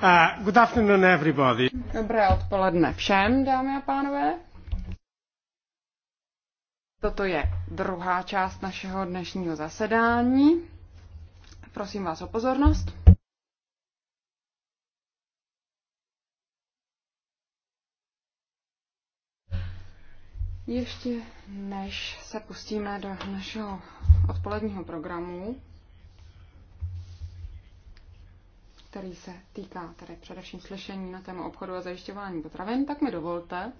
Uh, good afternoon everybody. Dobré odpoledne všem, dámy a pánové. Toto je druhá část našeho dnešního zasedání. Prosím vás o pozornost. Ještě než se pustíme do našeho odpoledního programu, který se týká tedy především slyšení na téma obchodu a zajišťování potravin, tak mi dovolte,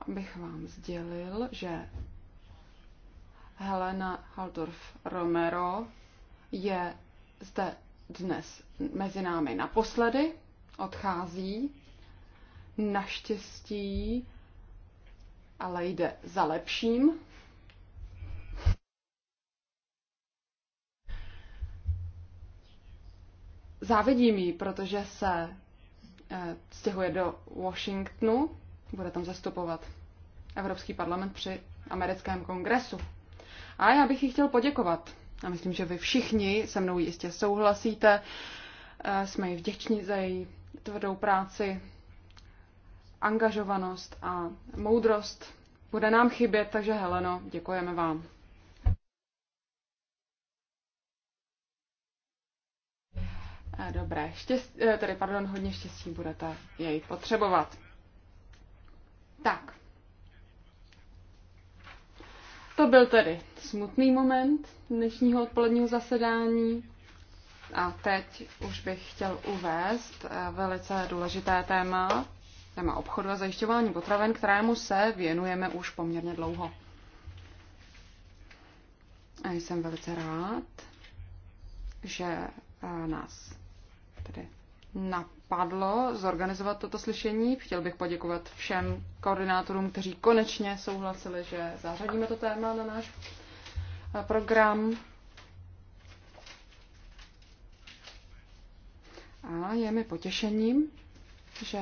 abych vám sdělil, že Helena Haldorf Romero je zde dnes mezi námi naposledy, odchází. Naštěstí ale jde za lepším. závidím jí, protože se eh, stěhuje do Washingtonu, bude tam zastupovat Evropský parlament při americkém kongresu. A já bych jí chtěl poděkovat. A myslím, že vy všichni se mnou jistě souhlasíte. Eh, jsme jí vděční za její tvrdou práci, angažovanost a moudrost. Bude nám chybět, takže Heleno, děkujeme vám. Dobré štěst, eh, tedy pardon, hodně štěstí budete jej potřebovat. Tak. To byl tedy smutný moment dnešního odpoledního zasedání. A teď už bych chtěl uvést eh, velice důležité téma, téma obchodu a zajišťování potravin, kterému se věnujeme už poměrně dlouho. A jsem velice rád, že eh, nás tedy napadlo zorganizovat toto slyšení. Chtěl bych poděkovat všem koordinátorům, kteří konečně souhlasili, že zařadíme to téma na náš eh, program. A je mi potěšením, že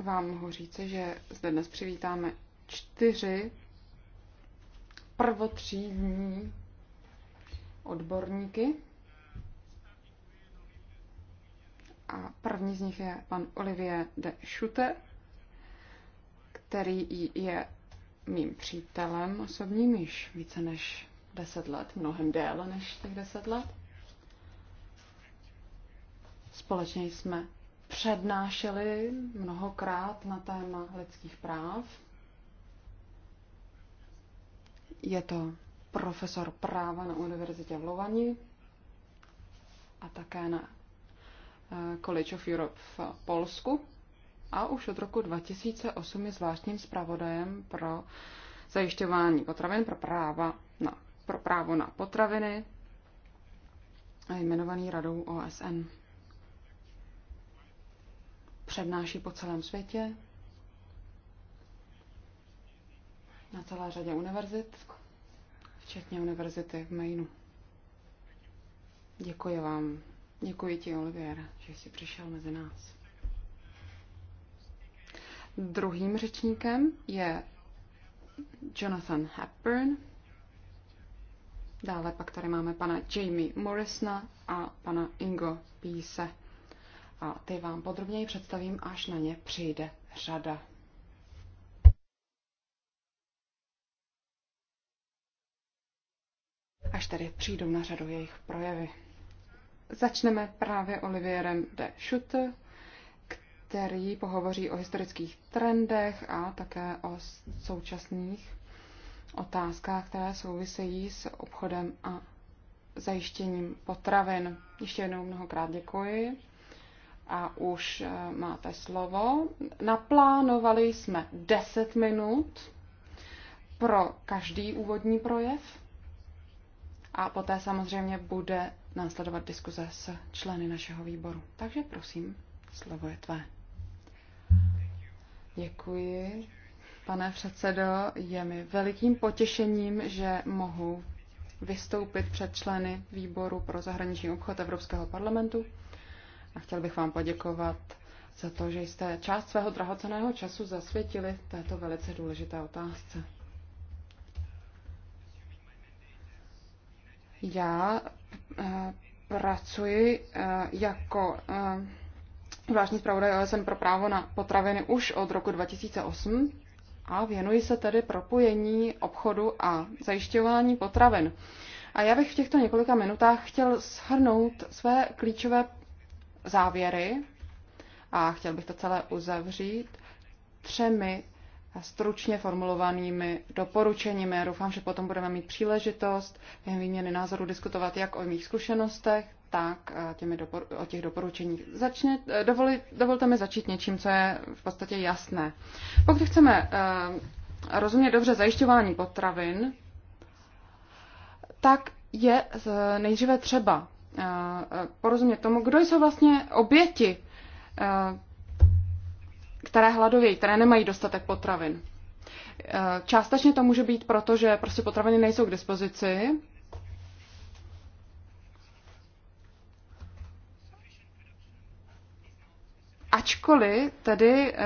vám mohu říci, že zde dnes přivítáme čtyři prvotřídní odborníky A první z nich je pan Olivier de Schutte, který je mým přítelem osobním již více než deset let, mnohem déle než těch deset let. Společně jsme přednášeli mnohokrát na téma lidských práv. Je to profesor práva na univerzitě v Lovani a také na Eh, College of Europe v Polsku a už od roku 2008 je zvláštním zpravodajem pro zajišťování potravin pro, práva na, pro právo na potraviny a jmenovaný radou OSN. Přednáší po celém světě, na celé řadě univerzit, včetně univerzity v Mainu. Děkuji vám Děkuji ti, Olivier, že jsi přišel mezi nás. Druhým řečníkem je Jonathan Hepburn. Dále pak tady máme pana Jamie Morrisona a pana Ingo Píse. A ty vám podrobněji představím, až na ně přijde řada. Až tedy přijdou na řadu jejich projevy. Začneme právě Olivierem de Schutte, který pohovoří o historických trendech a také o současných otázkách, které souvisejí s obchodem a zajištěním potravin. Ještě jednou mnohokrát děkuji a už eh, máte slovo. Naplánovali jsme 10 minut pro každý úvodní projev a poté samozřejmě bude následovat diskuze s členy našeho výboru. Takže prosím, slovo je tvé. Děkuji. Pane předsedo, je mi velikým potěšením, že mohu vystoupit před členy výboru pro zahraniční obchod Evropského parlamentu a chtěl bych vám poděkovat za to, že jste část svého drahoceného času zasvětili této velice důležité otázce. Já eh, pracuji eh, jako zvláštní eh, zpravodaj OSN pro právo na potraviny už od roku 2008 a věnuji se tedy propojení obchodu a zajišťování potravin. A já bych v těchto několika minutách chtěl shrnout své klíčové závěry a chtěl bych to celé uzavřít třemi stručně formulovanými doporučeními. Já doufám, že potom budeme mít příležitost během výměny názoru diskutovat jak o mých zkušenostech, tak eh, těmi dopor- o těch doporučeních. Začne, eh, dovoli, dovolte mi začít něčím, co je v podstatě jasné. Pokud chceme uh, eh, rozumět dobře zajišťování potravin, tak je uh, nejdříve třeba uh, porozumět tomu, kdo jsou vlastně oběti uh, které hladovějí, které nemají dostatek potravin. Eh, částečně to může být proto, že prostě potraviny nejsou k dispozici. Ačkoliv tedy eh,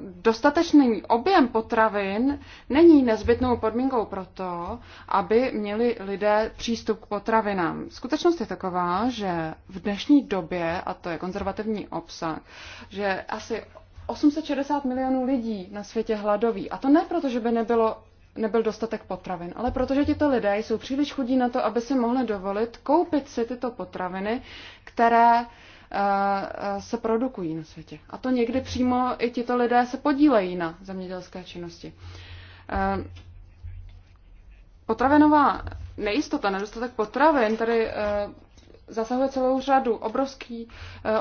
dostatečný objem potravin není nezbytnou podmínkou pro to, aby měli lidé přístup k potravinám. Skutečnost je taková, že v dnešní době, a to je konzervativní obsah, že asi 860 milionů lidí na světě hladoví. A to ne proto, že by nebylo, nebyl dostatek potravin, ale protože tito lidé jsou příliš chudí na to, aby si mohli dovolit koupit si tyto potraviny, které eh, eh, se produkují na světě. A to někdy přímo i tito lidé se podílejí na zemědělské činnosti. Eh, potravinová nejistota, nedostatek potravin tady zasahuje celou řadu, obrovský,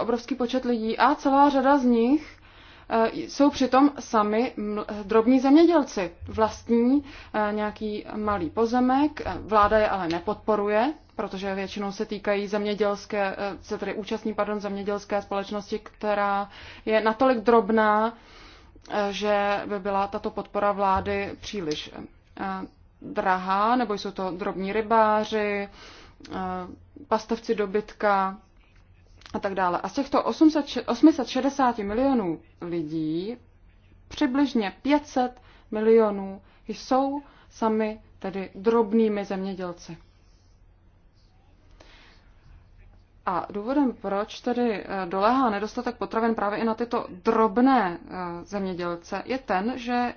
obrovský počet lidí a celá řada z nich Eh, jsou přitom sami eh, drobní zemědělci. Vlastní eh, nějaký malý pozemek, vláda je ale nepodporuje, protože většinou se týkají zemědělské, se tedy účastní, pardon, zemědělské společnosti, která je natolik drobná, že by byla tato podpora vlády příliš drahá, nebo jsou to drobní rybáři, pastavci dobytka, a tak dále. A z těchto 860 milionů lidí přibližně 500 milionů jsou sami tedy drobnými zemědělci. A důvodem, proč tedy eh, doléhá nedostatek potravin právě i na tyto drobné eh, zemědělce, je ten, že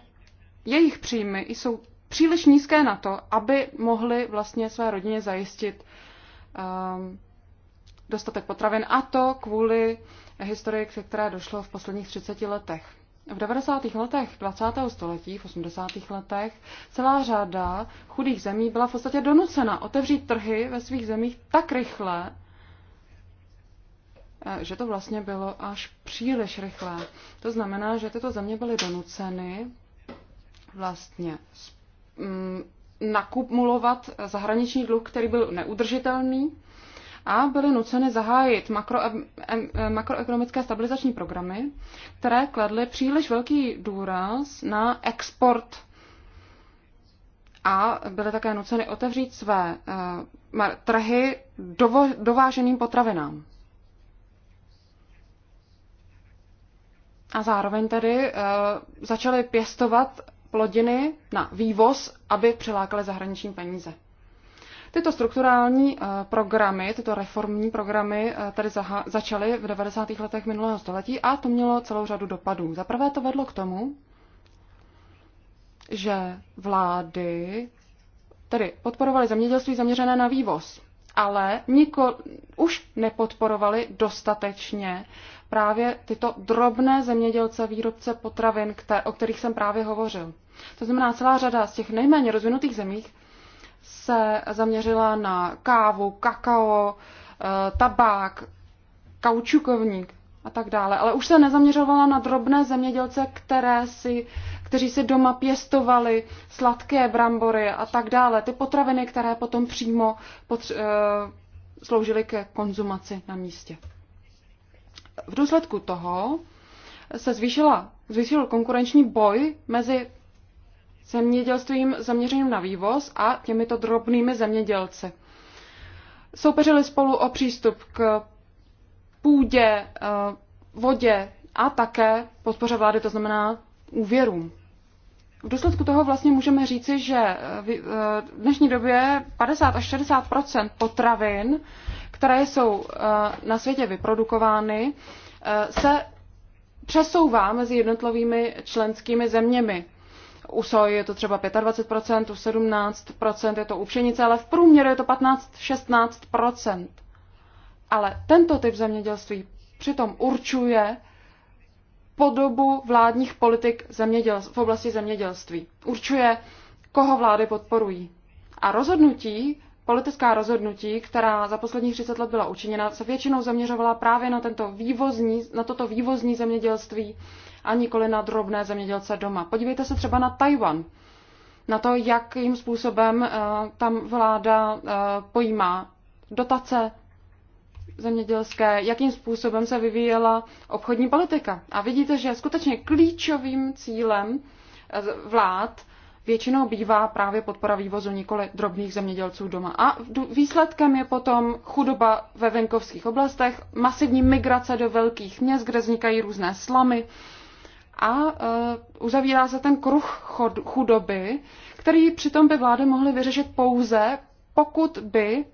jejich příjmy jsou příliš nízké na to, aby mohli vlastně své rodině zajistit um, dostatek potravin a to kvůli historii, která které došlo v posledních 30 letech. V 90. letech 20. století, v 80. letech, celá řada chudých zemí byla v podstatě donucena otevřít trhy ve svých zemích tak rychle, eh, že to vlastně bylo až příliš rychlé. To znamená, že tyto země byly donuceny vlastně mm, nakumulovat zahraniční dluh, který byl neudržitelný a byly nuceny zahájit makro, eh, makroekonomické stabilizační programy, které kladly příliš velký důraz na export a byly také nuceny otevřít své eh, trhy dovo, dováženým potravinám. A zároveň tedy eh, začaly pěstovat plodiny na vývoz, aby přilákaly zahraniční peníze. Tyto strukturální eh, programy, tyto reformní programy eh, tady začaly v 90. letech minulého století a to mělo celou řadu dopadů. Za prvé to vedlo k tomu, že vlády tedy podporovaly zemědělství zaměřené na vývoz, ale niko, už nepodporovali dostatečně právě tyto drobné zemědělce, výrobce potravin, kter, o kterých jsem právě hovořil. To znamená, celá řada z těch nejméně rozvinutých zemích se zaměřila na kávu, kakao, eh, tabák, kaučukovník a tak dále. Ale už se nezaměřovala na drobné zemědělce, které si, kteří si doma pěstovali sladké brambory a tak dále. Ty potraviny, které potom přímo potř- eh, sloužily ke konzumaci na místě. V důsledku toho se zvýšila, zvýšil konkurenční boj mezi zemědělstvím zaměřeným na vývoz a těmito drobnými zemědělci. Soupeřili spolu o přístup k půdě, eh, vodě a také podpoře vlády, to znamená úvěrům. V důsledku toho vlastně můžeme říci, že eh, eh, v dnešní době 50 až 60 potravin, které jsou na světě vyprodukovány, se přesouvá mezi jednotlivými členskými zeměmi u soj je to třeba 25%, u 17% je to u pšenice, ale v průměru je to 15-16%. Ale tento typ zemědělství přitom určuje podobu vládních politik v oblasti zemědělství. Určuje, koho vlády podporují. A rozhodnutí, politická rozhodnutí, která za posledních 30 let byla učiněna, se většinou zaměřovala právě na, tento vývozní, na toto vývozní zemědělství, a nikoli na drobné zemědělce doma. Podívejte se třeba na Tajvan, na to, jakým způsobem eh, tam vláda eh, pojímá dotace zemědělské, jakým způsobem se vyvíjela obchodní politika. A vidíte, že skutečně klíčovým cílem eh, vlád většinou bývá právě podpora vývozu nikoli drobných zemědělců doma. A výsledkem je potom chudoba ve venkovských oblastech, masivní migrace do velkých měst, kde vznikají různé slamy a e, uzavírá se ten kruh chudoby, který přitom by vlády mohly vyřešit pouze, pokud by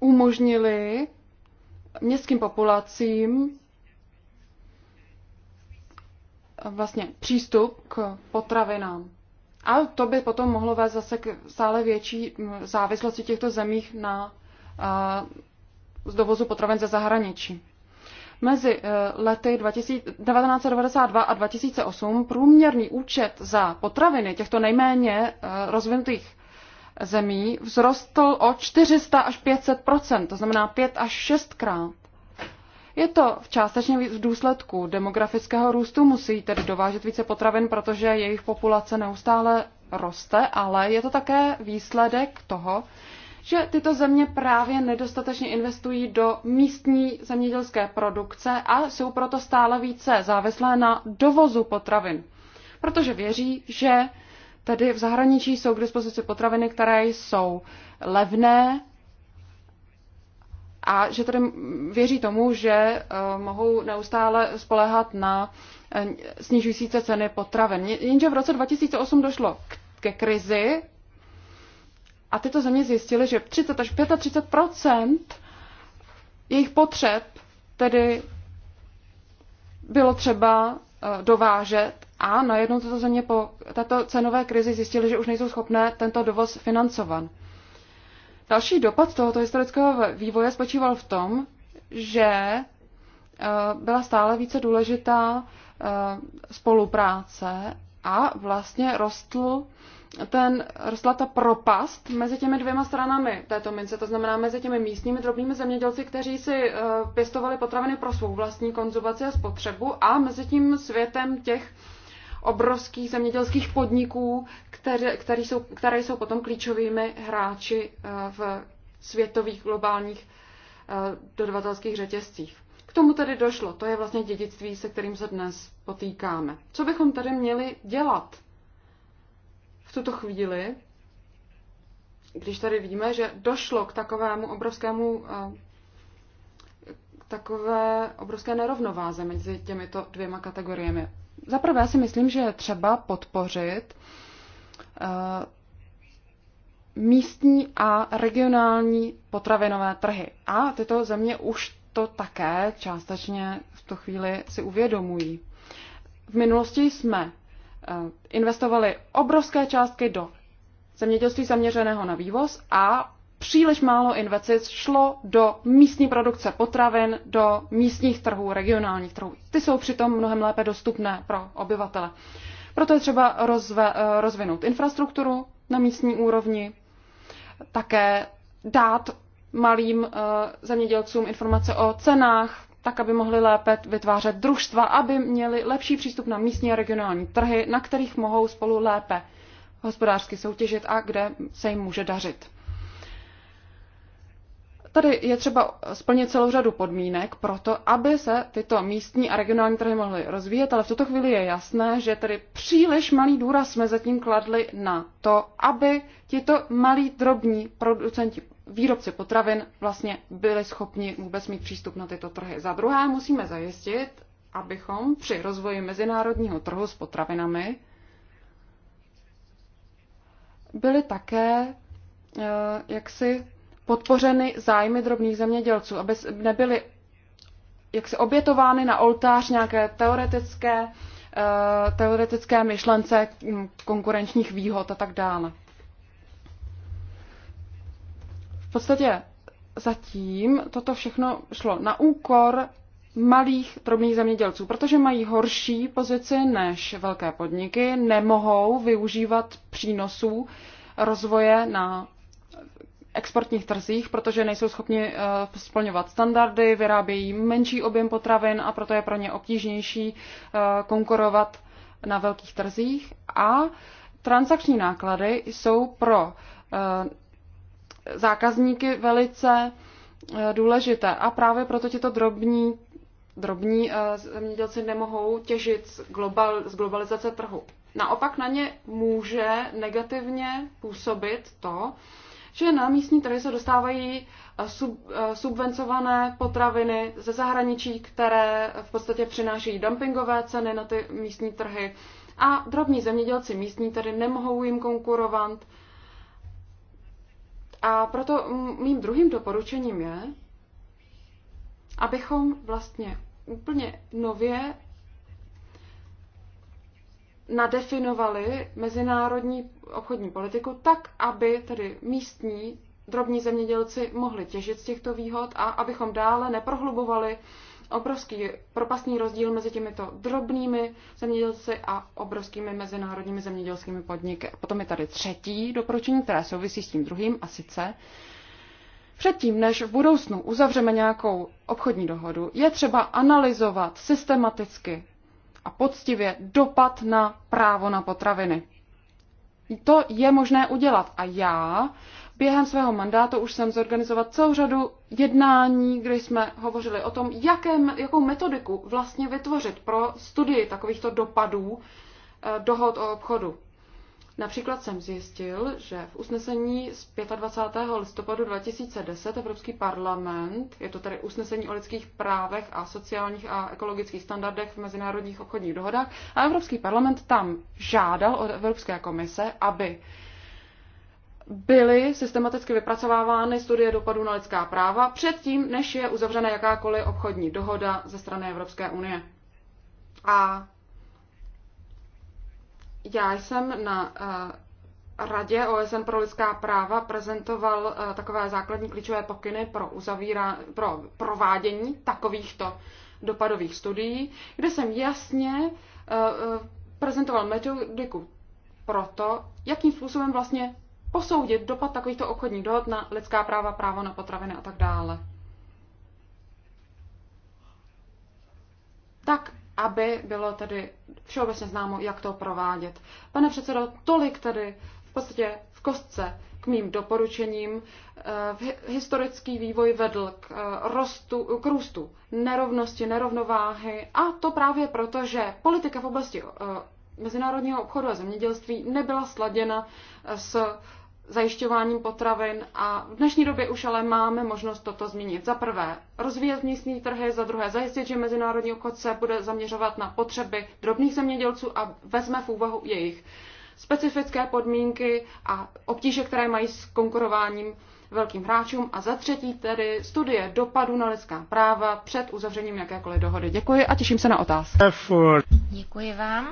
umožnili městským populacím e, vlastně přístup k potravinám. A to by potom mohlo vést zase k stále větší závislosti těchto zemích na e, z dovozu potravin ze zahraničí. Mezi eh, lety 1992 a 2008 průměrný účet za potraviny těchto nejméně eh, rozvinutých zemí vzrostl o 400 až 500 to znamená 5 až 6 krát. Je to v částečně v důsledku demografického růstu, musí tedy dovážet více potravin, protože jejich populace neustále roste, ale je to také výsledek toho, že tyto země právě nedostatečně investují do místní zemědělské produkce a jsou proto stále více závislé na dovozu potravin, protože věří, že tedy v zahraničí jsou k dispozici potraviny, které jsou levné a že tedy věří tomu, že eh, mohou neustále spolehat na eh, snižující se ceny potravin. Jenže v roce 2008 došlo ke krizi a tyto země zjistily, že 30 až 35 jejich potřeb tedy bylo třeba eh, dovážet a najednou tyto země po této cenové krizi zjistily, že už nejsou schopné tento dovoz financovat. Další dopad tohoto historického vývoje spočíval v tom, že eh, byla stále více důležitá eh, spolupráce a vlastně rostl ten, rostla ta propast mezi těmi dvěma stranami této mince, to znamená mezi těmi místními drobnými zemědělci, kteří si eh, pěstovali potraviny pro svou vlastní konzumaci a spotřebu a mezi tím světem těch obrovských zemědělských podniků, které, které, jsou, které jsou potom klíčovými hráči eh, v světových globálních eh, dodavatelských řetězcích. K tomu tedy došlo. To je vlastně dědictví, se kterým se dnes potýkáme. Co bychom tady měli dělat? tuto chvíli, když tady víme, že došlo k takovému obrovskému eh, k takové obrovské nerovnováze mezi těmito dvěma kategoriemi. Zaprvé si myslím, že je třeba podpořit eh, místní a regionální potravinové trhy. A tyto země už to také částečně v tu chvíli si uvědomují. V minulosti jsme Eh, investovali obrovské částky do zemědělství zaměřeného na vývoz a příliš málo investic šlo do místní produkce potravin, do místních trhů, regionálních trhů. Ty jsou přitom mnohem lépe dostupné pro obyvatele. Proto je třeba rozve, eh, rozvinout infrastrukturu na místní úrovni, také dát malým eh, zemědělcům informace o cenách, tak aby mohli lépe vytvářet družstva, aby měli lepší přístup na místní a regionální trhy, na kterých mohou spolu lépe hospodářsky soutěžit a kde se jim může dařit. Tady je třeba splnit celou řadu podmínek pro to, aby se tyto místní a regionální trhy mohly rozvíjet, ale v tuto chvíli je jasné, že tedy příliš malý důraz jsme zatím kladli na to, aby tito malí drobní producenti výrobci potravin vlastně byli schopni vůbec mít přístup na tyto trhy. Za druhé musíme zajistit, abychom při rozvoji mezinárodního trhu s potravinami byly také eh, jaksi podpořeny zájmy drobných zemědělců, aby nebyly jaksi obětovány na oltář nějaké teoretické, eh, teoretické myšlence hm, konkurenčních výhod a tak dále. podstatě zatím toto všechno šlo na úkor malých drobných zemědělců, protože mají horší pozici než velké podniky, nemohou využívat přínosů rozvoje na exportních trzích, protože nejsou schopni eh, splňovat standardy, vyrábějí menší objem potravin a proto je pro ně obtížnější eh, konkurovat na velkých trzích. A transakční náklady jsou pro eh, zákazníky velice eh, důležité. A právě proto tyto drobní, drobní eh, zemědělci nemohou těžit z, global, z globalizace trhu. Naopak na ně může negativně působit to, že na místní trhy se dostávají eh, sub, subvencované potraviny ze zahraničí, které v podstatě přinášejí dumpingové ceny na ty místní trhy a drobní zemědělci místní tedy nemohou jim konkurovat a proto mým druhým doporučením je, abychom vlastně úplně nově nadefinovali mezinárodní obchodní politiku tak, aby tedy místní drobní zemědělci mohli těžit z těchto výhod a abychom dále neprohlubovali obrovský propastní rozdíl mezi těmito drobnými zemědělci a obrovskými mezinárodními zemědělskými podniky. A potom je tady třetí doporučení, které souvisí s tím druhým, a sice Předtím, než v budoucnu uzavřeme nějakou obchodní dohodu, je třeba analyzovat systematicky a poctivě dopad na právo na potraviny. To je možné udělat a já Během svého mandátu už jsem zorganizoval celou řadu jednání, kde jsme hovořili o tom, jaké, jakou metodiku vlastně vytvořit pro studii takovýchto dopadů eh, dohod o obchodu. Například jsem zjistil, že v usnesení z 25. listopadu 2010 Evropský parlament, je to tedy usnesení o lidských právech a sociálních a ekologických standardech v mezinárodních obchodních dohodách, a Evropský parlament tam žádal od Evropské komise, aby byly systematicky vypracovávány studie dopadů na lidská práva předtím, než je uzavřena jakákoliv obchodní dohoda ze strany Evropské unie. A já jsem na eh, Radě OSN pro lidská práva prezentoval eh, takové základní klíčové pokyny pro, uzavíra, pro provádění takovýchto dopadových studií, kde jsem jasně eh, prezentoval metodiku pro to, jakým způsobem vlastně posoudit dopad takovýchto obchodních dohod na lidská práva, právo na potraviny a tak dále. Tak, aby bylo tedy všeobecně známo, jak to provádět. Pane předsedo, tolik tedy v podstatě v kostce k mým doporučením. Eh, historický vývoj vedl k, eh, rostu, k růstu nerovnosti, nerovnováhy a to právě proto, že politika v oblasti eh, mezinárodního obchodu a zemědělství nebyla sladěna s zajišťováním potravin a v dnešní době už ale máme možnost toto změnit. Za prvé rozvíjet místní trhy, za druhé zajistit, že mezinárodní obchod se bude zaměřovat na potřeby drobných zemědělců a vezme v úvahu jejich specifické podmínky a obtíže, které mají s konkurováním velkým hráčům a za třetí tedy studie dopadu na lidská práva před uzavřením jakékoliv dohody. Děkuji a těším se na otázky. Děkuji vám.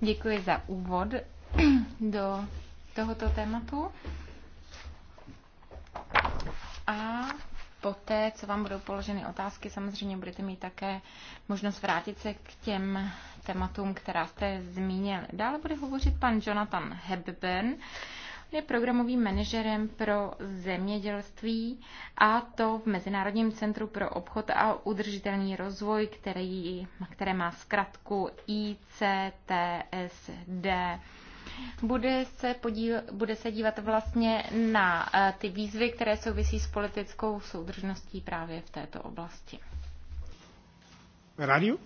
Děkuji za úvod do tohoto tématu. A poté, co vám budou položeny otázky, samozřejmě budete mít také možnost vrátit se k těm tématům, která jste zmínil. Dále bude hovořit pan Jonathan Hebben, je programovým manažerem pro zemědělství a to v Mezinárodním centru pro obchod a udržitelný rozvoj, který, které má zkratku ICTSD bude se, podíl, bude se dívat vlastně na eh, ty výzvy, které souvisí s politickou soudržností právě v této oblasti. Radio?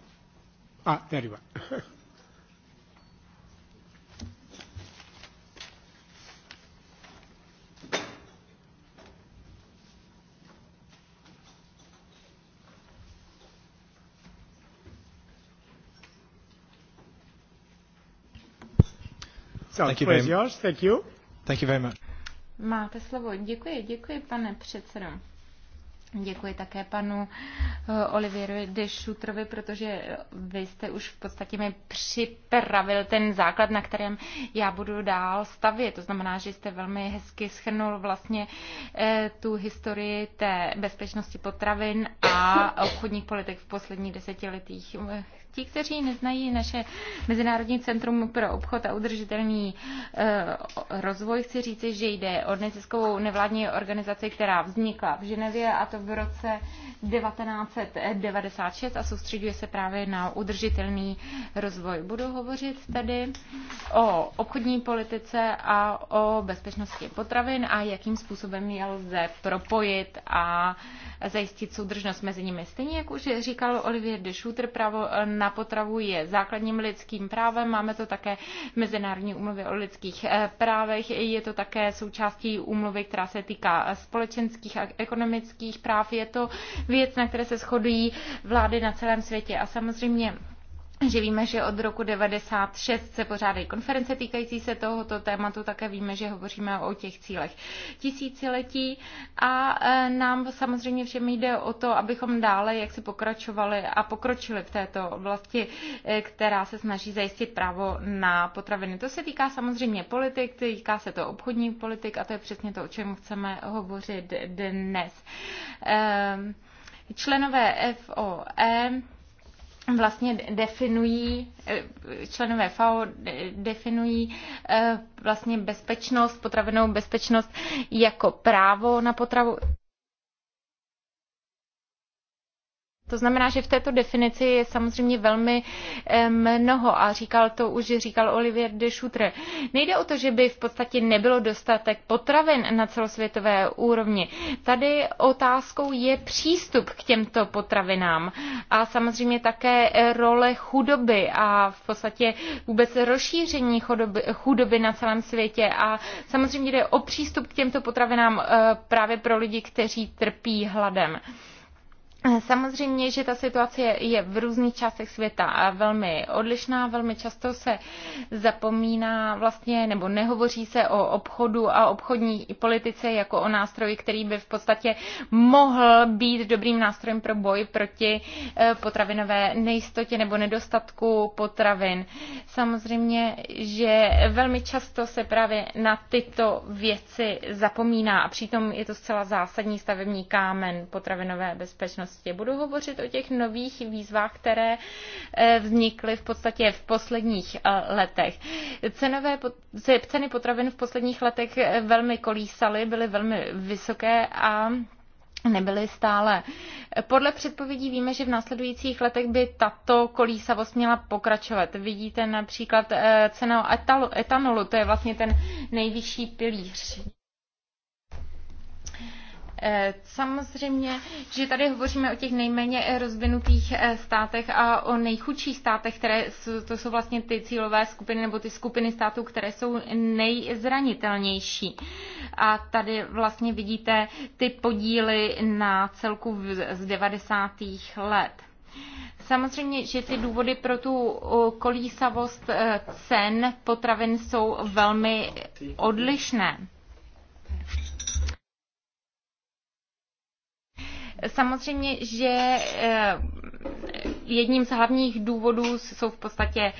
A, ah, there you are. So, Thank you very much. Thank you. Thank you very much. Máte slovo. Děkuji, děkuji, pane předsedo. Děkuji také panu eh, Olivieru de Šutrovi, protože vy jste už v podstatě mi připravil ten základ, na kterém já budu dál stavět. To znamená, že jste velmi hezky schrnul vlastně eh, tu historii té bezpečnosti potravin a obchodních politik v posledních desetiletích. Ti, kteří neznají naše Mezinárodní centrum pro obchod a udržitelný eh, rozvoj, chci říci, že jde o neziskovou nevládní organizaci, která vznikla v Ženevě a to v roce 1996 a soustředuje se právě na udržitelný rozvoj. Budu hovořit tedy o obchodní politice a o bezpečnosti potravin a jakým způsobem je lze propojit a zajistit soudržnost mezi nimi. Stejně jak už říkal Olivier de Schutter, právo na potravu je základním lidským právem. Máme to také Mezinárodní úmluvy o lidských eh, právech. Je to také součástí úmluvy, která se týká společenských a ekonomických práv práv. Je to věc, na které se shodují vlády na celém světě. A samozřejmě že víme, že od roku 96 se pořádají konference týkající se tohoto tématu, také víme, že hovoříme o těch cílech tisíciletí a e, nám samozřejmě všem jde o to, abychom dále jak si pokračovali a pokročili v této oblasti, e, která se snaží zajistit právo na potraviny. To se týká samozřejmě politik, týká se to obchodní politik a to je přesně to, o čem chceme hovořit dnes. E, členové FOE vlastně definují, eh, členové FAO definují eh, vlastně bezpečnost, potravenou bezpečnost jako právo na potravu. To znamená, že v této definici je samozřejmě velmi mnoho a říkal to už, říkal Olivier de Schutre. Nejde o to, že by v podstatě nebylo dostatek potravin na celosvětové úrovni. Tady otázkou je přístup k těmto potravinám a samozřejmě také role chudoby a v podstatě vůbec rozšíření chudoby, chudoby na celém světě a samozřejmě jde o přístup k těmto potravinám eh, právě pro lidi, kteří trpí hladem. Samozřejmě, že ta situace je v různých částech světa a velmi odlišná. Velmi často se zapomíná vlastně nebo nehovoří se o obchodu a obchodní politice jako o nástroji, který by v podstatě mohl být dobrým nástrojem pro boj proti eh, potravinové nejistotě nebo nedostatku potravin. Samozřejmě, že velmi často se právě na tyto věci zapomíná a přitom je to zcela zásadní stavební kámen potravinové bezpečnosti budoucnosti. Budu hovořit o těch nových výzvách, které eh, vznikly v podstatě v posledních eh, letech. Cenové, ceny potravin v posledních letech eh, velmi kolísaly, byly velmi vysoké a nebyly stále. Podle předpovědí víme, že v následujících letech by tato kolísavost měla pokračovat. Vidíte například cenu etanolu, to je vlastně ten nejvyšší pilíř Eh, samozřejmě, že tady hovoříme o těch nejméně eh, rozvinutých eh, státech a o nejchudších státech, které to jsou vlastně ty cílové skupiny nebo ty skupiny států, které jsou nejzranitelnější. A tady vlastně vidíte ty podíly na celku z 90. let. Samozřejmě, že ty důvody pro tu kolísavost cen potravin jsou velmi odlišné. Samozřejmě, že eh, jedním z hlavních důvodů jsou v podstatě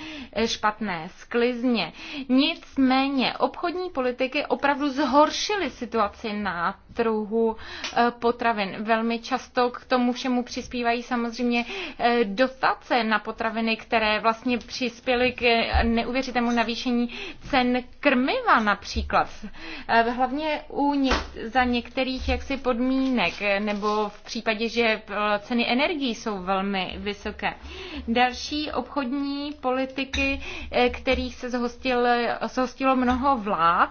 špatné sklizně. Nicméně obchodní politiky opravdu zhoršily situaci na trhu eh, potravin. Velmi často k tomu všemu přispívají samozřejmě eh, dotace na potraviny, které vlastně přispěly k eh, neuvěřitému navýšení cen krmiva například. Hlavně u něk- za některých jaksi podmínek nebo v případě, že ceny energií jsou velmi vysoké velké. Další obchodní politiky, eh, kterých se zhostilo, eh, zhostilo mnoho vlád,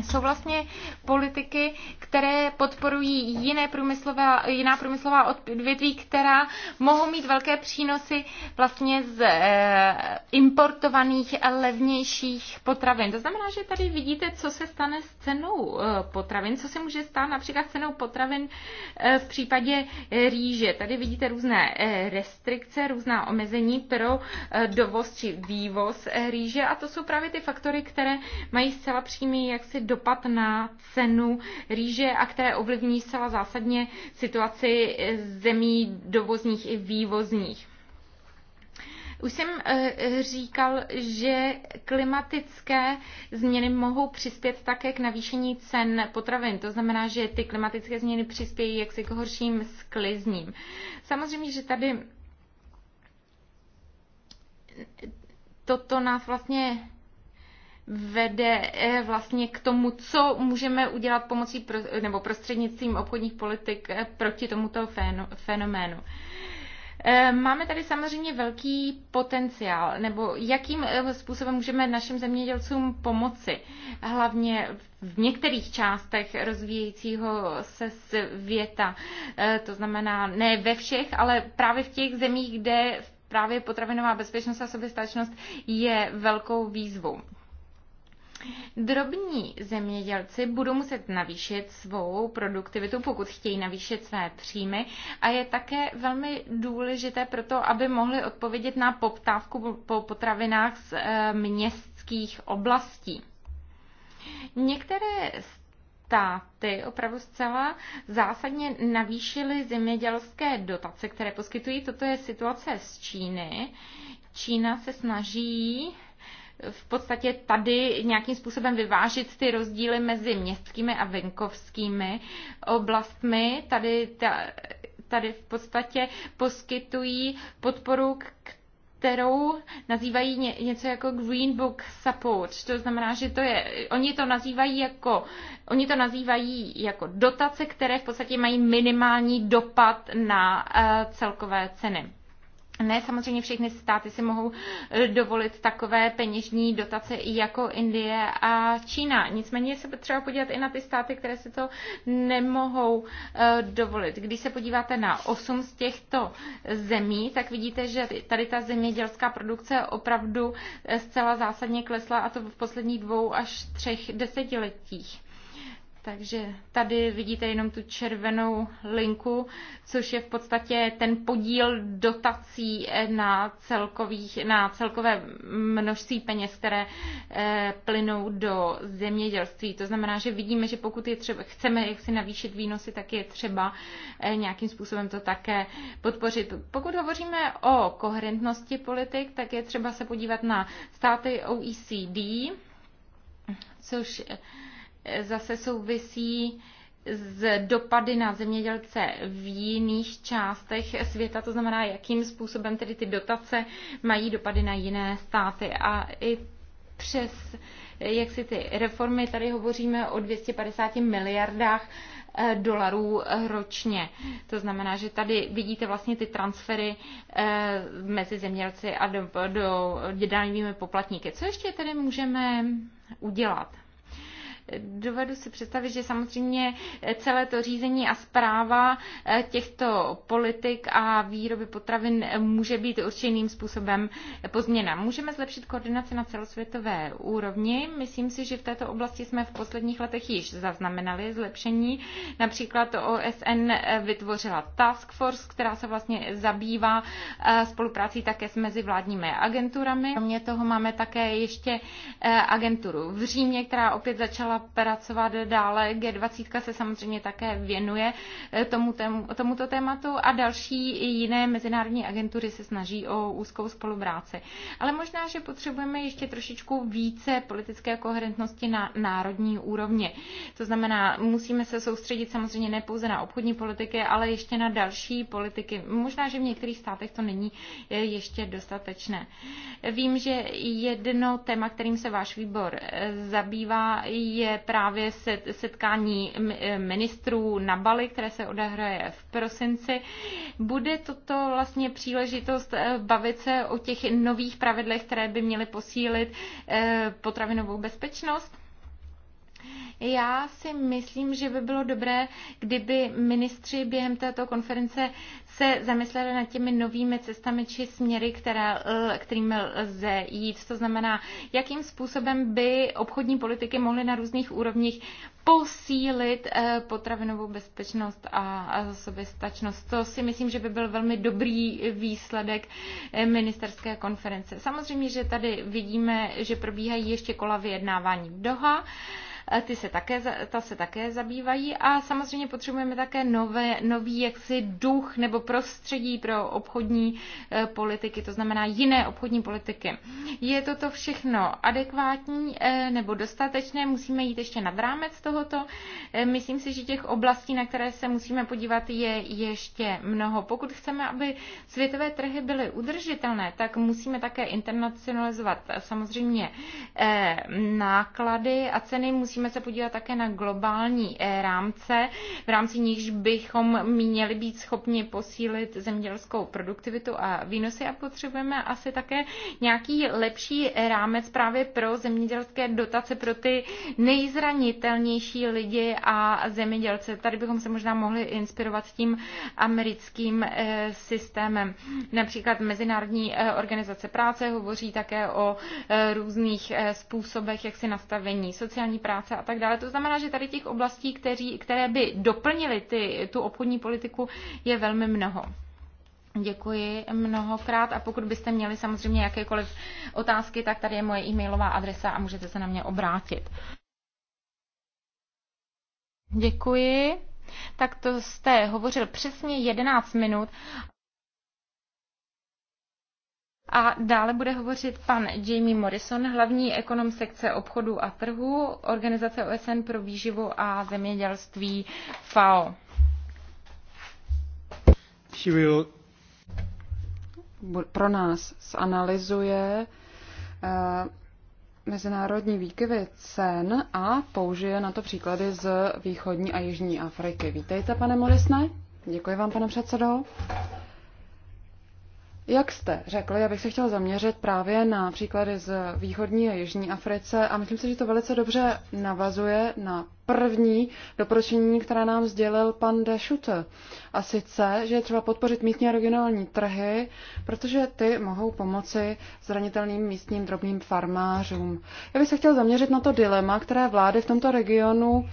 jsou vlastně politiky, které podporují jiné průmyslová, jiná průmyslová odvětví, která mohou mít velké přínosy vlastně z e, importovaných levnějších potravin. To znamená, že tady vidíte, co se stane s cenou e, potravin, co se může stát například s cenou potravin e, v případě rýže. Tady vidíte různé e, restrikce, různá omezení pro e, dovoz či vývoz e, rýže a to jsou právě ty faktory, které mají zcela přímý jaksi jaksi dopad na cenu rýže a které ovlivní zcela zásadně situaci zemí dovozních i vývozních. Už jsem eh, říkal, že klimatické změny mohou přispět také k navýšení cen potravin. To znamená, že ty klimatické změny přispějí jaksi k horším sklizním. Samozřejmě, že tady toto nás vlastně vede eh, vlastně k tomu, co můžeme udělat pomocí nebo prostřednictvím obchodních politik eh, proti tomuto fenoménu. Eh, máme tady samozřejmě velký potenciál, nebo jakým způsobem můžeme našim zemědělcům pomoci, hlavně v některých částech rozvíjejícího se světa. To znamená ne ve všech, ale právě v těch zemích, kde právě potravinová bezpečnost a soběstačnost je velkou výzvou. Drobní zemědělci budou muset navýšit svou produktivitu, pokud chtějí navýšit své příjmy a je také velmi důležité pro to, aby mohli odpovědět na poptávku po potravinách z eh, městských oblastí. Některé státy opravdu zcela zásadně navýšily zemědělské dotace, které poskytují. Toto je situace z Číny. Čína se snaží v podstatě tady nějakým způsobem vyvážit ty rozdíly mezi městskými a venkovskými oblastmi. Tady, ta, tady v podstatě poskytují podporu, kterou nazývají ně, něco jako Green Book Support. To znamená, že to je, oni to nazývají jako, oni to nazývají jako dotace, které v podstatě mají minimální dopad na uh, celkové ceny. Ne, samozřejmě všechny státy si mohou eh, dovolit takové peněžní dotace i jako Indie a Čína. Nicméně se třeba podívat i na ty státy, které si to nemohou eh, dovolit. Když se podíváte na osm z těchto zemí, tak vidíte, že tady ta zemědělská produkce opravdu eh, zcela zásadně klesla a to v posledních dvou až třech desetiletích. Takže tady vidíte jenom tu červenou linku, což je v podstatě ten podíl dotací na, celkových, na celkové množství peněz, které eh, plynou do zemědělství. To znamená, že vidíme, že pokud je třeba, chceme jaksi navýšit výnosy, tak je třeba eh, nějakým způsobem to také podpořit. Pokud hovoříme o koherentnosti politik, tak je třeba se podívat na státy OECD, což eh, zase souvisí z dopady na zemědělce v jiných částech světa, to znamená, jakým způsobem tedy ty dotace mají dopady na jiné státy. A i přes jak si ty reformy, tady hovoříme o 250 miliardách eh, dolarů eh, ročně. To znamená, že tady vidíte vlastně ty transfery eh, mezi zemědělci a do, do poplatníky. Co ještě tedy můžeme udělat? dovedu si představit, že samozřejmě celé to řízení a zpráva eh, těchto politik a výroby potravin může být určeným způsobem pozměna. Můžeme zlepšit koordinaci na celosvětové úrovni. Myslím si, že v této oblasti jsme v posledních letech již zaznamenali zlepšení. Například OSN eh, vytvořila task force, která se vlastně zabývá eh, spoluprácí také s mezivládními agenturami. Kromě toho máme také ještě agenturu v Římě, která opět začala pracovat dále. G20 se samozřejmě také věnuje eh, tomu tému, tomuto tématu a další i jiné mezinárodní agentury se snaží o úzkou spolupráci. Ale možná, že potřebujeme ještě trošičku více politické koherentnosti na národní úrovni. To znamená, musíme se soustředit samozřejmě ne pouze na obchodní politiky, ale ještě na další politiky. Možná, že v některých státech to není eh, ještě dostatečné. Vím, že jedno téma, kterým se váš výbor eh, zabývá, je je právě setkání eh, ministrů na Bali, které se odehraje v prosinci. Bude toto vlastně příležitost eh, bavit se o těch nových pravidlech, které by měly posílit eh, potravinovou bezpečnost? Já si myslím, že by bylo dobré, kdyby ministři během této konference se zamysleli nad těmi novými cestami či směry, které, eh, kterými lze jít. To znamená, jakým způsobem by obchodní politiky mohly na různých úrovních posílit eh, potravinovou bezpečnost a soběstačnost. To si myslím, že by byl velmi dobrý výsledek eh, ministerské konference. Samozřejmě, že tady vidíme, že probíhají ještě kola vyjednávání v Doha. Eh, ty se také, ta se také zabývají a samozřejmě potřebujeme také nové, nový jaksi duch nebo prostředí pro obchodní eh, politiky, to znamená jiné obchodní politiky. Je toto všechno adekvátní eh, nebo dostatečné? Musíme jít ještě nad rámec tohoto. Myslím si, že těch oblastí, na které se musíme podívat, je ještě mnoho. Pokud chceme, aby světové trhy byly udržitelné, tak musíme také internacionalizovat samozřejmě náklady a ceny, musíme musíme se podívat také na globální eh, rámce, v rámci nichž bychom měli být schopni posílit zemědělskou produktivitu a výnosy a potřebujeme asi také nějaký lepší eh, rámec právě pro zemědělské dotace pro ty nejzranitelnější lidi a zemědělce. Tady bychom se možná mohli inspirovat tím americkým eh, systémem. Například Mezinárodní organizace práce hovoří také o různých způsobech, jak si nastavení sociální práce práce a tak dále. To znamená, že tady těch oblastí, kteří, které by doplnily ty, tu obchodní politiku, je velmi mnoho. Děkuji mnohokrát a pokud byste měli samozřejmě jakékoliv otázky, tak tady je moje e-mailová adresa a můžete se na mě obrátit. Děkuji. Tak to jste hovořil přesně 11 minut. A dále bude hovořit pan Jamie Morrison, hlavní ekonom sekce obchodu a trhu Organizace OSN pro výživu a zemědělství FAO. Pro nás zanalizuje eh, mezinárodní výkyvy cen a použije na to příklady z východní a jižní Afriky. Vítejte, pane Morisne. Děkuji vám, pane předsedo. Jak jste řekli, já bych se chtěl zaměřit právě na příklady z východní a jižní Africe a myslím si, že to velice dobře navazuje na první doporučení, které nám sdělil pan de Schutte. A sice, že je třeba podpořit místní a regionální trhy, protože ty mohou pomoci zranitelným místním drobným farmářům. Já bych se chtěl zaměřit na to dilema, které vlády v tomto regionu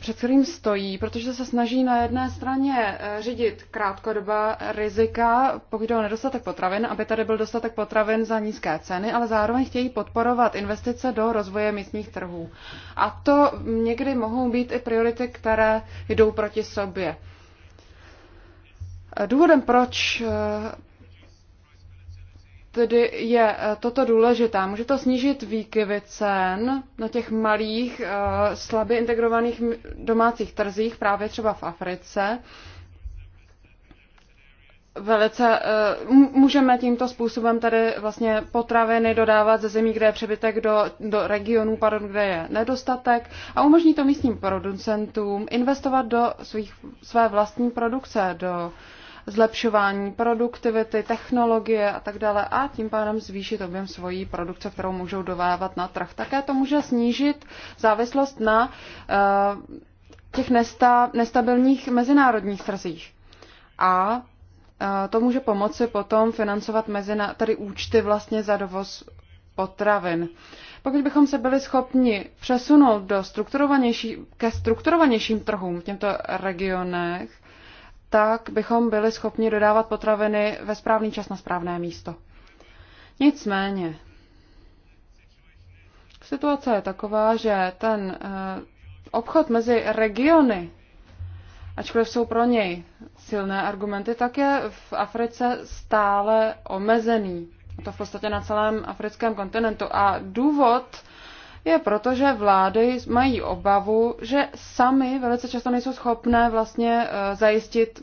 před kterým stojí, protože se snaží na jedné straně eh, řídit krátkodobá rizika, pokud jde o nedostatek potravin, aby tady byl dostatek potravin za nízké ceny, ale zároveň chtějí podporovat investice do rozvoje místních trhů. A to někdy mohou být i priority, které jdou proti sobě. Důvodem, proč eh, tedy je eh, toto důležité. Může to snížit výkyvy cen na těch malých, eh, slabě integrovaných domácích trzích, právě třeba v Africe. Velice eh, můžeme tímto způsobem tady vlastně potraviny dodávat ze zemí, kde je přebytek do, do regionů, pardon, kde je nedostatek a umožní to místním producentům investovat do svých, své vlastní produkce, do uh, zlepšování produktivity, technologie a tak dále a tím pádem zvýšit objem svojí produkce, kterou můžou dovávat na trh. Také to může snížit závislost na eh, těch nesta, nestabilních mezinárodních trzích. A eh, to může pomoci potom financovat mezina, tedy účty vlastně za dovoz potravin. Pokud bychom se byli schopni přesunout do strukturovanější, ke strukturovanějším trhům v těmto regionech, tak bychom byli schopni dodávat potraviny ve správný čas na správné místo. Nicméně, situace je taková, že ten eh, obchod mezi regiony, ačkoliv jsou pro něj silné argumenty, tak je v Africe stále omezený. A to v podstatě na celém africkém kontinentu. A důvod je proto, že vlády mají obavu, že sami velice často nejsou schopné vlastně eh, zajistit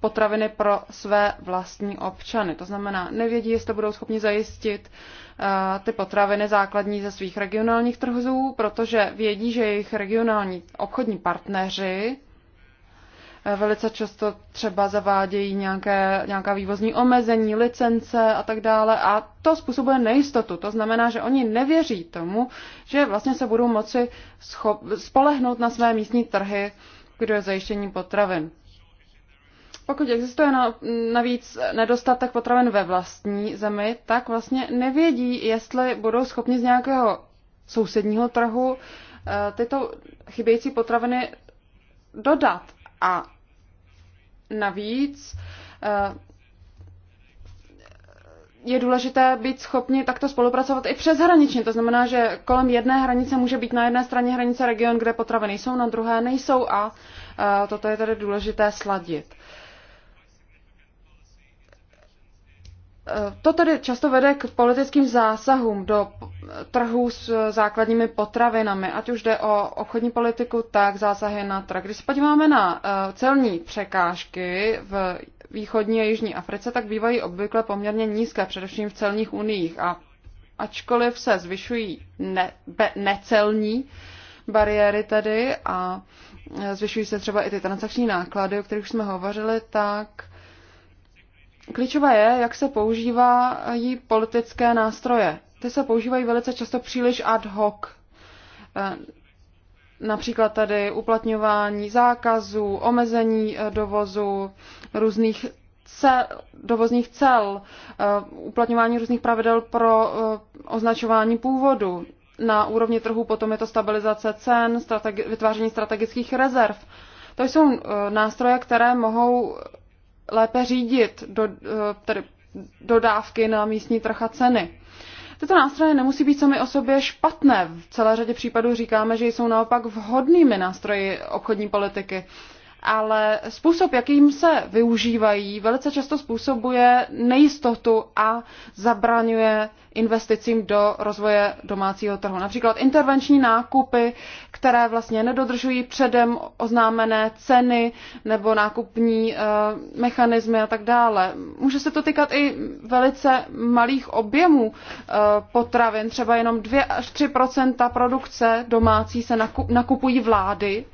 potraviny pro své vlastní občany. To znamená, nevědí, jestli budou schopni zajistit eh, ty potraviny základní ze svých regionálních trhů, protože vědí, že jejich regionální obchodní partneři Velice často třeba zavádějí nějaké, nějaká vývozní omezení, licence a tak dále a to způsobuje nejistotu. To znamená, že oni nevěří tomu, že vlastně se budou moci spolehnout na své místní trhy, kdo je zajištění potravin. Pokud existuje navíc nedostatek potravin ve vlastní zemi, tak vlastně nevědí, jestli budou schopni z nějakého sousedního trhu eh, tyto chybějící potraviny dodat. A Navíc eh, je důležité být schopni takto spolupracovat i přeshraničně. To znamená, že kolem jedné hranice může být na jedné straně hranice region, kde potraviny jsou, na druhé nejsou a eh, toto je tedy důležité sladit. Eh, to tedy často vede k politickým zásahům do trhů s základními potravinami, ať už jde o obchodní politiku, tak zásahy na trh. Když se podíváme na eh, celní překážky v východní a jižní Africe, tak bývají obvykle poměrně nízké, především v celních uniích. A ačkoliv se zvyšují ne, be, necelní bariéry tedy a eh, zvyšují se třeba i ty transakční náklady, o kterých jsme hovořili, tak uh, Klíčové je, jak se používají politické nástroje. Ty se používají velice často příliš ad hoc. Eh, například tady uplatňování zákazů, omezení eh, dovozu, různých cel, dovozních cel, eh, uplatňování různých pravidel pro označování původu. Na úrovni trhu potom je to stabilizace cen, strategi- vytváření strategických rezerv. To jsou nástroje, které mohou lépe řídit do, eh, tedy dodávky na místní trh a ceny. Tyto nástroje nemusí být sami o sobě špatné. V celé řadě případů říkáme, že jsou naopak vhodnými nástroji obchodní politiky ale způsob, jakým se využívají, velice často způsobuje nejistotu a zabraňuje investicím do rozvoje domácího trhu. Například intervenční nákupy, které vlastně nedodržují předem oznámené ceny nebo nákupní e, mechanismy a tak dále. Může se to týkat i velice malých objemů e, potravin, třeba jenom 2 až 3 produkce domácí se nakupují vlády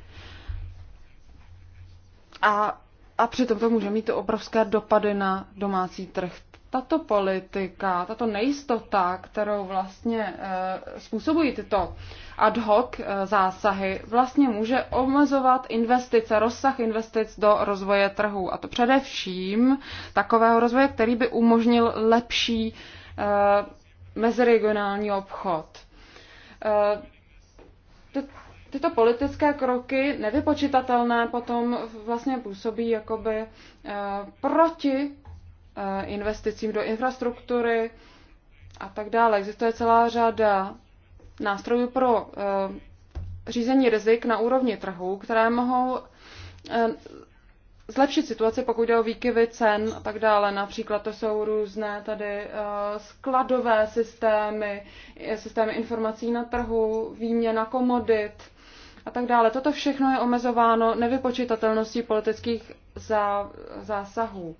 a, a přitom to může mít obrovské dopady na domácí trh. Tato politika, tato nejistota, kterou vlastně e, způsobují tyto ad hoc e, zásahy, vlastně může omezovat investice, rozsah investic do rozvoje trhu. A to především takového rozvoje, který by umožnil lepší e, meziregionální obchod. E, tyto politické kroky, nevypočitatelné, potom vlastně působí jakoby eh, proti eh, investicím do infrastruktury a tak dále. Existuje celá řada nástrojů pro eh, řízení rizik na úrovni trhu, které mohou zlepšit situaci, pokud jde o výkyvy cen a tak dále. Například to jsou různé tady skladové systémy, systémy informací na trhu, výměna komodit a tak dále. Toto všechno je omezováno nevypočitatelností politických zá, zásahů.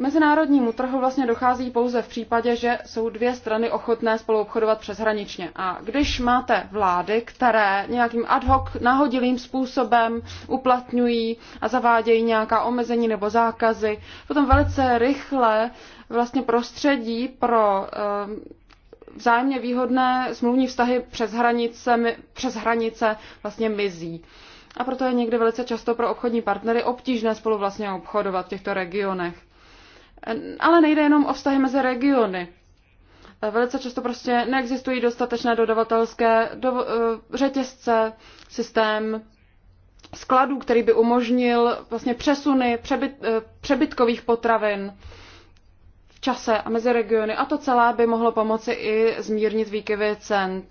mezinárodnímu trhu vlastně dochází pouze v případě, že jsou dvě strany ochotné spolu obchodovat přeshraničně. A když máte vlády, které nějakým ad hoc nahodilým způsobem uplatňují a zavádějí nějaká omezení nebo zákazy, potom velice rychle vlastně prostředí pro um, vzájemně výhodné smluvní vztahy přes hranice, přes hranice vlastně mizí. A proto je někdy velice často pro obchodní partnery obtížné spolu vlastně obchodovat v těchto regionech. Ale nejde jenom o vztahy mezi regiony. E, velice často prostě neexistují dostatečné dodavatelské do, e, řetězce, systém skladů, který by umožnil vlastně přesuny přebyt, e, přebytkových potravin čase a mezi regiony a to celé by mohlo pomoci i zmírnit výkyvy cen.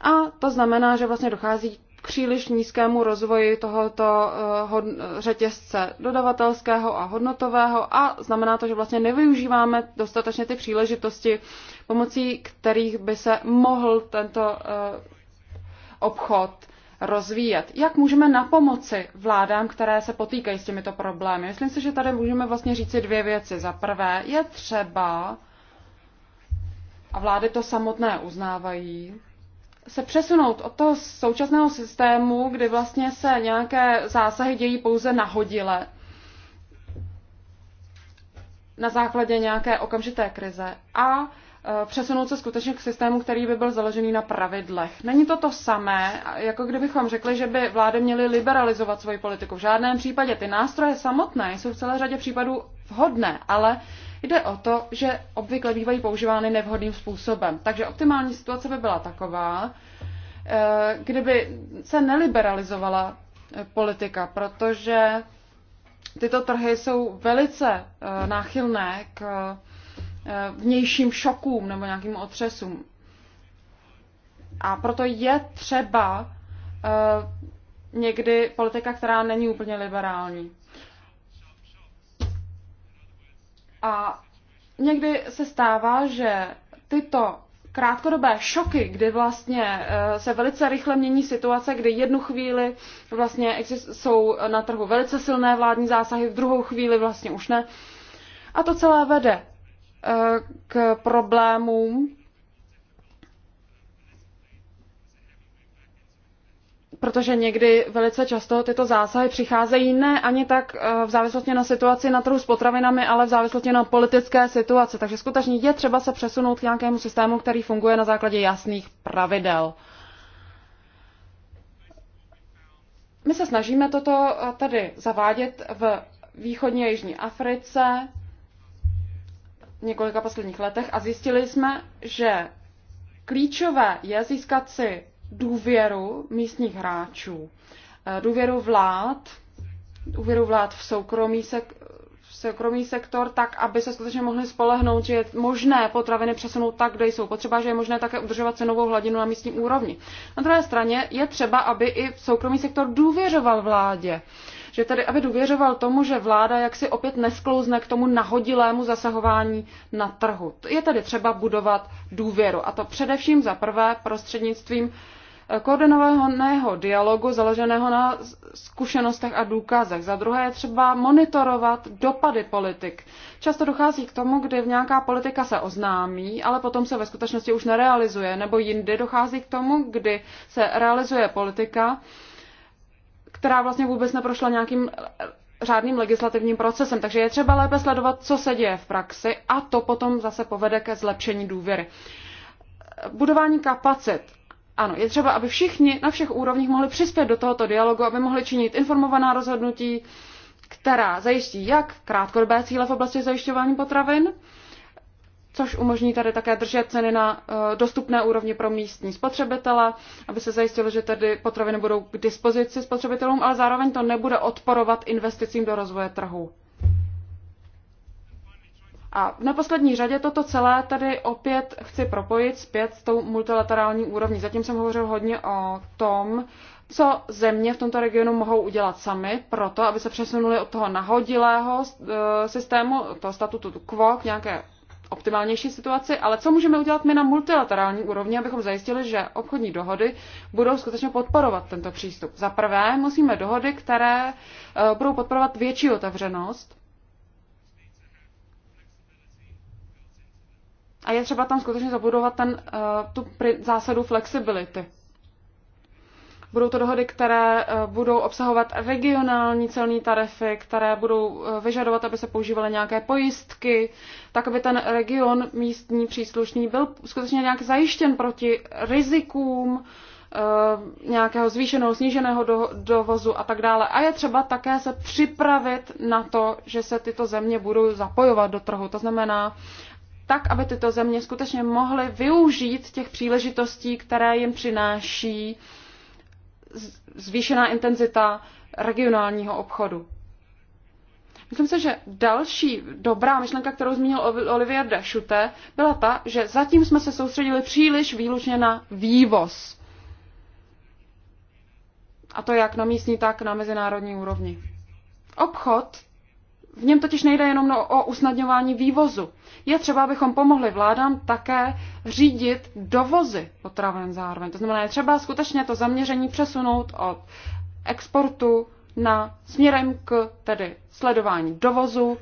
A to znamená, že vlastně dochází k příliš nízkému rozvoji tohoto eh, řetězce dodavatelského a hodnotového a znamená to, že vlastně nevyužíváme dostatečně ty příležitosti, pomocí kterých by se mohl tento eh, obchod rozvíjet. Jak můžeme na pomoci vládám, které se potýkají s těmito problémy? Myslím si, že tady můžeme vlastně říci dvě věci. Za prvé je třeba, a vlády to samotné uznávají, se přesunout od toho současného systému, kdy vlastně se nějaké zásahy dějí pouze nahodile, na základě nějaké okamžité krize a Eh, přesunout se skutečně k systému, který by byl založený na pravidlech. Není to to samé, jako kdybychom řekli, že by vlády měly liberalizovat svoji politiku. V žádném případě ty nástroje samotné jsou v celé řadě případů vhodné, ale jde o to, že obvykle bývají používány nevhodným způsobem. Takže optimální situace by byla taková, eh, kdyby se neliberalizovala eh, politika, protože tyto trhy jsou velice náchylné k Eh, vnějším šokům nebo nějakým otřesům. A proto je třeba eh, někdy politika, která není úplně liberální. A někdy se stává, že tyto krátkodobé šoky, kdy vlastně eh, se velice rychle mění situace, kdy jednu chvíli vlastně jsou na trhu velice silné vládní zásahy, v druhou chvíli vlastně už ne. A to celé vede k problémům, protože někdy velice často tyto zásahy přicházejí ne ani tak eh, v závislosti na situaci na trhu s potravinami, ale v závislosti na politické situaci. Takže skutečně je třeba se přesunout k nějakému systému, který funguje na základě jasných pravidel. My se snažíme toto eh, tady zavádět v východně a jižní Africe několika posledních letech a zjistili jsme, že klíčové je získat si důvěru místních hráčů, eh, důvěru vlád, důvěru vlád v soukromí, sek- v soukromý sektor, tak aby se skutečně mohli spolehnout, že je možné potraviny přesunout tak, kde jsou potřeba, že je možné také udržovat cenovou hladinu na místní úrovni. Na druhé straně je třeba, aby i soukromý sektor důvěřoval vládě. Uh, že tedy aby důvěřoval tomu, že vláda jaksi opět nesklouzne k tomu nahodilému zasahování na trhu. Je tedy třeba budovat důvěru a to především za prvé prostřednictvím eh, koordinovaného dialogu založeného na zkušenostech a důkazech. Za druhé je třeba monitorovat dopady politik. Často dochází k tomu, kdy nějaká politika se oznámí, ale potom se ve skutečnosti už nerealizuje, nebo jindy dochází k tomu, kdy se realizuje politika, která vlastně vůbec neprošla nějakým eh, řádným legislativním procesem. Takže je třeba lépe sledovat, co se děje v praxi a to potom zase povede ke zlepšení důvěry. Budování kapacit. Ano, je třeba, aby všichni na všech úrovních mohli přispět do tohoto dialogu, aby mohli činit informovaná rozhodnutí, která zajistí jak krátkodobé cíle v oblasti zajišťování potravin, což umožní tady také držet ceny na eh, dostupné úrovni pro místní spotřebitele, aby se zajistilo, že tedy potraviny budou k dispozici spotřebitelům, ale zároveň to nebude odporovat investicím do rozvoje trhu. A v neposlední řadě toto celé tady opět chci propojit zpět s tou multilaterální úrovní. Zatím jsem hovořil hodně o tom, co země v tomto regionu mohou udělat sami proto, aby se přesunuli od toho nahodilého eh, systému, toho statutu quo, k nějaké optimálnější situaci, ale co můžeme udělat my na multilaterální úrovni, abychom zajistili, že obchodní dohody budou skutečně podporovat tento přístup. Za prvé musíme dohody, které eh, budou podporovat větší otevřenost a je třeba tam skutečně zabudovat ten, eh, tu zásadu flexibility. Budou to dohody, které eh, budou obsahovat regionální celní tarify, které budou eh, vyžadovat, aby se používaly nějaké pojistky, tak aby ten region místní příslušný byl skutečně nějak zajištěn proti rizikům, eh, nějakého zvýšeného, sníženého do, dovozu a tak dále. A je třeba také se připravit na to, že se tyto země budou zapojovat do trhu. To znamená, tak, aby tyto země skutečně mohly využít těch příležitostí, které jim přináší zvýšená intenzita regionálního obchodu. Myslím si, že další dobrá myšlenka, kterou zmínil Olivier de byla ta, že zatím jsme se soustředili příliš výlučně na vývoz. A to jak na místní, tak na mezinárodní úrovni. Obchod v něm totiž nejde jenom no, o usnadňování vývozu. Je třeba, abychom pomohli vládám také řídit dovozy potravin zároveň. To znamená, je třeba skutečně to zaměření přesunout od exportu na směrem k tedy sledování dovozu.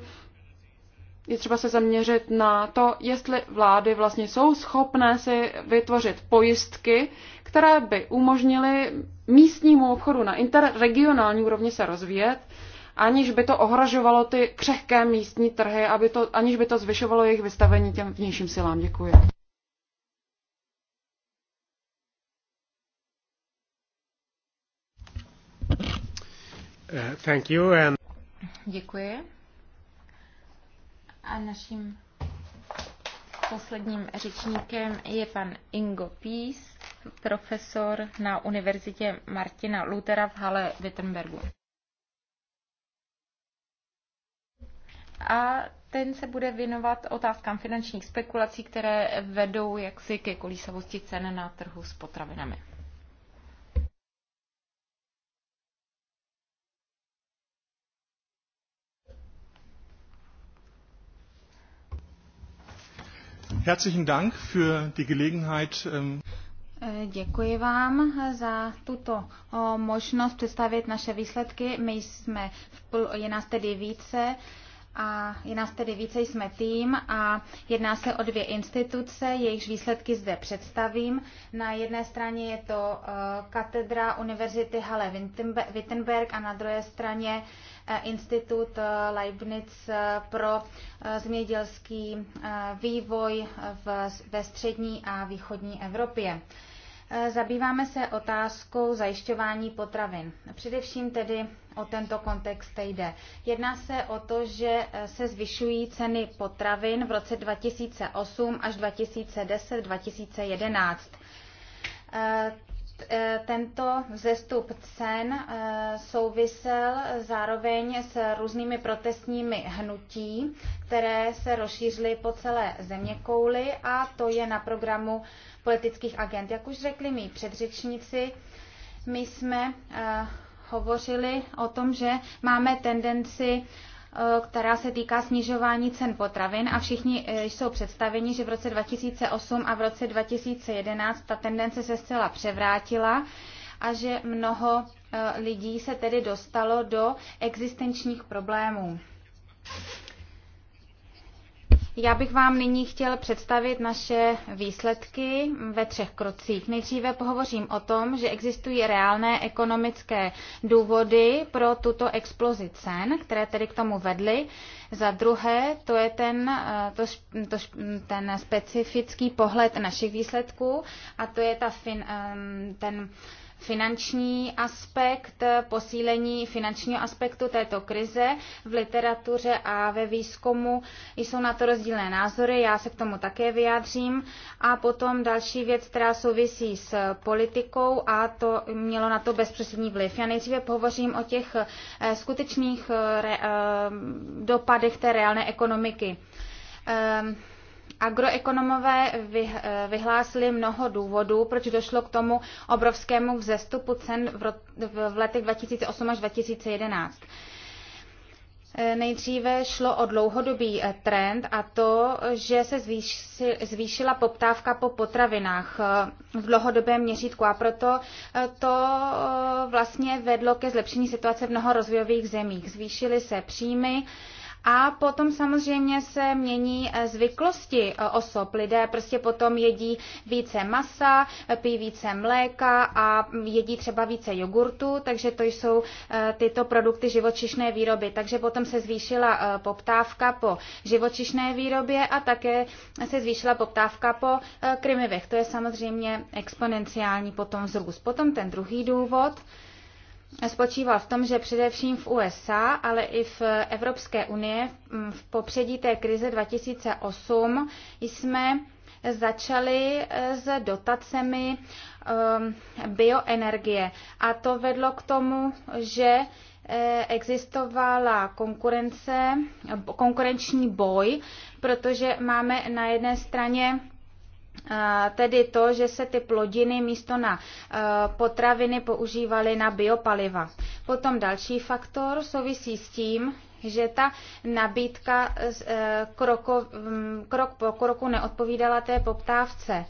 Je třeba se zaměřit na to, jestli vlády vlastně jsou schopné si vytvořit pojistky, které by umožnily místnímu obchodu na interregionální úrovni se rozvíjet aniž by to ohrožovalo ty křehké místní trhy, aby to, aniž by to zvyšovalo jejich vystavení těm vnějším silám. Děkuji. Uh, thank you and... Děkuji. A naším posledním řečníkem je pan Ingo Pís, profesor na Univerzitě Martina Lutera v Hale Wittenbergu. a ten se bude věnovat otázkám finančních spekulací, které vedou jaksi ke kolísavosti cen na trhu s potravinami. Herzlichen Dank für die Gelegenheit. Ähm, Děkuji vám za tuto možnost představit naše výsledky. My jsme, je nás tedy více, a je nás tedy více, jsme tým a jedná se o dvě instituce, jejichž výsledky zde představím. Na jedné straně je to eh, katedra Univerzity Halle Wittenberg a na druhé straně eh, Institut eh, Leibniz pro zemědělský vývoj ve střední a východní Evropě. Eh, zabýváme se otázkou zajišťování potravin. Především tedy o tento kontext jde. Jedná se o to, že eh, se zvyšují ceny potravin v roce 2008 až 2010, 2011. Eh, tento zestup cen eh, souvisel zároveň s různými protestními hnutí, které se rozšířily po celé země kouly a to je na programu politických agent. Jak už řekli mý předřečníci, my jsme eh, hovořili o tom, že máme tendenci Eh, která se týká snižování cen potravin a všichni eh, jsou představeni, že v roce 2008 a v roce 2011 ta tendence se zcela převrátila a že mnoho eh, lidí se tedy dostalo do existenčních problémů. Já bych vám nyní chtěl představit naše výsledky ve třech krocích. Nejdříve pohovořím o tom, že existují reálné ekonomické důvody pro tuto explozi cen, které tedy k tomu vedly. Za druhé, to je ten, eh, to, to, ten specifický pohled našich výsledků a to je ta fin, eh, ten finanční aspekt, posílení finančního aspektu této krize. V literatuře a ve výzkumu jsou na to rozdílné názory, já se k tomu také vyjádřím. A potom další věc, která souvisí s politikou a to mělo na to bezprostřední vliv. Já nejdříve pohovořím o těch eh, skutečných eh, eh, dopadech té reálné ekonomiky ehm, Agroekonomové eh, vyhlásili mnoho důvodů, proč došlo k tomu obrovskému vzestupu cen v letech 2008 až 2011. Eh, nejdříve šlo o dlouhodobý eh, trend a to, že se zvýšila poptávka po potravinách v dlouhodobém měřítku a proto to vlastně vedlo ke zlepšení situace v mnoho rozvojových zemích. Zvýšily se příjmy, a potom samozřejmě se mění eh, zvyklosti eh, osob. Lidé prostě potom jedí více masa, eh, pijí více mléka a jedí třeba více jogurtu, takže to jsou tyto produkty živočišné výroby. Takže potom se zvýšila poptávka po živočišné výrobě a také se zvýšila poptávka po krmivech. To je samozřejmě exponenciální potom vzrůst. Potom ten druhý důvod, spočíval v tom, že především v USA, ale i v Evropské unii mm, v popředí té krize 2008 jsme začali e, s dotacemi ehm, bioenergie. A to vedlo k tomu, že e, existovala konkurence, konkurenční boj, protože máme na jedné straně tedy to, že se ty plodiny místo na e, potraviny používaly na biopaliva. Potom další faktor souvisí s tím, že ta nabídka e, kroko, mm, krok po kroku neodpovídala té poptávce.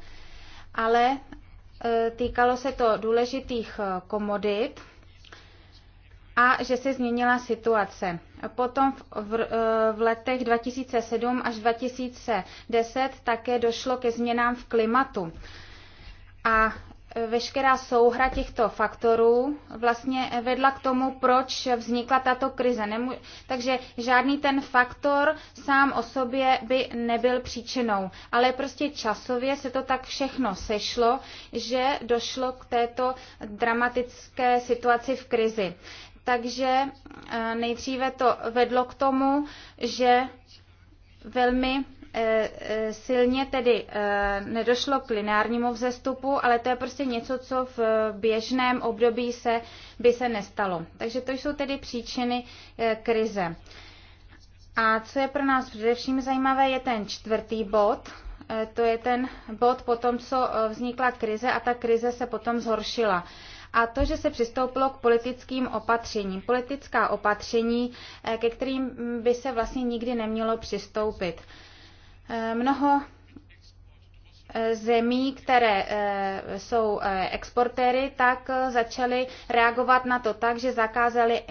Ale e, týkalo se to důležitých komodit a že se změnila situace. Potom v, v, eh, v letech 2007 až 2010 také došlo ke změnám v klimatu. A eh, veškerá souhra těchto faktorů vlastně eh, vedla k tomu, proč vznikla tato krize. Nemu- takže žádný ten faktor sám o sobě by nebyl příčinou, ale prostě časově se to tak všechno sešlo, že došlo k této dramatické situaci v krizi. Takže eh, nejdříve to vedlo k tomu, že velmi eh, eh, silně tedy nedošlo k lineárnímu vzestupu, ale to je prostě něco, co v běžném období se, by se nestalo. Takže to jsou tedy příčiny krize. A co je pro nás především zajímavé, je ten čtvrtý bod. To je ten bod po tom, co vznikla krize a ta krize se potom zhoršila a to, že se přistoupilo k politickým opatřením. Politická opatření, eh, ke kterým by se vlastně nikdy nemělo přistoupit. Eh, mnoho zemí, které eh, jsou eh, exportéry, tak eh, začaly reagovat na to tak, že zakázali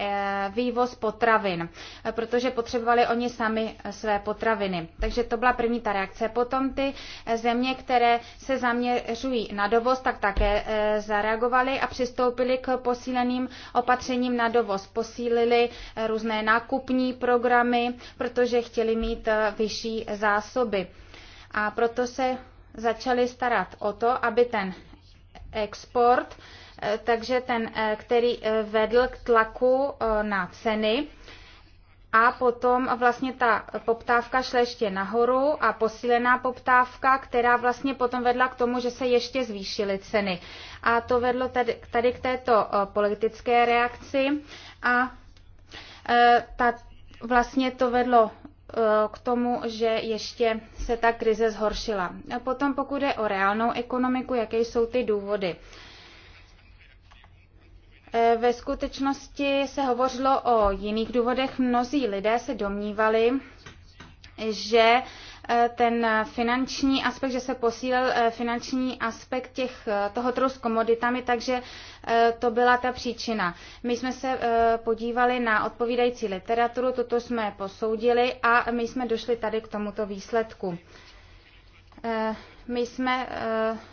vývoz potravin, protože potřebovali oni sami své potraviny. Takže to byla první ta reakce. Potom ty země, které se zaměřují na dovoz, tak také zareagovaly a přistoupili k posíleným opatřením na dovoz. Posílili různé nákupní programy, protože chtěli mít vyšší zásoby. A proto se začali starat o to, aby ten export, eh, takže ten, eh, který eh, vedl k tlaku na ceny, a potom vlastně ta poptávka šla ještě nahoru a posílená poptávka, která vlastně potom vedla k tomu, že se ještě zvýšily ceny. A to vedlo tady, tady k této politické reakci a ta, vlastně to vedlo k tomu, že ještě se ta krize zhoršila. A potom pokud je o reálnou ekonomiku, jaké jsou ty důvody. E, ve skutečnosti se hovořilo o jiných důvodech. Mnozí lidé se domnívali, že Eh, ten finanční aspekt, že se posílil eh, finanční aspekt těch, eh, toho trhu s komoditami, takže to byla ta příčina. My jsme se podívali na odpovídající literaturu, toto jsme posoudili a my jsme došli tady k tomuto výsledku. My jsme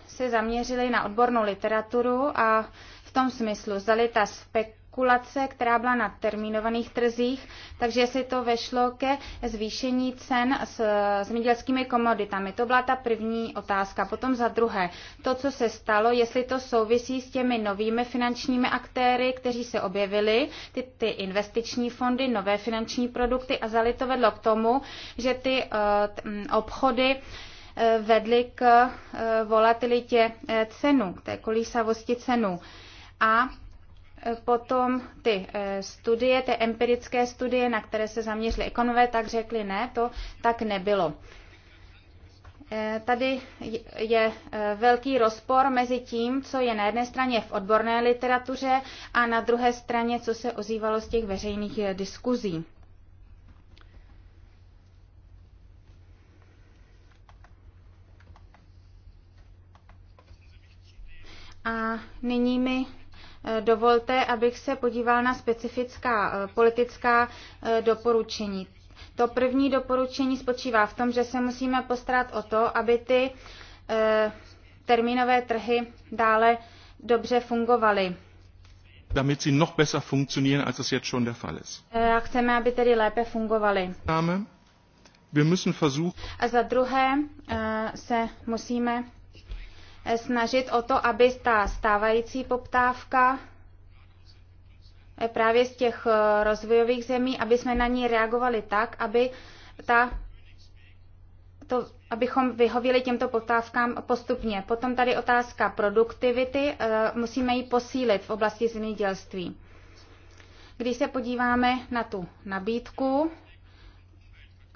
se zaměřili na odbornou literaturu a v tom smyslu, zdali ta spek- spekulace, která byla na termínovaných trzích, takže se to vešlo ke zvýšení cen s zemědělskými komoditami. To byla ta první otázka. Potom za druhé, to, co se stalo, jestli to souvisí s těmi novými finančními aktéry, kteří se objevili, ty, ty investiční fondy, nové finanční produkty a zali to vedlo k tomu, že ty uh, obchody eh, vedly k eh, volatilitě cenu, k té kolísavosti cenu. A Potom ty eh, studie, ty empirické studie, na které se zaměřili ekonomové, tak řekli ne, to tak nebylo. Eh, tady je eh, velký rozpor mezi tím, co je na jedné straně v odborné literatuře a na druhé straně, co se ozývalo z těch veřejných diskuzí. A nyní mi dovolte, abych se podíval na specifická eh, politická eh, doporučení. To první doporučení spočívá v tom, že se musíme postarat o to, aby ty eh, termínové trhy dále dobře fungovaly damit sie noch besser funktionieren, als es jetzt schon der Fall ist. Chceme, aby tedy lépe fungovaly. Wir müssen versuchen. A za druhé se musíme snažit o to, aby ta stávající poptávka právě z těch eh, rozvojových zemí, aby jsme na ní reagovali tak, aby ta, to, abychom vyhověli těmto poptávkám postupně. Potom tady otázka produktivity, eh, musíme ji posílit v oblasti zemědělství. Když se podíváme na tu nabídku,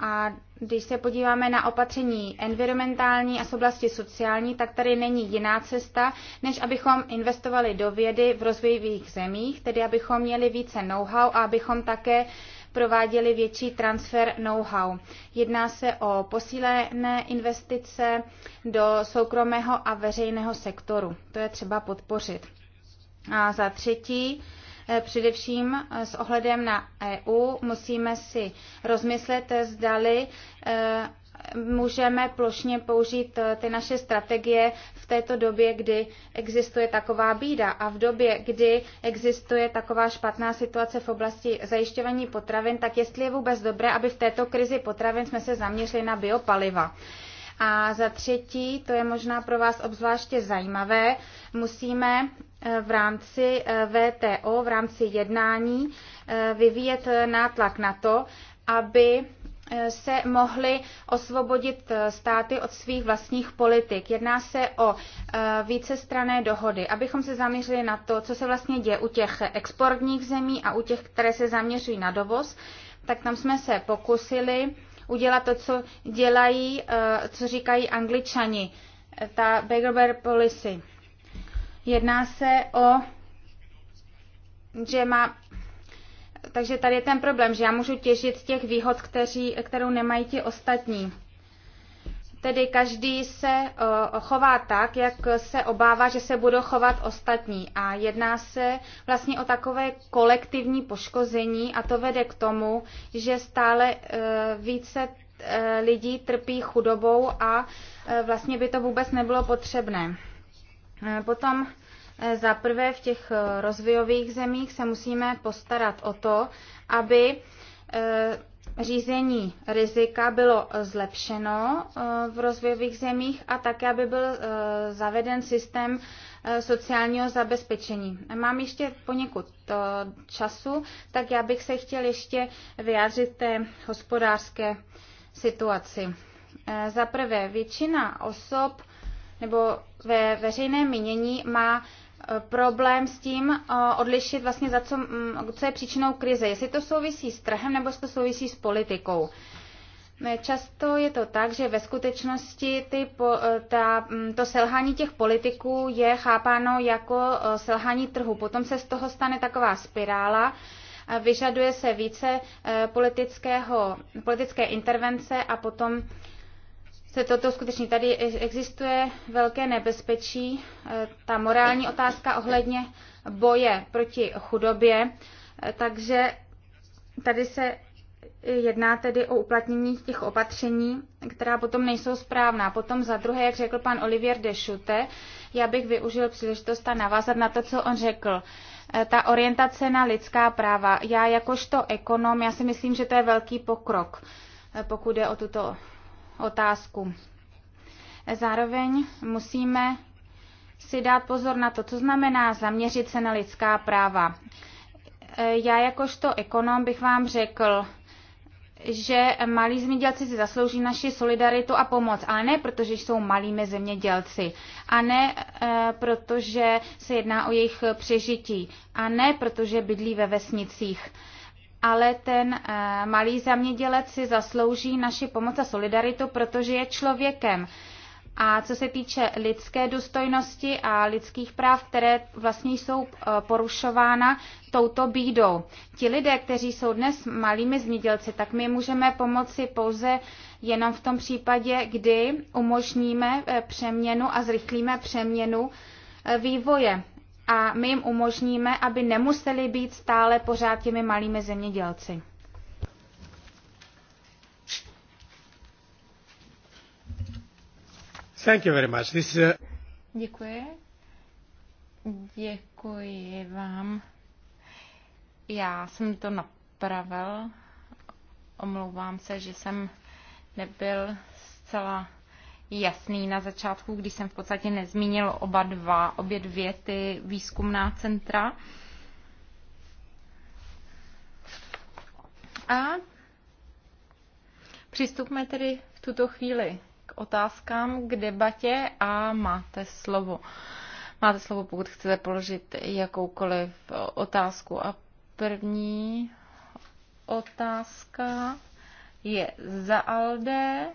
a když se podíváme na opatření environmentální a z oblasti sociální, tak tady není jiná cesta, než abychom investovali do vědy v rozvojových zemích, tedy abychom měli více know-how a abychom také prováděli větší transfer know-how. Jedná se o posílené investice do soukromého a veřejného sektoru. To je třeba podpořit. A za třetí, Eh, především eh, s ohledem na EU musíme si rozmyslet, eh, zdali můžeme plošně použít ty naše strategie v této době, kdy existuje taková bída a v době, kdy existuje taková špatná situace v oblasti zajišťování potravin, tak jestli je vůbec dobré, aby v této krizi potravin jsme se zaměřili na biopaliva. A za třetí, to je možná pro vás obzvláště zajímavé, musíme v rámci eh, VTO, v rámci jednání eh, vyvíjet eh, nátlak na to, aby se mohly osvobodit státy od svých vlastních politik. Jedná se o vícestrané dohody, abychom se zaměřili na to, co se vlastně děje u těch exportních zemí a u těch, které se zaměřují na dovoz, tak tam jsme se pokusili udělat to, co dělají, co říkají angličani, ta Beger Bear Policy Jedná se o, že má, takže tady je ten problém, že já můžu těžit z těch výhod, kteří, kterou nemají ti ostatní. Tedy každý se chová tak, jak se obává, že se budou chovat ostatní. A jedná se vlastně o takové kolektivní poškození a to vede k tomu, že stále e, více e, lidí trpí chudobou a e, vlastně by to vůbec nebylo potřebné. Eh, potom eh, za prvé v těch eh, rozvojových zemích se musíme postarat o to, aby řízení rizika bylo zlepšeno v rozvojových zemích a také, aby byl zaveden systém sociálního zabezpečení. Mám ještě poněkud času, tak já bych se chtěl ještě vyjádřit té hospodářské situaci. Za prvé, většina osob nebo ve veřejné mínění má e, problém s tím e, odlišit vlastně, za co, mm, co je příčinou krize. Jestli to souvisí s trhem nebo jestli to souvisí s politikou. E, často je to tak, že ve skutečnosti ty, ta, mm, to selhání těch politiků je chápáno jako selhání trhu. Potom se z toho stane taková spirála, vyžaduje se více politického, politické intervence a potom se toto skutečně tady existuje velké nebezpečí. E, ta morální otázka ohledně boje proti chudobě, e, takže tady se jedná tedy o uplatnění těch opatření, která potom nejsou správná. Potom za druhé, jak řekl pan Olivier de Schutte, já bych využil příležitost a navázat na to, co on řekl. E, ta orientace na lidská práva. Já jakožto ekonom, já si myslím, že to je velký pokrok, pokud je o tuto otázku. Zároveň musíme si dát pozor na to, co znamená zaměřit se na lidská práva. E, já jakožto ekonom bych vám řekl, že malí zemědělci si zaslouží naši solidaritu a pomoc, ale ne protože jsou malými zemědělci, a ne e, protože se jedná o jejich přežití, a ne protože bydlí ve vesnicích. E, ale ten eh, malý zamědělec si zaslouží naši pomoc a solidaritu, protože je člověkem. A co se týče lidské důstojnosti a lidských práv, které vlastně jsou eh, porušována touto bídou. Ti lidé, kteří jsou dnes malými zemědělci, tak my můžeme pomoci pouze jenom v tom případě, kdy umožníme eh, přeměnu a zrychlíme přeměnu vývoje a my jim umožníme, aby nemuseli být stále pořád těmi malými zemědělci. Thank you very much. This is a... Děkuji. Děkuji vám. Já jsem to napravil. Omlouvám se, že jsem nebyl zcela jasný na začátku, když jsem v podstatě nezmínil oba dva, obě dvě ty výzkumná centra. A přistupme tedy v tuto chvíli k otázkám, k debatě a máte slovo. Máte slovo, pokud chcete položit jakoukoliv otázku. A první otázka je za Alde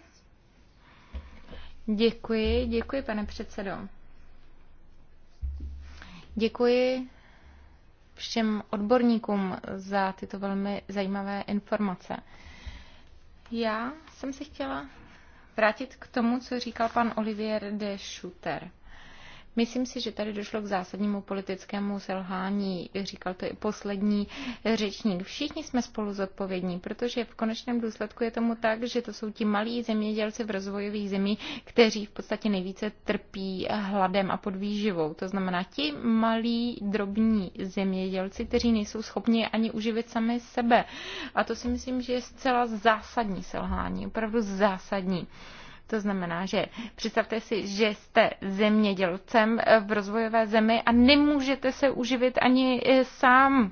Děkuji, děkuji, pane předsedo. Děkuji všem odborníkům za tyto velmi zajímavé informace. Já jsem se chtěla vrátit k tomu, co říkal pan Olivier de Schutter. Myslím si, že tady došlo k zásadnímu politickému selhání, říkal to i poslední řečník. Všichni jsme spolu zodpovědní, protože v konečném důsledku je tomu tak, že to jsou ti malí zemědělci v rozvojových zemích, kteří v podstatě nejvíce trpí hladem a podvýživou. To znamená ti malí drobní zemědělci, kteří nejsou schopni ani uživit sami sebe. A to si myslím, že je zcela zásadní selhání, opravdu zásadní. To znamená, že představte si, že jste zemědělcem v rozvojové zemi a nemůžete se uživit ani eh, sám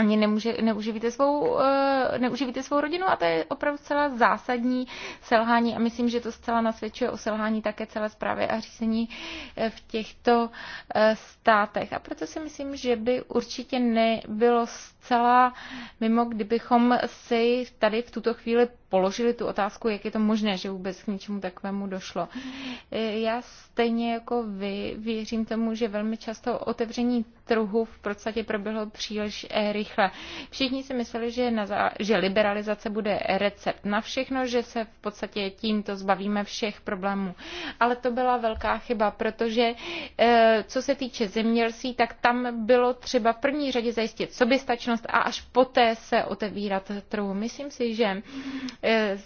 ani nemůže, neuživíte, svou, eh, neuživíte svou rodinu a to je opravdu celá zásadní selhání a myslím, že to zcela nasvědčuje o selhání také celé zprávy a řízení eh, v těchto eh, státech. A proto si myslím, že by určitě nebylo zcela mimo, kdybychom si tady v tuto chvíli položili tu otázku, jak je to možné, že vůbec k něčemu takovému došlo. Já stejně jako vy věřím tomu, že velmi často otevření trhu v podstatě proběhlo příliš eh, rychle. Všichni si mysleli, že, na, že liberalizace bude recept na všechno, že se v podstatě tímto zbavíme všech problémů. Ale to byla velká chyba, protože eh, co se týče zemědělství, tak tam bylo třeba v první řadě zajistit soběstačnost a až poté se otevírat trhu. Myslím si, že eh,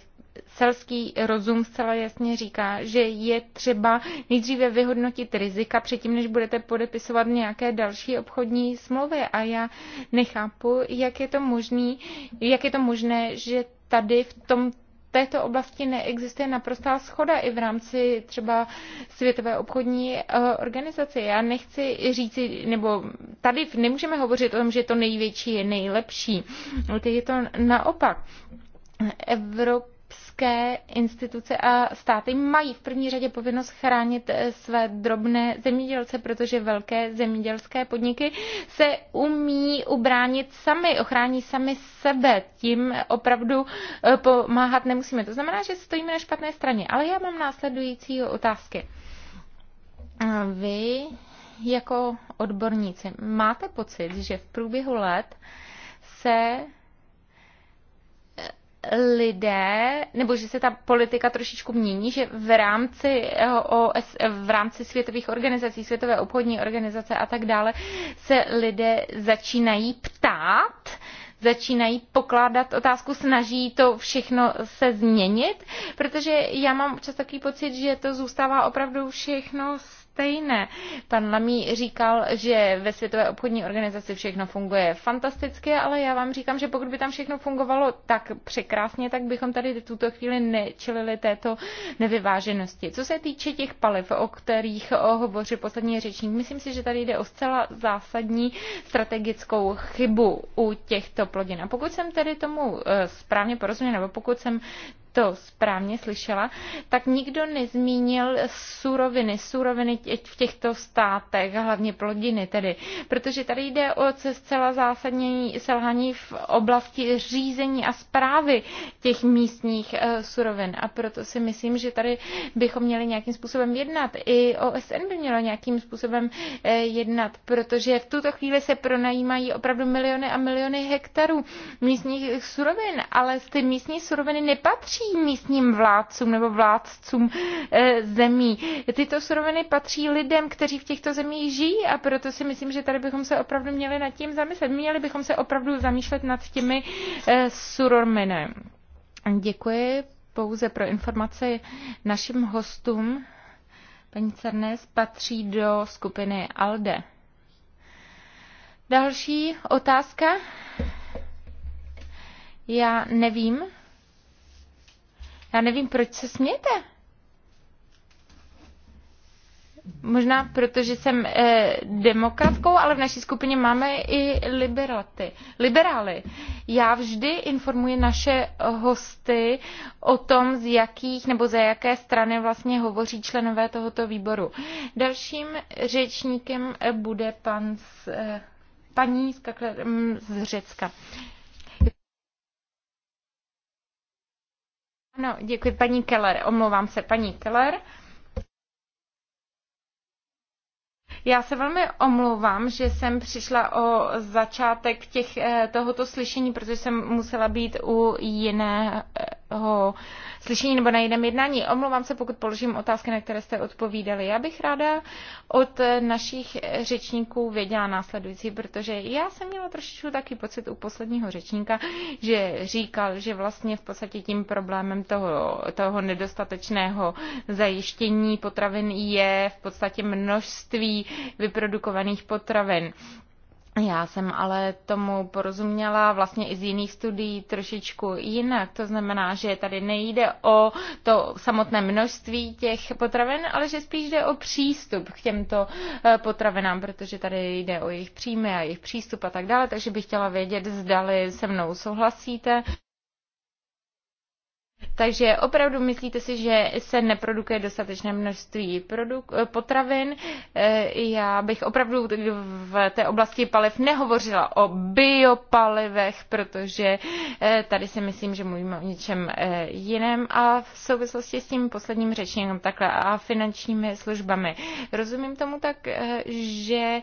selský rozum zcela jasně říká, že je třeba nejdříve vyhodnotit rizika předtím, než budete podepisovat nějaké další obchodní smlouvy. A já nechápu, jak je to, možný, jak je to možné, že tady v tom této oblasti neexistuje naprostá schoda i v rámci třeba Světové obchodní eh, organizace. Já nechci říci, nebo tady nemůžeme hovořit o tom, že to největší je nejlepší. Je to naopak. Evropa evropské instituce a státy mají v první řadě povinnost chránit eh, své drobné zemědělce, protože velké zemědělské podniky se umí ubránit sami, ochrání sami sebe. Tím opravdu eh, pomáhat nemusíme. To znamená, že stojíme na špatné straně. Ale já mám následující otázky. Eh, vy jako odborníci máte pocit, že v průběhu let se lidé, nebo že se ta politika trošičku mění, že v rámci, eh, OS, v rámci světových organizací, Světové obchodní organizace a tak dále, se lidé začínají ptát, začínají pokládat otázku, snaží to všechno se změnit, protože já mám často takový pocit, že to zůstává opravdu všechno stejné. Pan Lamí říkal, že ve Světové obchodní organizaci všechno funguje fantasticky, ale já vám říkám, že pokud by tam všechno fungovalo tak překrásně, tak bychom tady v tuto chvíli nečelili této nevyváženosti. Co se týče těch paliv, o kterých hovoří poslední řečník, myslím si, že tady jde o zcela zásadní strategickou chybu u těchto plodin. A pokud jsem tedy tomu e, správně porozuměl, nebo pokud jsem to správně slyšela, tak nikdo nezmínil suroviny, suroviny v těchto státech, hlavně plodiny tedy, protože tady jde o zcela zásadní selhání v oblasti řízení a zprávy těch místních eh, surovin a proto si myslím, že tady bychom měli nějakým způsobem jednat. I OSN by mělo nějakým způsobem eh, jednat, protože v tuto chvíli se pronajímají opravdu miliony a miliony hektarů místních surovin, ale ty místní suroviny nepatří nepatří místním vládcům nebo vládcům eh, zemí. Tyto suroviny patří lidem, kteří v těchto zemích žijí a proto si myslím, že tady bychom se opravdu měli nad tím zamyslet. Měli bychom se opravdu zamýšlet nad těmi eh, suroviny. Děkuji pouze pro informace našim hostům. Paní Cernes patří do skupiny ALDE. Další otázka? Já nevím, já nevím, proč se smějete. Možná proto, že jsem eh, demokratkou, ale v naší skupině máme i liberaty, liberály. Já vždy informuji naše hosty o tom, z jakých nebo za jaké strany vlastně hovoří členové tohoto výboru. Dalším řečníkem eh, bude pan z, eh, paní z, mm, z Řecka. Ano, děkuji paní Keller. Omlouvám se, paní Keller. Já se velmi omlouvám, že jsem přišla o začátek těch, eh, tohoto slyšení, protože jsem musela být u jiné eh, slyšení nebo na jiném jednání. Omlouvám se, pokud položím otázky, na které jste odpovídali. Já bych ráda od našich řečníků věděla následující, protože já jsem měla trošičku taky pocit u posledního řečníka, že říkal, že vlastně v podstatě tím problémem toho, toho nedostatečného zajištění potravin je v podstatě množství vyprodukovaných potravin. Já jsem ale tomu porozuměla vlastně i z jiných studií trošičku jinak. To znamená, že tady nejde o to samotné množství těch potravin, ale že spíš jde o přístup k těmto eh, potravinám, protože tady jde o jejich příjmy a jejich přístup a tak dále. Takže bych chtěla vědět, zdali se mnou souhlasíte. Takže opravdu myslíte si, že se neprodukuje dostatečné množství produk- eh, potravin? Eh, já bych opravdu v té oblasti paliv nehovořila o biopalivech, protože eh, tady si myslím, že mluvíme o něčem jiném a v souvislosti s tím posledním řečníkem takhle a finančními službami. Rozumím tomu tak, že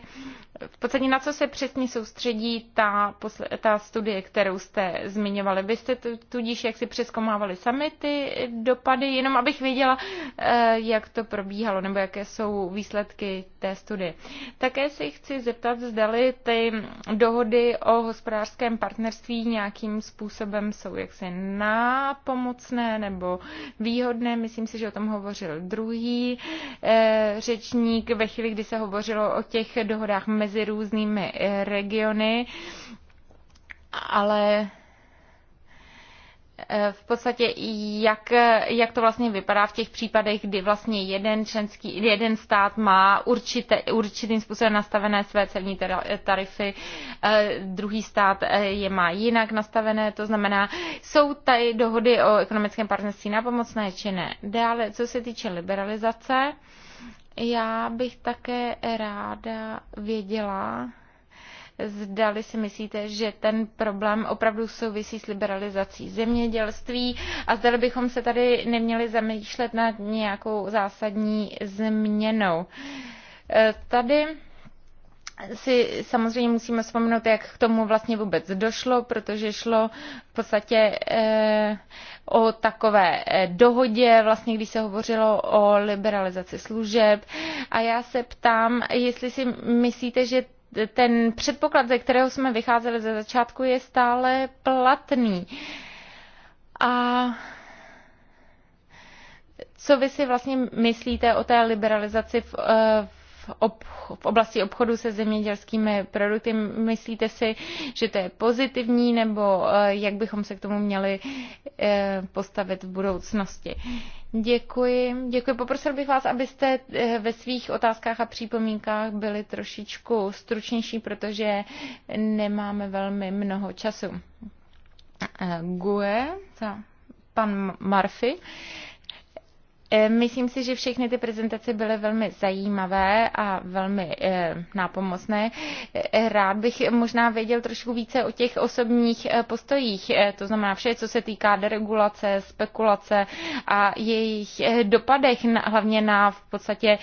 v podstatě na co se přesně soustředí ta, ta studie, kterou jste zmiňovali. Vy jste tudíž jak si přeskomávali sami ty dopady, jenom abych věděla, eh, jak to probíhalo nebo jaké jsou výsledky té studie. Také si chci zeptat, zdali ty dohody o hospodářském partnerství nějakým způsobem jsou jaksi nápomocné nebo výhodné. Myslím si, že o tom hovořil druhý eh, řečník ve chvíli, kdy se hovořilo o těch dohodách mezi různými eh, regiony. Ale Eh, v podstatě, jak, jak to vlastně vypadá v těch případech, kdy vlastně jeden, členský, jeden stát má určité, určitým způsobem nastavené své celní tarify, eh, druhý stát eh, je má jinak nastavené, to znamená, jsou tady dohody o ekonomickém partnerství napomocné či ne. Dále, co se týče liberalizace, já bych také ráda věděla, zdali si myslíte, že ten problém opravdu souvisí s liberalizací zemědělství a zdali bychom se tady neměli zamýšlet nad nějakou zásadní změnou. Eh, tady si samozřejmě musíme vzpomenout, jak k tomu vlastně vůbec došlo, protože šlo v podstatě eh, o takové eh, dohodě, vlastně když se hovořilo o liberalizaci služeb. A já se ptám, jestli si myslíte, že ten předpoklad, ze kterého jsme vycházeli ze začátku, je stále platný. A co vy si vlastně myslíte o té liberalizaci v, v eh, v, ob, v oblasti obchodu se zemědělskými produkty. Myslíte si, že to je pozitivní, nebo eh, jak bychom se k tomu měli eh, postavit v budoucnosti? Děkuji. Děkuji. Poprosil bych vás, abyste eh, ve svých otázkách a připomínkách byli trošičku stručnější, protože nemáme velmi mnoho času. GUE, pan Murphy. E, myslím si, že všechny ty prezentace byly velmi zajímavé a velmi e, nápomocné. E, rád bych možná věděl trošku více o těch osobních postojích, to znamená vše, co se týká deregulace, spekulace a jejich dopadech, hlavně na v podstatě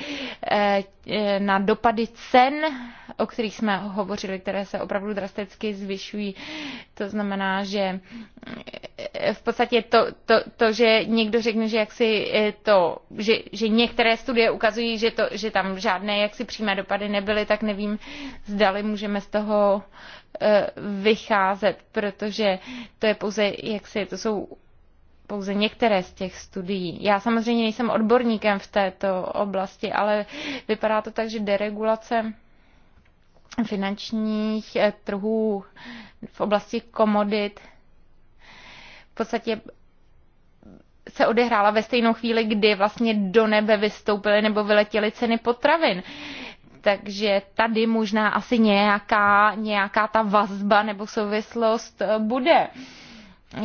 na dopady cen o kterých jsme hovořili, které se opravdu drasticky zvyšují. To znamená, že eh, v podstatě to, to, to že někdo řekne, že jaksi eh, to, že, že některé studie ukazují, že, to, že tam žádné jaksi přímé dopady nebyly, tak nevím, zdali můžeme z toho eh, vycházet, protože to je pouze, jak si, to jsou pouze některé z těch studií. Já samozřejmě nejsem odborníkem v této oblasti, ale vypadá to tak, že deregulace finančních eh, trhů v oblasti komodit v podstatě se odehrála ve stejnou chvíli, kdy vlastně do nebe vystoupily nebo vyletěly ceny potravin. Takže tady možná asi nějaká, nějaká ta vazba nebo souvislost eh, bude.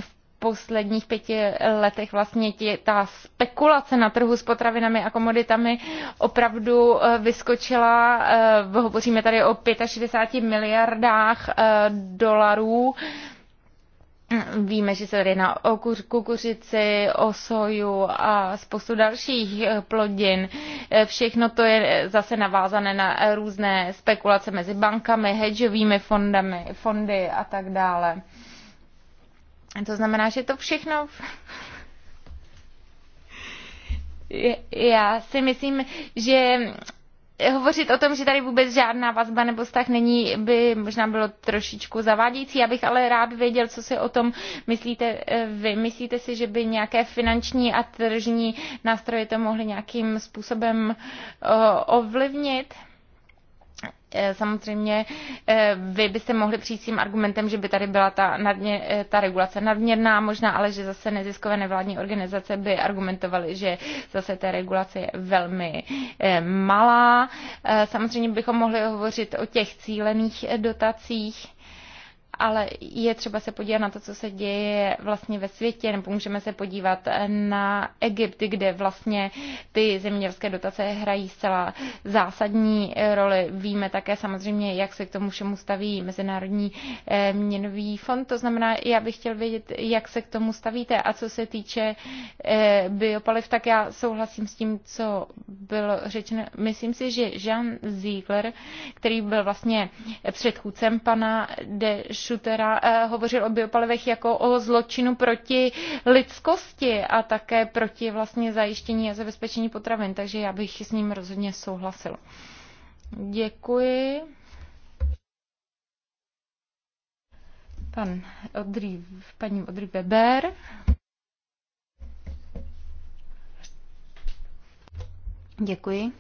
V posledních pěti letech vlastně tě, ta spekulace na trhu s potravinami a komoditami opravdu eh, vyskočila. Eh, hovoříme tady o 65 miliardách eh, dolarů. Víme, že se tady jedná o kukuřici, o soju a spoustu dalších plodin. Všechno to je zase navázané na různé spekulace mezi bankami, hedžovými fondami, fondy a tak dále. To znamená, že to všechno já si myslím, že hovořit o tom, že tady vůbec žádná vazba nebo vztah není, by možná bylo trošičku zavádějící. Já bych ale rád věděl, co si o tom myslíte eh, vy. Myslíte si, že by nějaké finanční a tržní nástroje to mohly nějakým způsobem eh, ovlivnit? Eh, samozřejmě eh, vy byste mohli přijít s tím argumentem, že by tady byla ta, nadmě, eh, ta regulace nadměrná možná, ale že zase neziskové nevládní organizace by argumentovaly, že zase té regulace je velmi malá. Samozřejmě bychom mohli hovořit o těch cílených dotacích, ale je třeba se podívat na to, co se děje vlastně ve světě, nebo můžeme se podívat na Egypt, kde vlastně ty zemědělské dotace hrají zcela zásadní roli. Víme také samozřejmě, jak se k tomu všemu staví Mezinárodní eh, měnový fond. To znamená, já bych chtěl vědět, jak se k tomu stavíte. A co se týče eh, biopaliv, tak já souhlasím s tím, co bylo řečeno. Myslím si, že Jean Ziegler, který byl vlastně předchůdcem pana de Schutera eh, hovořil o biopalivech jako o zločinu proti lidskosti a také proti vlastně zajištění a zabezpečení potravin, takže já bych s ním rozhodně souhlasil. Děkuji. Pan Odrý, paní Odry Weber. Děkuji.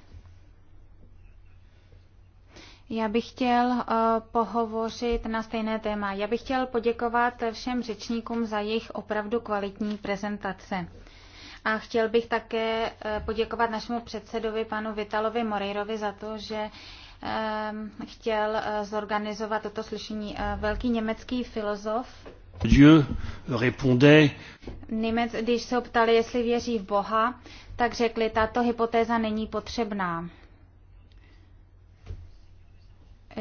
Já bych chtěl eh, pohovořit na stejné téma. Já bych chtěl poděkovat všem řečníkům za jejich opravdu kvalitní prezentace. A chtěl bych také eh, poděkovat našemu předsedovi, panu Vitalovi Morejrovi, za to, že ehm, chtěl eh, zorganizovat toto slyšení. Velký německý filozof Dieu répondait. Němec, když se ptali, jestli věří v Boha, tak řekli, tato hypotéza není potřebná.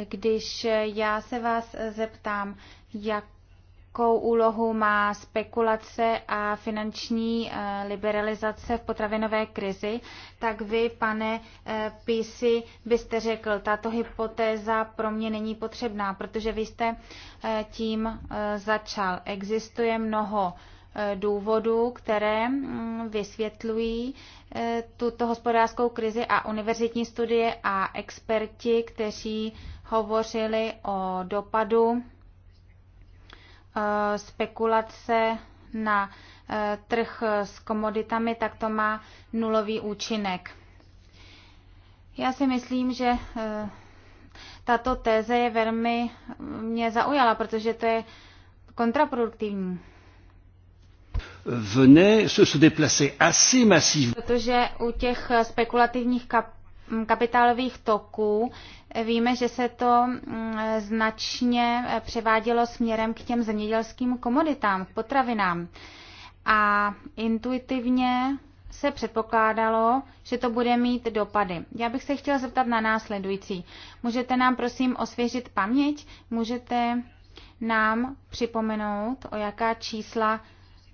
Když já se vás zeptám, jakou úlohu má spekulace a finanční eh, liberalizace v potravinové krizi, tak vy, pane eh, Písi, byste řekl, tato hypotéza pro mě není potřebná, protože vy jste eh, tím začal. Existuje mnoho důvodů, které mm, vysvětlují tuto hospodářskou krizi a univerzitní studie a experti, kteří hovořili o dopadu eh, spekulace na eh, trh s komoditami, tak to má nulový účinek. Já si myslím, že eh, tato téze je velmi mě zaujala, protože to je kontraproduktivní. Venez se, se déplacer assez massivement. Protože u těch spekulativních kap Mm, kapitálových toků. Víme, že se to mm, značně eh, převádělo směrem k těm zemědělským komoditám, k potravinám. A intuitivně se předpokládalo, že to bude mít dopady. Já bych se chtěla zeptat na následující. Můžete nám prosím osvěžit paměť? Můžete nám připomenout, o jaká čísla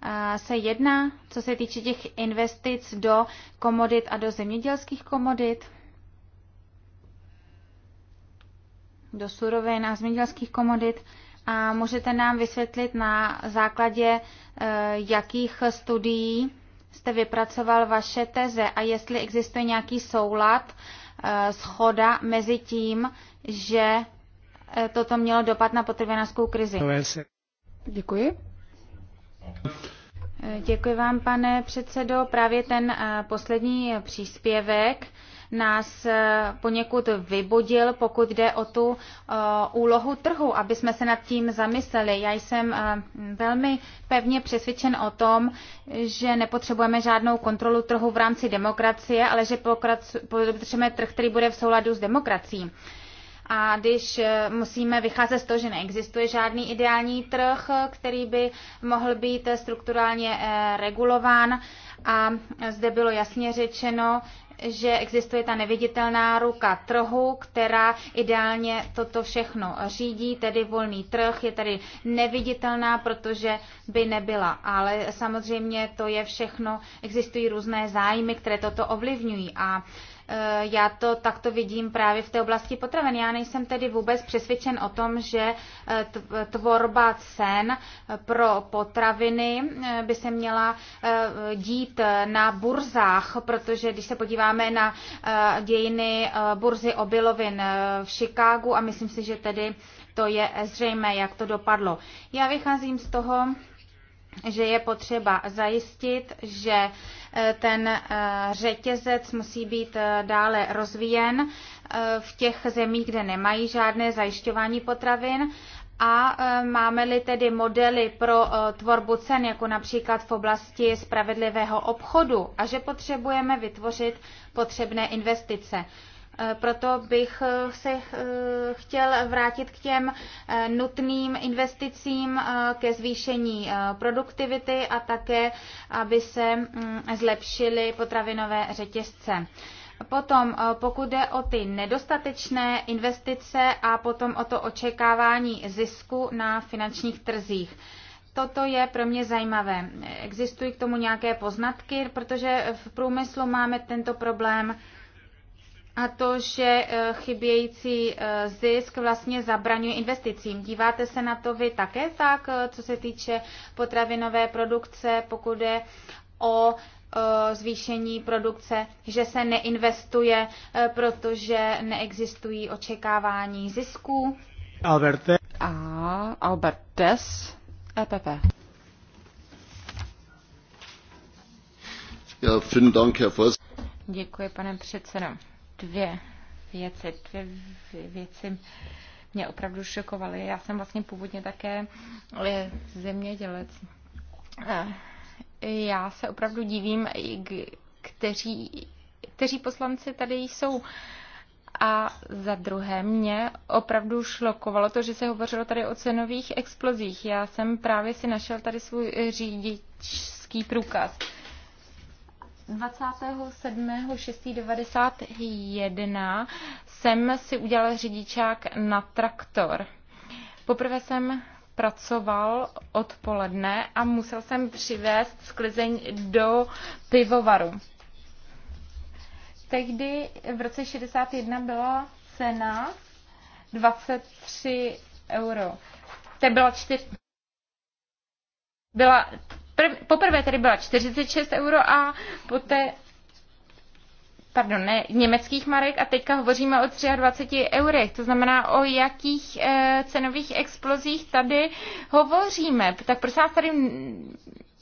eh, se jedná, co se týče těch investic do komodit a do zemědělských komodit? do surovin a zemědělských komodit. A můžete nám vysvětlit na základě eh, jakých studií jste vypracoval vaše teze a jestli existuje nějaký soulad, eh, schoda mezi tím, že eh, toto mělo dopad na potravinářskou krizi. Děkuji. Děkuji vám, pane předsedo. Právě ten poslední příspěvek nás eh, poněkud vybodil, pokud jde o tu eh, úlohu trhu, aby jsme se nad tím zamysleli. Já jsem eh, velmi pevně přesvědčen o tom, že nepotřebujeme žádnou kontrolu trhu v rámci demokracie, ale že potřebujeme trh, který bude v souladu s demokracií. A když musíme vycházet z toho, že neexistuje žádný ideální trh, který by mohl být strukturálně regulován, a zde bylo jasně řečeno, že existuje ta neviditelná ruka trhu, která ideálně toto všechno řídí, tedy volný trh je tady neviditelná, protože by nebyla. Ale samozřejmě to je všechno, existují různé zájmy, které toto ovlivňují. A Eh, já to takto vidím právě v té oblasti potravin. Já nejsem tedy vůbec přesvědčen o tom, že eh, tvorba cen eh, pro potraviny by se měla dít na burzách, protože když se podíváme na dějiny burzy obilovin v Chicagu a myslím si, že tedy to je zřejmé, jak to dopadlo. Já vycházím z toho, že je potřeba zajistit, že eh, ten eh, řetězec musí být eh, dále rozvíjen v těch zemích, kde nemají žádné zajišťování potravin a máme-li tedy modely pro tvorbu cen, jako například v oblasti spravedlivého obchodu, a že potřebujeme vytvořit potřebné investice. Eh, proto bych eh, se eh, chtěl vrátit k těm nutným investicím ke zvýšení produktivity a také, aby se mm, zlepšily potravinové řetězce. Potom, pokud jde o ty nedostatečné investice a potom o to očekávání zisku na finančních trzích. Toto je pro mě zajímavé. Existují k tomu nějaké poznatky, protože v průmyslu máme tento problém a to, že eh, chybějící eh, zisk vlastně zabraňuje investicím. Díváte se na to vy také tak, eh, co se týče potravinové produkce, pokud je o zvýšení produkce, že se neinvestuje, protože neexistují očekávání zisků. Alberte. A Albert Des, EPP. Ja, vielen Dank, Herr Voss. Děkuji, pane předsedo dvě věci. Dvě věci mě opravdu šokovaly. Já jsem vlastně původně také zemědělec. Já se opravdu divím, kteří, kteří poslanci tady jsou. A za druhé mě opravdu šlokovalo to, že se hovořilo tady o cenových explozích. Já jsem právě si našel tady svůj eh, řidičský průkaz. 27.6.91 jsem si udělal řidičák na traktor. Poprvé jsem pracoval odpoledne a musel jsem přivést sklizeň do pivovaru. Tehdy v roce 61 byla cena 23 euro. To byla, čtyř... byla Prv, poprvé tady byla 46 euro a poté pardon, ne, německých marek a teďka hovoříme o 23 eurech. To znamená, o jakých e, cenových explozích tady hovoříme. Tak prosím vás, tady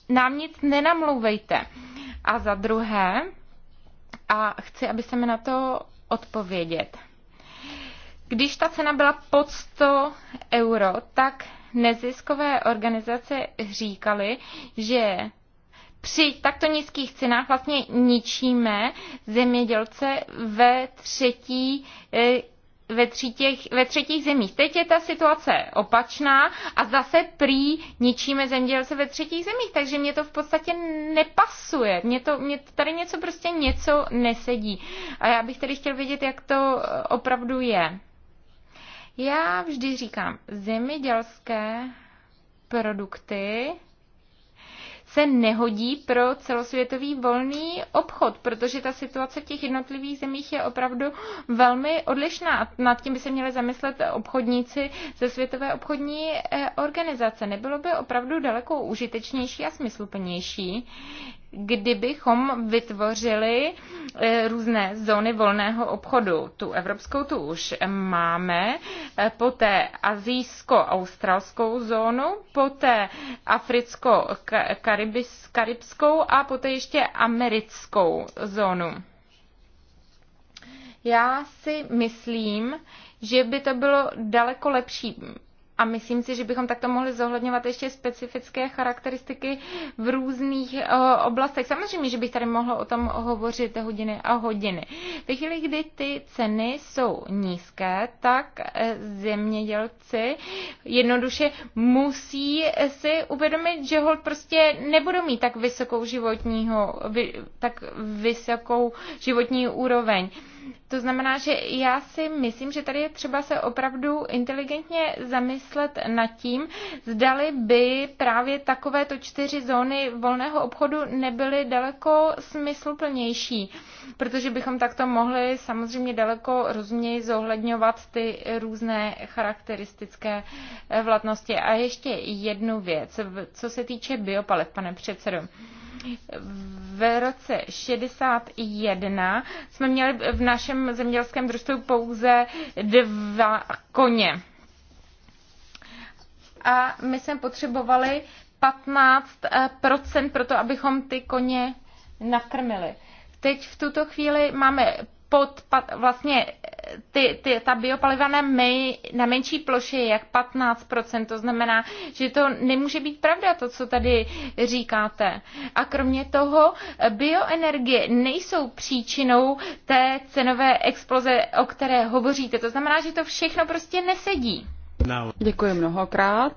nám nic nenamlouvejte. A za druhé, a chci, aby se mi na to odpovědět. Když ta cena byla pod 100 euro, tak neziskové organizace říkaly, že při takto nízkých cenách vlastně ničíme zemědělce ve třetí e, ve, třetích, ve třetích zemích. Teď je ta situace opačná a zase prý ničíme zemědělce ve třetích zemích, takže mě to v podstatě nepasuje. Mě to, mě tady něco prostě něco nesedí. A já bych tedy chtěl vědět, jak to e, opravdu je. Já vždy říkám, zemědělské produkty se nehodí pro celosvětový volný obchod, protože ta situace v těch jednotlivých zemích je opravdu velmi odlišná. A nad tím by se měli zamyslet obchodníci ze Světové obchodní eh, organizace. Nebylo by opravdu daleko užitečnější a smysluplnější, kdybychom vytvořili eh, různé zóny volného obchodu. Tu evropskou tu už máme, eh, poté azijsko-australskou zónu, poté africko-karibskou a poté ještě americkou zónu. Já si myslím, že by to bylo daleko lepší a myslím si, že bychom takto mohli zohledňovat ještě specifické charakteristiky v různých eh, oblastech. Samozřejmě, že bych tady mohla o tom hovořit hodiny a hodiny. Ve chvíli, kdy ty ceny jsou nízké, tak eh, zemědělci jednoduše musí eh, si uvědomit, že hol prostě nebudou mít tak vysokou životního, tak vysokou životní úroveň. To znamená, že já si myslím, že tady je třeba se opravdu inteligentně zamyslet nad tím, zdali by právě takovéto čtyři zóny volného obchodu nebyly daleko smysluplnější, protože bychom takto mohli samozřejmě daleko rozuměji zohledňovat ty různé charakteristické eh, vlastnosti. A ještě jednu věc, co se týče biopalet, pane předsedo v roce 61 jsme měli v našem zemědělském družstvu pouze dva koně. A my jsme potřebovali 15% eh, pro to, abychom ty koně nakrmili. Teď v tuto chvíli máme pod, vlastně ty, ty, ta biopaliva na, mej, na menší ploše je jak 15%, to znamená, že to nemůže být pravda, to, co tady říkáte. A kromě toho, bioenergie nejsou příčinou té cenové exploze, o které hovoříte. To znamená, že to všechno prostě nesedí. Děkuji mnohokrát.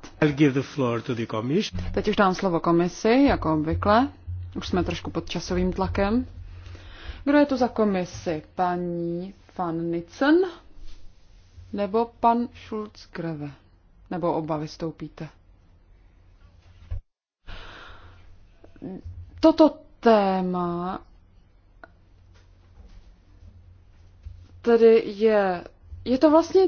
Teď už dám slovo komisi, jako obvykle. Už jsme trošku pod časovým tlakem. Kdo je to za komisi? Paní van Nitzen nebo pan Schulz Greve? Nebo oba vystoupíte? Toto téma tedy je, je to vlastně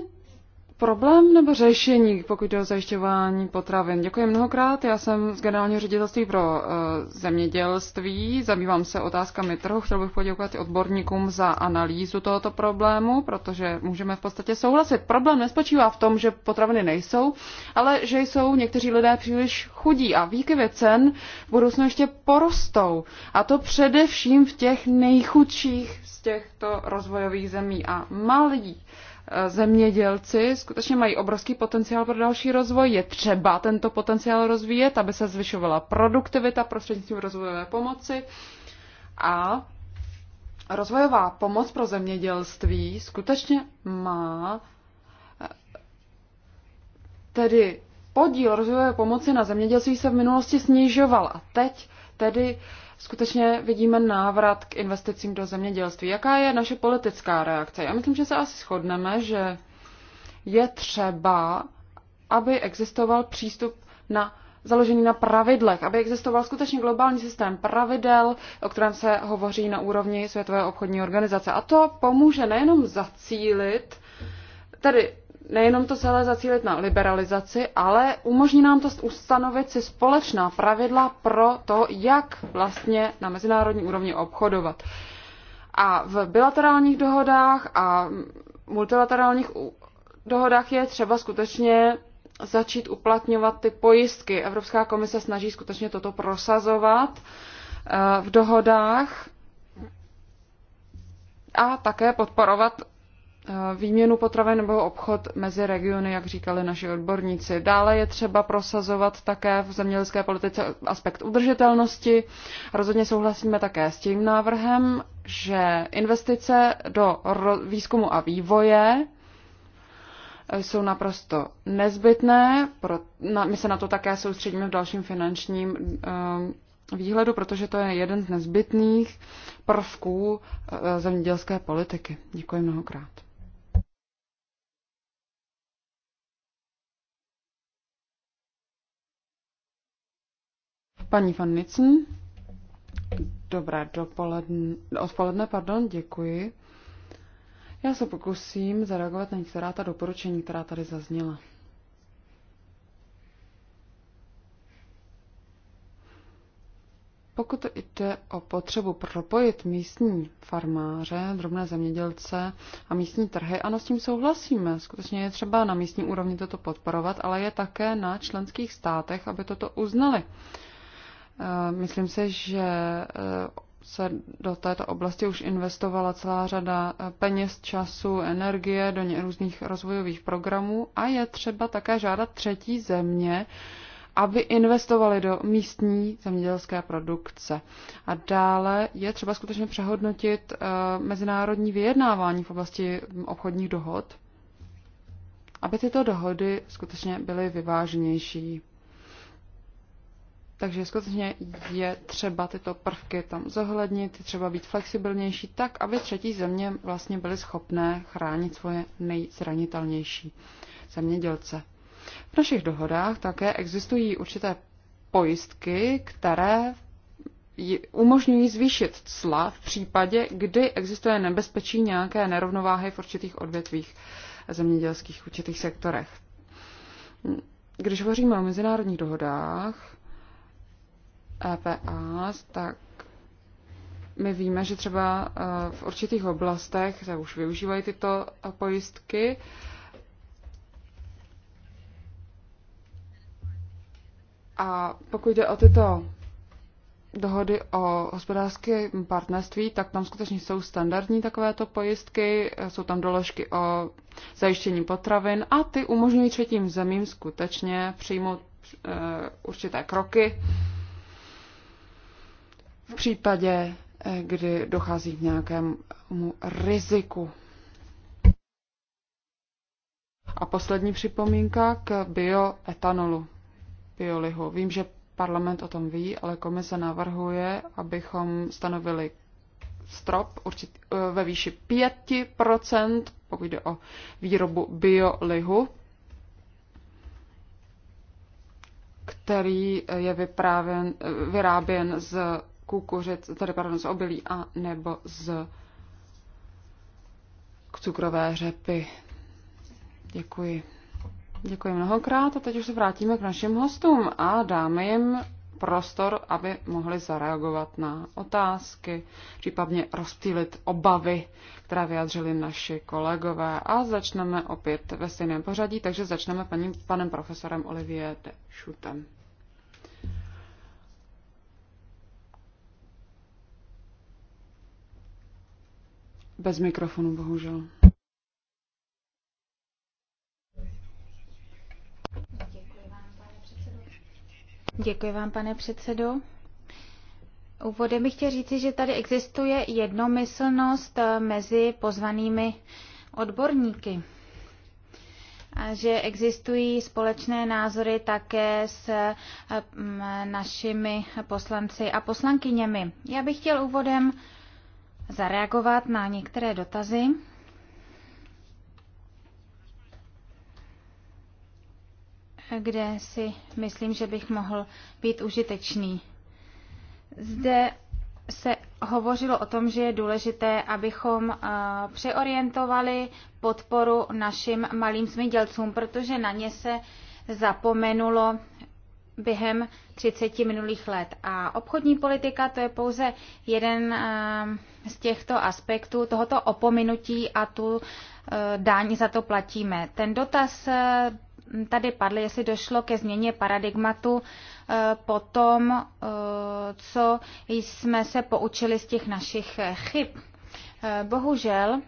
problém nebo řešení, pokud jde o zajišťování potravin? Děkuji mnohokrát. Já jsem z generálního ředitelství pro eh, zemědělství, zabývám se otázkami trhu. Chtěl bych poděkovat odborníkům za analýzu tohoto problému, protože můžeme v podstatě souhlasit. Problém nespočívá v tom, že potraviny nejsou, ale že jsou někteří lidé příliš chudí a výkyvy cen v budoucnu ještě porostou. A to především v těch nejchudších z těchto rozvojových zemí a malých Eh, zemědělci skutečně mají obrovský potenciál pro další rozvoj. Je třeba tento potenciál rozvíjet, aby se zvyšovala produktivita prostřednictvím rozvojové pomoci. A rozvojová pomoc pro zemědělství skutečně má eh, tedy podíl rozvojové pomoci na zemědělství se v minulosti snižoval a teď tedy skutečně vidíme návrat k investicím do zemědělství. Jaká je naše politická reakce? Já myslím, že se asi shodneme, že je třeba, aby existoval přístup na založený na pravidlech, aby existoval skutečně globální systém pravidel, o kterém se hovoří na úrovni Světové obchodní organizace. A to pomůže nejenom zacílit, tedy nejenom to celé zacílit na liberalizaci, ale umožní nám to ustanovit si společná pravidla pro to, jak vlastně na mezinárodní úrovni obchodovat. A v bilaterálních dohodách a multilaterálních dohodách je třeba skutečně začít uplatňovat ty pojistky. Evropská komise snaží skutečně toto prosazovat eh, v dohodách a také podporovat Eh, výměnu potravin nebo obchod mezi regiony, jak říkali naši odborníci. Dále je třeba prosazovat také v zemědělské politice aspekt udržitelnosti. Rozhodně souhlasíme také s tím návrhem, že investice do výzkumu a vývoje eh, jsou naprosto nezbytné. Pro, na, my se na to také soustředíme v dalším finančním um, výhledu, protože to je jeden z nezbytných prvků zemědělské politiky. Děkuji mnohokrát. Paní van Nicen, dobré dopoledne, odpoledne, pardon, děkuji. Já se pokusím zareagovat na některá ta doporučení, která tady zazněla. Pokud jde o potřebu propojit místní farmáře, drobné zemědělce a místní trhy, ano, s tím souhlasíme. Skutečně je třeba na místní úrovni toto podporovat, ale je také na členských státech, aby toto uznali. Eh, myslím se, že eh, se do této oblasti už investovala celá řada eh, peněz, času, energie do různých rozvojových programů a je třeba také žádat třetí země, aby investovali do místní zemědělské produkce. A dále je třeba skutečně přehodnotit mezinárodní vyjednávání v oblasti hm, obchodních dohod, aby tyto dohody skutečně byly vyváženější. Takže skutečně je třeba tyto prvky tam zohlednit, třeba být flexibilnější tak, aby třetí země vlastně byly schopné chránit svoje nejzranitelnější zemědělce. V našich dohodách také existují určité pojistky, které umožňují zvýšit cla v případě, kdy existuje nebezpečí nějaké nerovnováhy v určitých odvětvích zemědělských určitých sektorech. Když hovoříme o mezinárodních dohodách, EPAs, tak my víme, že třeba e, v určitých oblastech se už využívají tyto e, pojistky. A pokud jde o tyto dohody o hospodářském partnerství, tak tam skutečně jsou standardní takovéto pojistky, e, jsou tam doložky o zajištění potravin a ty umožňují třetím zemím skutečně přijmout určité kroky, v případě, eh, kdy dochází k nějakému riziku. A poslední připomínka k bioetanolu, biolihu. Vím, že parlament o tom ví, ale komise navrhuje, abychom stanovili strop určitý, eh, ve výši 5%, pokud jde o výrobu biolihu, který je eh, vyráběn z kukuřic, tady pardon, z obilí a nebo z cukrové řepy. Děkuji. Děkuji mnohokrát a teď už se vrátíme k našim hostům a dáme jim prostor, aby mohli zareagovat na otázky, případně rozptýlit obavy, které vyjadřili naši kolegové. A začneme opět ve stejném pořadí, takže začneme paní, panem profesorem Olivier de Schutem. Bez mikrofonu, bohužel. Děkuji vám, pane předsedo. Úvodem bych chtěl říci, že tady existuje jednomyslnost eh, mezi pozvanými odborníky. A že existují společné názory také s eh, našimi poslanci a poslankyněmi. Já bych chtěl úvodem zareagovat na některé dotazy. kde si myslím, že bych mohl být užitečný. Zde se hovořilo o tom, že je důležité, abychom eh, přeorientovali podporu našim malým zemědělcům, protože na ně se zapomenulo během 30 minulých let. A obchodní politika to je pouze jeden eh, z těchto aspektů tohoto opominutí a tu eh, dáň za to platíme. Ten dotaz eh, tady padl, jestli došlo ke změně paradigmatu po tom, co jsme se poučili z těch našich chyb. Bohužel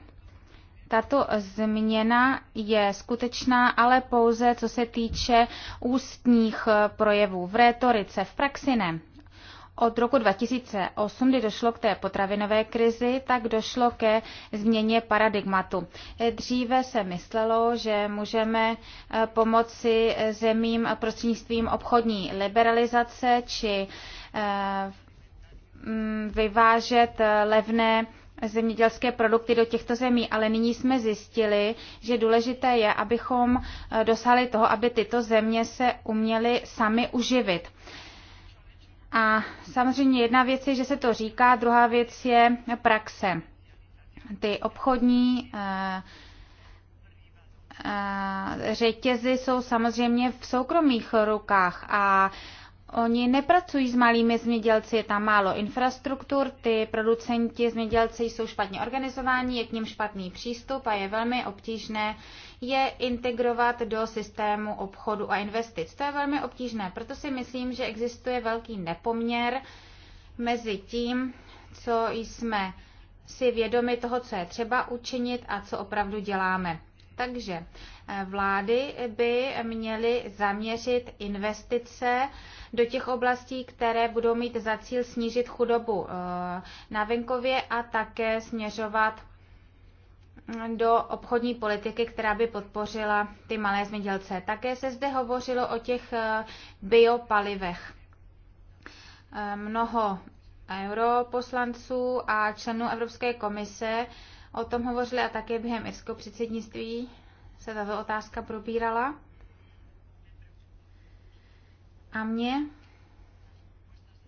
tato změna je skutečná, ale pouze co se týče ústních eh, projevů v rétorice, v praxi ne. Od roku 2008, kdy došlo k té potravinové krizi, tak došlo ke změně paradigmatu. Dříve se myslelo, že můžeme eh, pomoci eh, zemím prostřednictvím obchodní liberalizace či mm, vyvážet levné zemědělské produkty do těchto zemí, ale nyní jsme zjistili, že důležité je, abychom eh, dosáhli toho, aby tyto země se uměly sami uživit. A samozřejmě jedna věc je, že se to říká, druhá věc je praxe. Ty obchodní eh, eh, řetězy jsou samozřejmě v soukromých rukách a Oni nepracují s malými zemědělci, je tam málo infrastruktur, ty producenti zemědělci jsou špatně organizováni, je k ním špatný přístup a je velmi obtížné je integrovat do systému obchodu a investic. To je velmi obtížné, proto si myslím, že existuje velký nepoměr mezi tím, co jsme si vědomi toho, co je třeba učinit a co opravdu děláme. Takže eh, vlády by měly zaměřit investice do těch oblastí, které budou mít za cíl snížit chudobu eh, na venkově a také směřovat mm, do obchodní politiky, která by podpořila ty malé zemědělce. Také se zde hovořilo o těch eh, biopalivech. Mnoho europoslanců a členů Evropské komise o tom hovořili a také během irského předsednictví se tato otázka probírala. A mě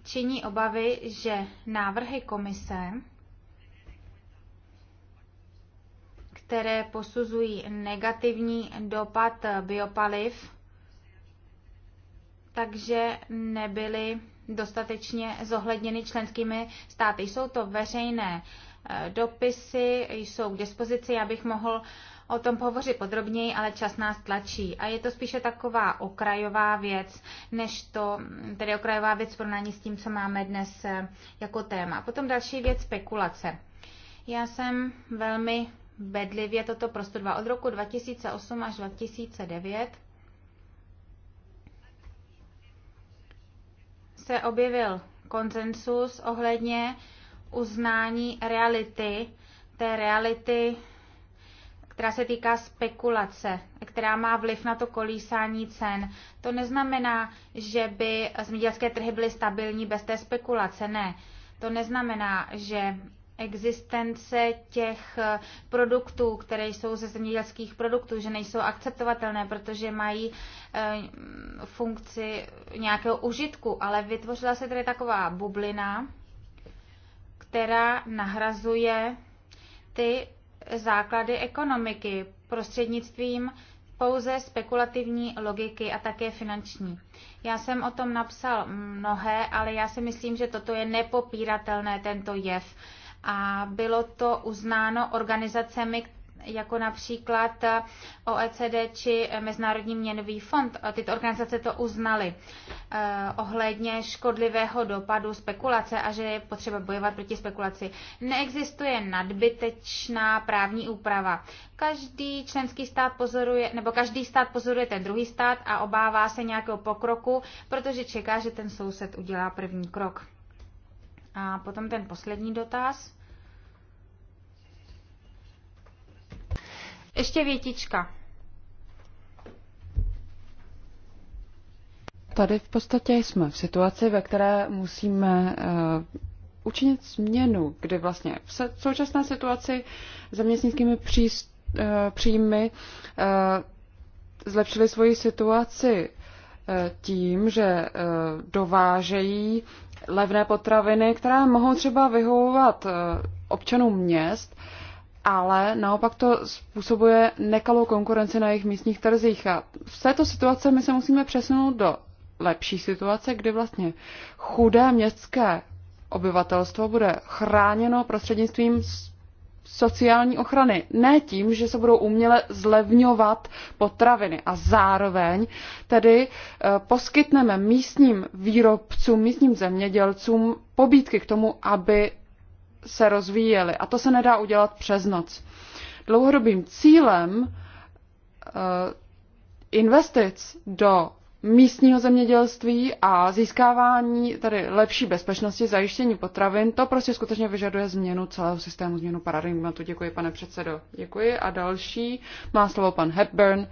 činí obavy, že návrhy komise, které posuzují negativní dopad biopaliv, takže nebyly dostatečně zohledněny členskými státy. Jsou to veřejné Eh, dopisy jsou k dispozici, já bych mohl o tom pohovořit podrobněji, ale čas nás tlačí. A je to spíše taková okrajová věc, než to, mm, tedy okrajová věc v porovnání s tím, co máme dnes eh, jako téma. Potom další věc, spekulace. Já jsem velmi bedlivě toto prostudoval od roku 2008 až 2009. Se objevil konsensus ohledně uznání reality, té reality, která se týká spekulace, která má vliv na to kolísání cen. To neznamená, že by zemědělské trhy byly stabilní bez té spekulace, ne. To neznamená, že existence těch produktů, které jsou ze zemědělských produktů, že nejsou akceptovatelné, protože mají eh, funkci nějakého užitku, ale vytvořila se tady taková bublina, která nahrazuje ty základy ekonomiky prostřednictvím pouze spekulativní logiky a také finanční. Já jsem o tom napsal mnohé, ale já si myslím, že toto je nepopíratelné, tento jev. A bylo to uznáno organizacemi, jako například eh, OECD či eh, Mezinárodní měnový fond. Eh, tyto organizace to uznaly ohledně škodlivého dopadu spekulace a že je potřeba bojovat proti spekulaci. Neexistuje nadbytečná právní úprava. Každý členský stát pozoruje, nebo každý stát pozoruje ten druhý stát a obává se nějakého pokroku, protože čeká, že ten soused udělá první krok. A potom ten poslední dotaz. Ještě větička. Tady v podstatě jsme v situaci, ve které musíme uh, učinit změnu, kdy vlastně v současné situaci zaměstnickými příst, uh, eh, příjmy uh, zlepšili svoji situaci tím, že dovážejí levné potraviny, které mohou třeba vyhovovat občanům měst, ale naopak to způsobuje nekalou konkurenci na jejich místních trzích. A v této situace my se musíme přesunout do lepší situace, kdy vlastně chudé městské obyvatelstvo bude chráněno prostřednictvím sociální ochrany. Ne tím, že se budou uměle zlevňovat potraviny a zároveň tedy eh, poskytneme místním výrobcům, místním zemědělcům pobídky k tomu, aby se rozvíjely. A to se nedá udělat přes noc. Dlouhodobým cílem eh, investic do místního zemědělství a získávání tady lepší bezpečnosti, zajištění potravin, to prostě skutečně vyžaduje změnu celého systému, změnu paradigmatu. Děkuji, pane předsedo. Děkuji. A další má slovo pan Hepburn.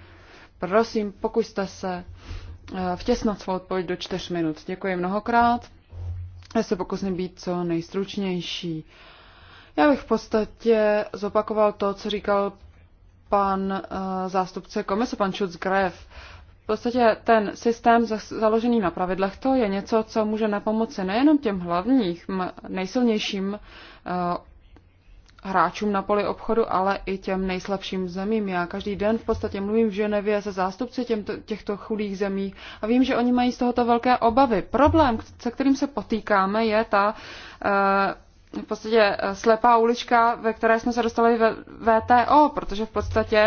Prosím, pokuste se eh, vtěsnat svou odpověď do čtyř minut. Děkuji mnohokrát. Já se pokusím být co nejstručnější. Já bych v podstatě zopakoval to, co říkal pan eh, zástupce komise, pan Schutz Greff. V podstatě ten systém založený na pravidlech, to je něco, co může napomoci nejenom těm hlavním, nejsilnějším eh, hráčům na poli obchodu, ale i těm nejslabším zemím. Já každý den v podstatě mluvím v Ženevě se zástupci těmto, těchto chudých zemí a vím, že oni mají z tohoto velké obavy. Problém, se kterým se potýkáme, je ta eh, v podstatě eh, slepá ulička, ve které jsme se dostali ve VTO, protože v podstatě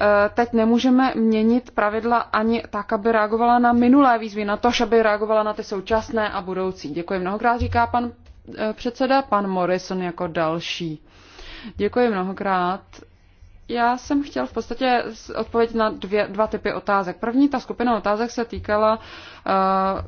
eh, teď nemůžeme měnit pravidla ani tak, aby reagovala na minulé výzvy, na to, aby reagovala na ty současné a budoucí. Děkuji mnohokrát, říká pan předseda, pan Morrison jako další. Děkuji mnohokrát. Já jsem chtěl v podstatě odpovědět na dvě, dva typy otázek. První, ta skupina otázek se týkala uh,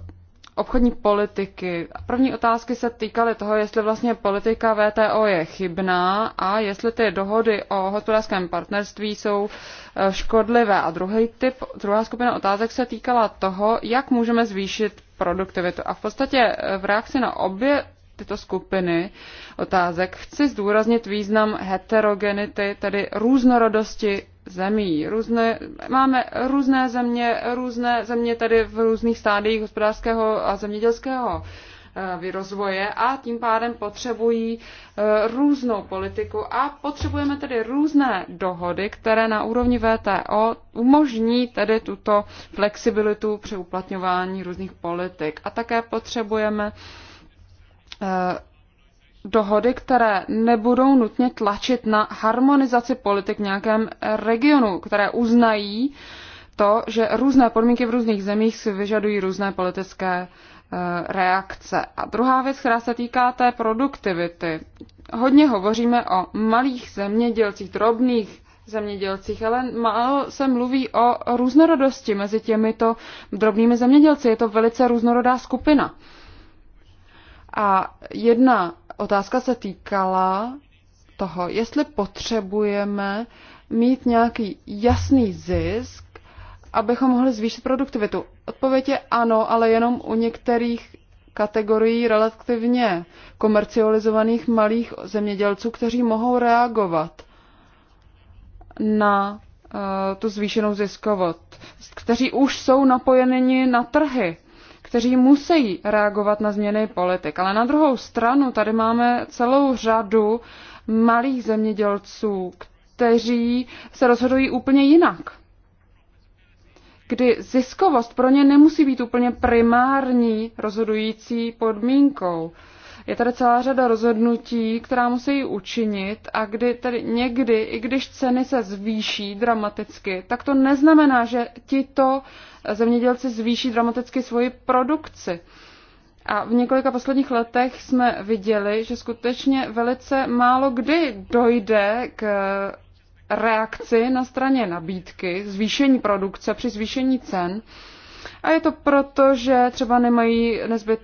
obchodní politiky. První otázky se týkaly toho, jestli vlastně politika VTO je chybná a jestli ty dohody o hospodářském partnerství jsou eh, škodlivé. A druhý typ, druhá skupina otázek se týkala toho, jak můžeme zvýšit produktivitu. A v podstatě eh, v reakci na obě tyto skupiny otázek, chci zdůraznit význam heterogenity, tedy různorodosti zemí. Různé, máme různé země, různé země tady v různých stádiích hospodářského a zemědělského eh, vyrozvoje a tím pádem potřebují eh, různou politiku a potřebujeme tedy různé dohody, které na úrovni VTO umožní tedy tuto flexibilitu při uplatňování různých politik. A také potřebujeme uh, Eh, dohody, které nebudou nutně tlačit na harmonizaci politik v nějakém regionu, které uznají to, že různé podmínky v různých zemích si vyžadují různé politické eh, reakce. A druhá věc, která se týká té produktivity. Hodně hovoříme o malých zemědělcích, drobných zemědělcích, ale málo se mluví o různorodosti mezi těmito drobnými zemědělci. Je to velice různorodá skupina. A jedna otázka se týkala toho, jestli potřebujeme mít nějaký jasný zisk, abychom mohli zvýšit produktivitu. Odpověď je ano, ale jenom u některých kategorií relativně komercializovaných malých zemědělců, kteří mohou reagovat na eh, tu zvýšenou ziskovost, kteří už jsou napojeni na trhy kteří musí reagovat na změny politik. Ale na druhou stranu tady máme celou řadu malých zemědělců, kteří se rozhodují úplně jinak. Kdy ziskovost pro ně nemusí být úplně primární rozhodující podmínkou. Uh, je tady celá řada rozhodnutí, která musí učinit a kdy tedy někdy, i když ceny se zvýší dramaticky, tak to neznamená, že tito zemědělci zvýší dramaticky svoji produkci. A v několika posledních letech jsme viděli, že skutečně velice málo kdy dojde k reakci na straně nabídky, zvýšení produkce při zvýšení cen. A je to proto, že třeba nemají nezbyt,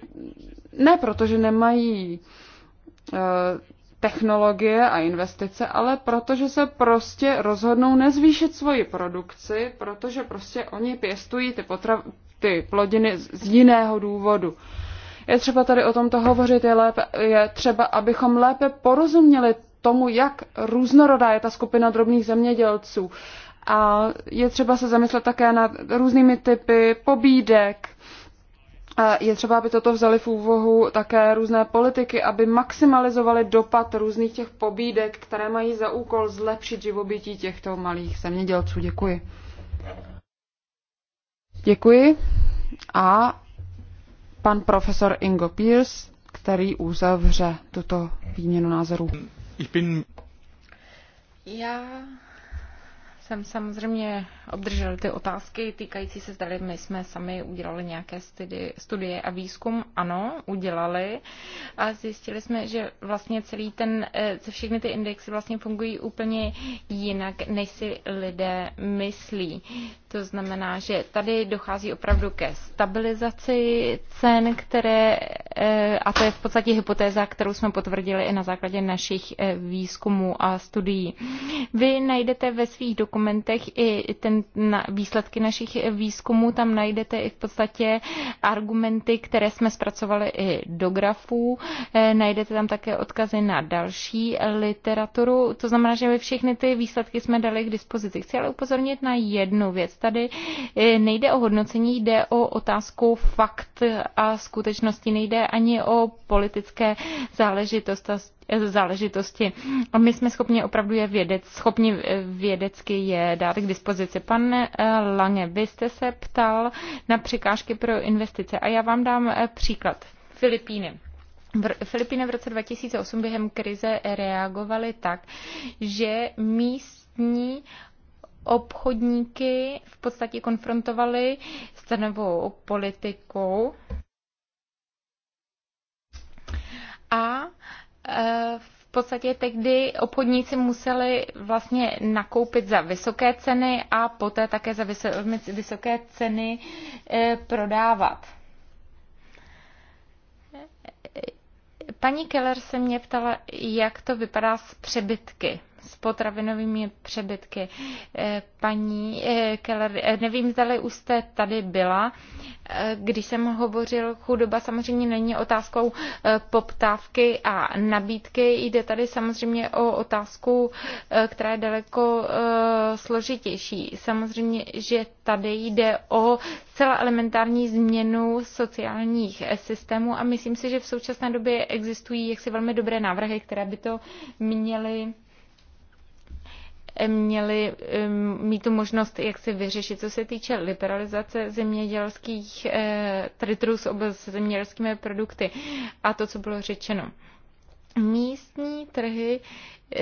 ne protože nemají eh, technologie a investice, ale protože se prostě rozhodnou nezvýšit svoji produkci, protože prostě oni pěstují ty, potrav- ty plodiny z jiného důvodu. Je třeba tady o tomto hovořit, je, lépe, je třeba, abychom lépe porozuměli tomu, jak různorodá je ta skupina drobných zemědělců. A je třeba se zamyslet také nad různými typy pobídek, je třeba, aby toto vzali v úvahu také různé politiky, aby maximalizovali dopad různých těch pobídek, které mají za úkol zlepšit živobytí těchto malých zemědělců. Děkuji. Děkuji. A pan profesor Ingo Pierce, který uzavře tuto výměnu názorů. Já jsem samozřejmě obdržel ty otázky týkající se, zda my jsme sami udělali nějaké studie, studie a výzkum. Ano, udělali a zjistili jsme, že vlastně celý ten, eh, všechny ty indexy vlastně fungují úplně jinak, než si lidé myslí. To znamená, že tady dochází opravdu ke stabilizaci cen, které, eh, a to je v podstatě hypotéza, kterou jsme potvrdili i na základě našich eh, výzkumů a studií. Vy najdete ve svých dokumentech dokumentech i ten na výsledky našich výzkumů. Tam najdete i v podstatě argumenty, které jsme zpracovali i do grafů. Eh, najdete tam také odkazy na další literaturu. To znamená, že my všechny ty výsledky jsme dali k dispozici. Chci ale upozornit na jednu věc. Tady eh, nejde o hodnocení, jde o otázku fakt a skutečnosti. Nejde ani o politické záležitosti záležitosti. A my jsme schopni opravdu je vědec, schopni eh, vědecky je dát k dispozici. Pan eh, Lange, vy jste se ptal na překážky pro investice a já vám dám eh, příklad. Filipíny. Filipíny v roce 2008 během krize reagovaly tak, že místní obchodníky v podstatě konfrontovali s cenovou politikou a Eh, v podstatě tehdy obchodníci museli vlastně nakoupit za vysoké ceny a poté také za vysoké ceny eh, prodávat. Eh, paní Keller se mě ptala, jak to vypadá s přebytky s potravinovými přebytky. Eh, paní eh, Keller, eh, nevím, zda už jste tady byla, když jsem hovořil, chudoba samozřejmě není otázkou poptávky a nabídky, jde tady samozřejmě o otázku, která je daleko složitější. Samozřejmě, že tady jde o celá elementární změnu sociálních systémů a myslím si, že v současné době existují jaksi velmi dobré návrhy, které by to měly měli mít tu možnost, jak si vyřešit. Co se týče liberalizace zemědělských, eh, tedy s zemědělskými produkty a to, co bylo řečeno místní trhy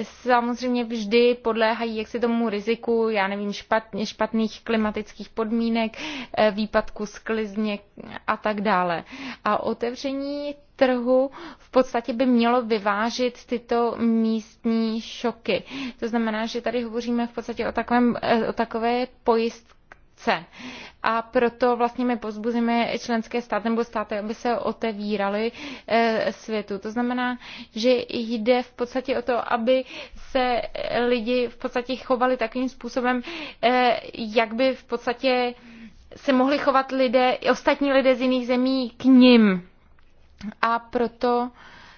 samozřejmě vždy podléhají jaksi tomu riziku, já nevím, špatně, špatných klimatických podmínek, eh, výpadku sklizně a tak dále. A otevření trhu v podstatě by mělo vyvážit tyto místní šoky. To znamená, že tady hovoříme v podstatě o, takovém, eh, o takové pojistce, chce. A proto vlastně my pozbuzíme členské státy nebo státy, aby se otevíraly eh, světu. To znamená, že jde v podstatě o to, aby se eh, lidi v podstatě chovali takovým způsobem, eh, jak by v podstatě se mohli chovat lidé, ostatní lidé z jiných zemí k ním. A proto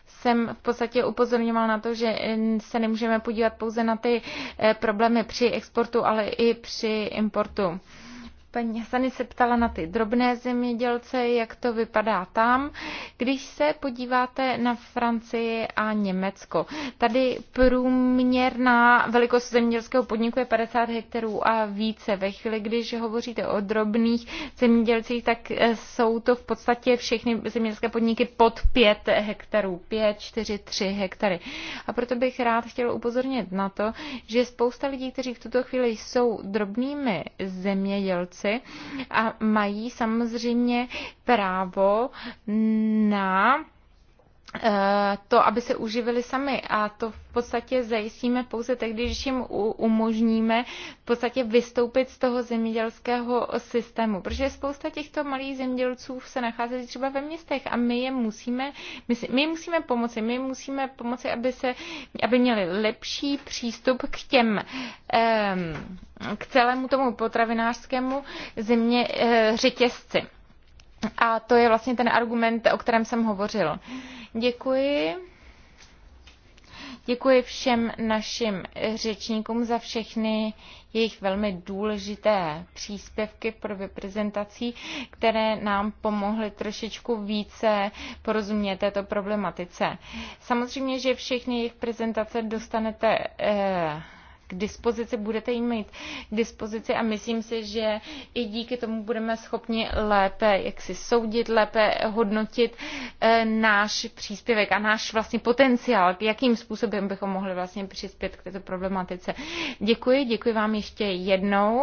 jsem v podstatě upozorňoval na to, že se nemůžeme podívat pouze na ty problémy při exportu, ale i při importu. Paní Hasany se ptala na ty drobné zemědělce, jak to vypadá tam. Když se podíváte na Francii a Německo, tady průměrná velikost zemědělského podniku je 50 hektarů a více. Ve chvíli, když hovoříte o drobných zemědělcích, tak eh, jsou to v podstatě všechny zemědělské podniky pod 5 hektarů, 5, 4, 3 hektary. A proto bych rád chtěl upozornit na to, že spousta lidí, kteří v tuto chvíli jsou drobnými zemědělci, věci a mají samozřejmě právo na Eh, to, aby se uživili sami. A to v podstatě zajistíme pouze tak, když jim umožníme v podstatě vystoupit z toho zemědělského systému. Protože spousta těchto malých zemědělců se nachází třeba ve městech a my je musíme, my, si, my musíme pomoci. My musíme pomoci, aby, se, aby měli lepší přístup k těm ehm, k celému tomu potravinářskému země eh, řetězci. A to je vlastně ten argument, o kterém jsem hovořil. Děkuji. Děkuji všem našim řečníkům za všechny jejich velmi důležité příspěvky pro prezentací, které nám pomohly trošičku více porozumět této problematice. Samozřejmě, že všechny jejich prezentace dostanete eh, k dispozici, budete ji mít k dispozici a myslím si, že i díky tomu budeme schopni lépe jak si soudit, lépe hodnotit eh, náš příspěvek a náš vlastně potenciál, jakým způsobem bychom mohli vlastně přispět k této problematice. Děkuji, děkuji vám ještě jednou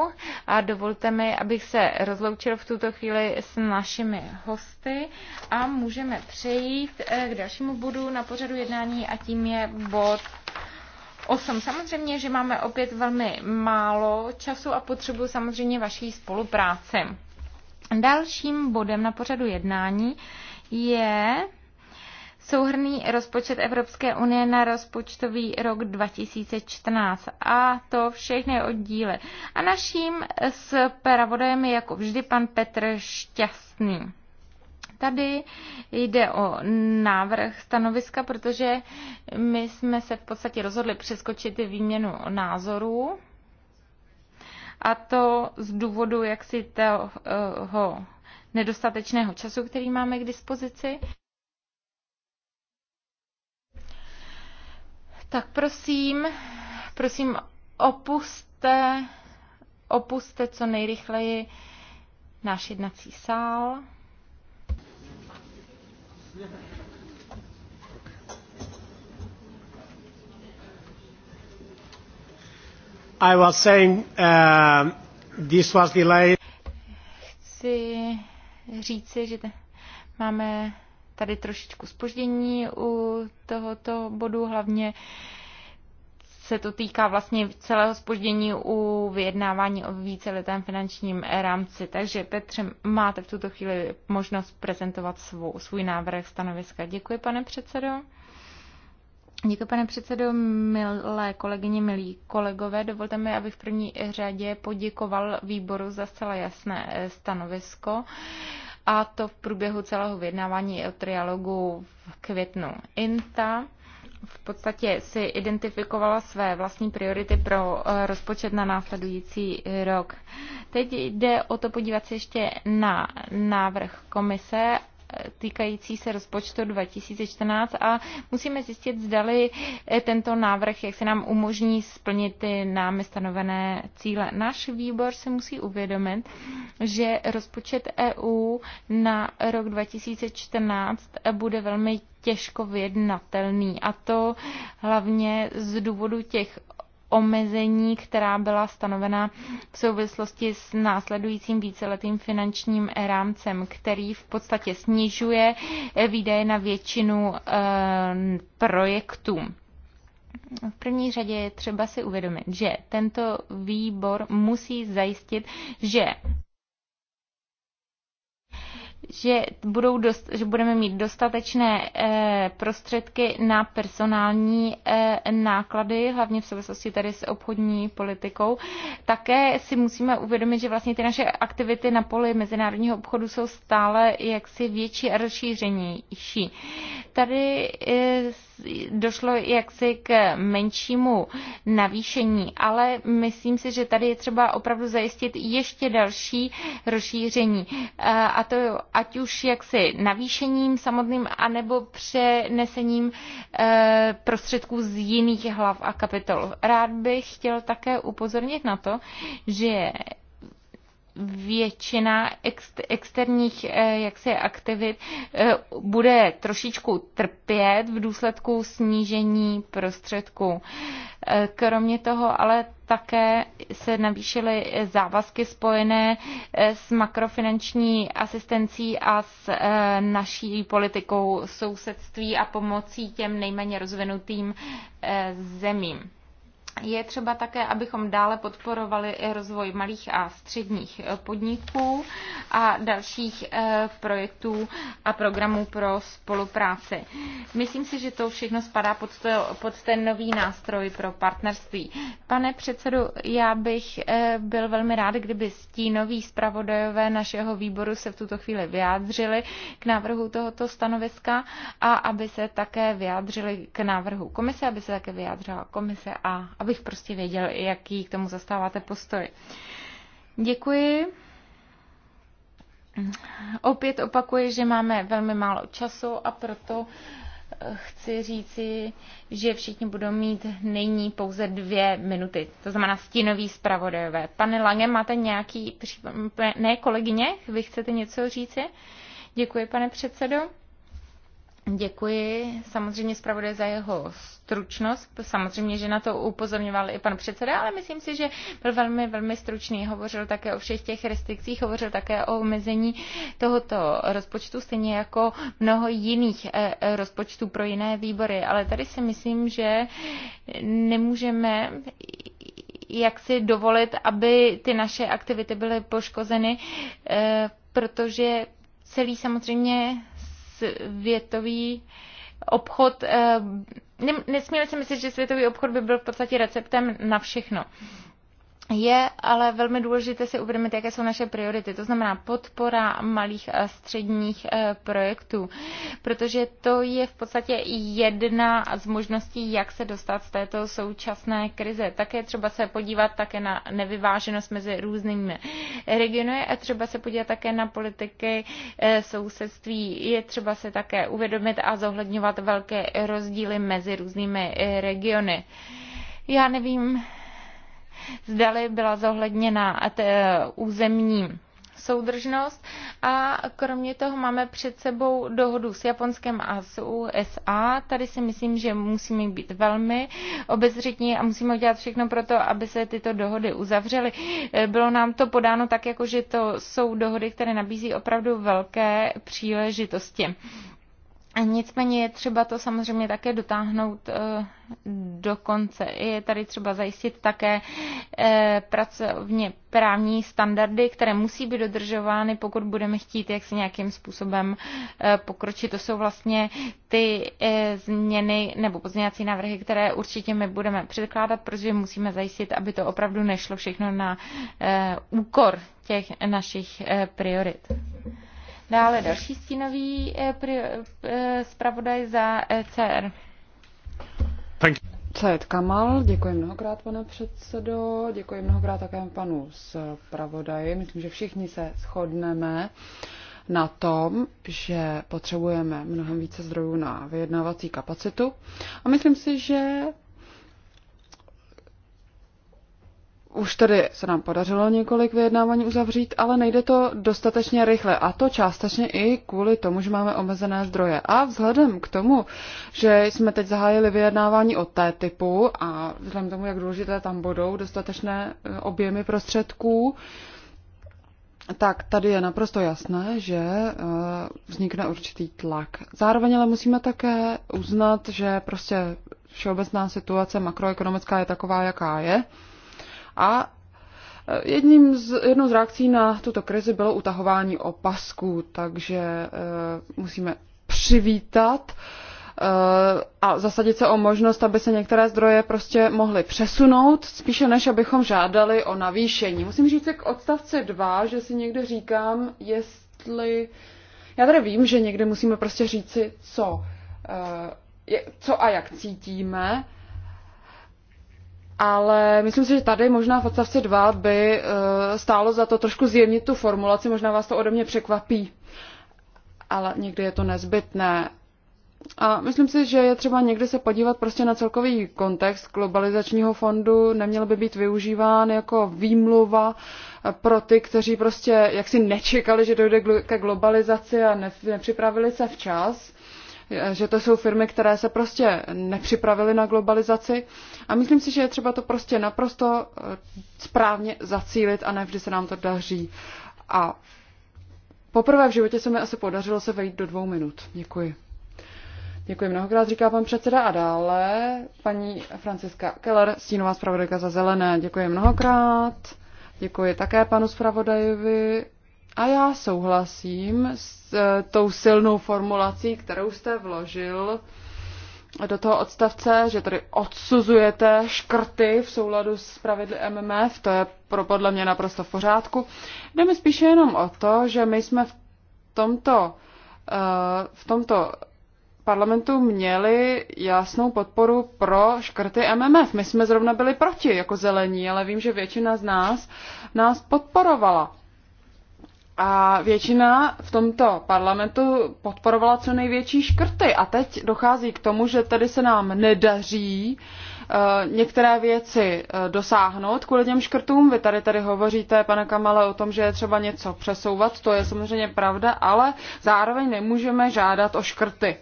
a dovolte mi, abych se rozloučil v tuto chvíli s našimi hosty a můžeme přejít eh, k dalšímu bodu na pořadu jednání a tím je bod 8. Samozřejmě, že máme opět velmi málo času a potřebuji samozřejmě vaší spolupráce. Dalším bodem na pořadu jednání je souhrný rozpočet Evropské unie na rozpočtový rok 2014 a to všechny oddíly. A naším s je jako vždy pan Petr Šťastný. Tady jde o návrh stanoviska, protože my jsme se v podstatě rozhodli přeskočit výměnu názorů a to z důvodu jaksi toho eh, nedostatečného času, který máme k dispozici. Tak prosím, prosím opuste, opuste co nejrychleji náš jednací sál. I was saying, uh, this was delayed. Chci říci, že máme tady trošičku spoždění u tohoto bodu, hlavně uh, se to týká vlastně celého spoždění u vyjednávání o víceletém finančním rámci. Takže Petře, máte v tuto chvíli možnost prezentovat svou, svůj návrh stanoviska. Děkuji, pane předsedo. Děkuji, pane předsedo, milé kolegyně, milí kolegové. Dovolte mi, abych v první řadě poděkoval výboru za zcela jasné eh, stanovisko a to v průběhu celého vyjednávání o trialogu v květnu. INTA v podstatě si identifikovala své vlastní priority pro eh, rozpočet na následující eh, rok. Teď jde o to podívat se ještě na návrh komise týkající se rozpočtu 2014 a musíme zjistit, zdali tento návrh, jak se nám umožní splnit ty námi stanovené cíle. Náš výbor se musí uvědomit, že rozpočet EU na rok 2014 bude velmi těžko vyjednatelný a to hlavně z důvodu těch omezení, která byla stanovena v souvislosti s následujícím víceletým finančním rámcem, který v podstatě snižuje výdaje na většinu eh, projektů. V první řadě je třeba si uvědomit, že tento výbor musí zajistit, že že, budou dost, že budeme mít dostatečné eh, prostředky na personální eh, náklady, hlavně v souvislosti tady s obchodní politikou. Také si musíme uvědomit, že vlastně ty naše aktivity na poli mezinárodního obchodu jsou stále jaksi větší a rozšířenější. Tady eh, došlo jaksi k menšímu navýšení, ale myslím si, že tady je třeba opravdu zajistit ještě další rozšíření. A to ať už jaksi navýšením samotným, anebo přenesením e, prostředků z jiných hlav a kapitol. Rád bych chtěl také upozornit na to, že většina ex, externích eh, jaksi aktivit eh, bude trošičku trpět v důsledku snížení prostředků. Eh, kromě toho ale také se navýšily závazky spojené s makrofinanční asistencí a s naší politikou sousedství a pomocí těm nejméně rozvinutým zemím je třeba také, abychom dále podporovali i rozvoj malých a středních podniků a dalších eh, projektů a programů pro spolupráci. Myslím si, že to všechno spadá pod, to, pod ten nový nástroj pro partnerství. Pane předsedu, já bych eh, byl velmi rád, kdyby stínoví zpravodajové našeho výboru se v tuto chvíli vyjádřili k návrhu tohoto stanoviska a aby se také vyjádřili k návrhu komise, aby se také vyjádřila komise a abych prostě věděl, jaký k tomu zastáváte postoj. Děkuji. Opět opakuji, že máme velmi málo času a proto eh, chci říci, že všichni budou mít nyní pouze dvě minuty. To znamená stínový zpravodajové. Pane Lange, máte nějaký... Ne, kolegyně, vy chcete něco říci? Děkuji, pane předsedo. Děkuji samozřejmě zpravodaj za jeho stručnost. Samozřejmě, že na to upozorňoval i pan předseda, ale myslím si, že byl velmi, velmi stručný. Hovořil také o všech těch restrikcích, hovořil také o omezení tohoto rozpočtu, stejně jako mnoho jiných eh, rozpočtů pro jiné výbory. Ale tady si myslím, že nemůžeme jak si dovolit, aby ty naše aktivity byly poškozeny, eh, protože celý samozřejmě světový obchod, eh, nesmíme si myslet, že světový obchod by byl v podstatě receptem na všechno. Je ale velmi důležité si uvědomit, jaké jsou naše priority, to znamená podpora malých a středních eh, projektů, protože to je v podstatě jedna z možností, jak se dostat z této současné krize. Také třeba se podívat také na nevyváženost mezi různými regiony a třeba se podívat také na politiky eh, sousedství. Je třeba se také uvědomit a zohledňovat velké rozdíly mezi různými eh, regiony. Já nevím, zdali byla zohledněna eh, územní soudržnost a kromě toho máme před sebou dohodu s Japonskem a s USA. Tady si myslím, že musíme být velmi obezřetní a musíme udělat všechno pro to, aby se tyto dohody uzavřely. Eh, bylo nám to podáno tak, jako že to jsou dohody, které nabízí opravdu velké příležitosti. Nicméně je třeba to samozřejmě také dotáhnout eh, do konce. Je tady třeba zajistit také eh, pracovně právní standardy, které musí být dodržovány, pokud budeme chtít jak se nějakým způsobem eh, pokročit. To jsou vlastně ty změny nebo pozměňovací návrhy, které určitě my budeme předkládat, protože musíme zajistit, aby to opravdu nešlo všechno na úkor těch našich priorit. Dále další stínový eh, eh, zpravodaj za ECR. Thank you. Cajet Kamal, děkuji mnohokrát, pane předsedo, děkuji mnohokrát také panu zpravodaji. Myslím, že všichni se shodneme na tom, že potřebujeme mnohem více zdrojů na vyjednávací kapacitu. A myslím si, že Už tady se nám podařilo několik vyjednávání uzavřít, ale nejde to dostatečně rychle. A to částečně i kvůli tomu, že máme omezené zdroje. A vzhledem k tomu, že jsme teď zahájili vyjednávání o té typu a vzhledem k tomu, jak důležité tam budou dostatečné eh, objemy prostředků, tak tady je naprosto jasné, že eh, vznikne určitý tlak. Zároveň ale musíme také uznat, že prostě všeobecná situace makroekonomická je taková, jaká je a e, Jedním z, jednou z reakcí na tuto krizi bylo utahování opasků, takže uh, musíme přivítat e, a zasadit se o možnost, aby se některé zdroje prostě mohly přesunout, spíše než abychom žádali o navýšení. Musím říct k odstavci 2, že si někde říkám, jestli... Já tady vím, že někdy musíme prostě říci, co, co a jak cítíme, ale myslím si, že tady možná v odstavci 2 by eh, stálo za to trošku zjemnit tu formulaci, možná vás to ode mě překvapí, ale někdy je to nezbytné. A myslím si, že je třeba někdy se podívat prostě na celkový kontext globalizačního fondu, neměl by být využíván jako výmluva eh, pro ty, kteří prostě jaksi nečekali, že dojde ke globalizaci a nepřipravili se včas že to jsou firmy, které se prostě nepřipravily na globalizaci a myslím si, že je třeba to prostě naprosto eh, správně zacílit a ne vždy se nám to daří. A poprvé v životě se mi asi podařilo se vejít do dvou minut. Děkuji. Děkuji mnohokrát, říká pan předseda. A dále paní Franciska Keller, stínová zpravodajka za zelené. Děkuji mnohokrát. Děkuji také panu zpravodajovi a já souhlasím s eh, tou silnou formulací, kterou jste vložil do toho odstavce, že tady odsuzujete škrty v souladu s pravidly MMF, to je pro podle mě naprosto v pořádku. Jde mi spíše jenom o to, že my jsme v tomto, eh, v tomto parlamentu měli jasnou podporu pro škrty MMF. My jsme zrovna byli proti jako zelení, ale vím, že většina z nás nás podporovala. A většina v tomto parlamentu podporovala co největší škrty. A teď dochází k tomu, že tady se nám nedaří eh, některé věci eh, dosáhnout kvůli těm škrtům. Vy tady tady hovoříte, pane Kamale, o tom, že je třeba něco přesouvat, to je samozřejmě pravda, ale zároveň nemůžeme žádat o škrty.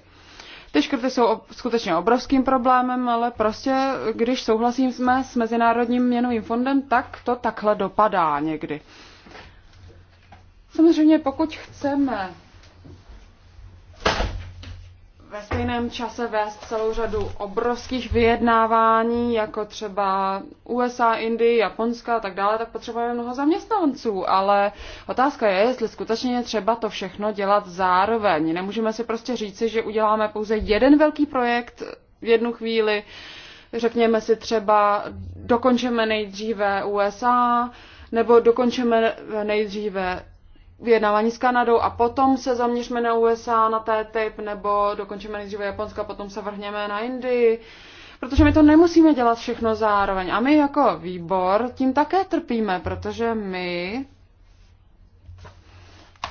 Ty škrty jsou skutečně obrovským problémem, ale prostě, když souhlasíme s Mezinárodním měnovým fondem, tak to takhle dopadá někdy. Samozřejmě, pokud chceme ve stejném čase vést celou řadu obrovských vyjednávání, jako třeba USA, Indie, Japonska a tak dále, tak potřebujeme mnoho zaměstnanců. Ale otázka je, jestli skutečně je třeba to všechno dělat zároveň. Nemůžeme si prostě říci, že uděláme pouze jeden velký projekt v jednu chvíli, řekněme si třeba, dokončeme nejdříve USA, nebo dokončeme nejdříve vyjednávání s Kanadou a potom se zaměřme na USA, na TTIP, nebo dokončíme nejdříve Japonska, a potom se vrhneme na Indii. Protože my to nemusíme dělat všechno zároveň. A my jako výbor tím také trpíme, protože my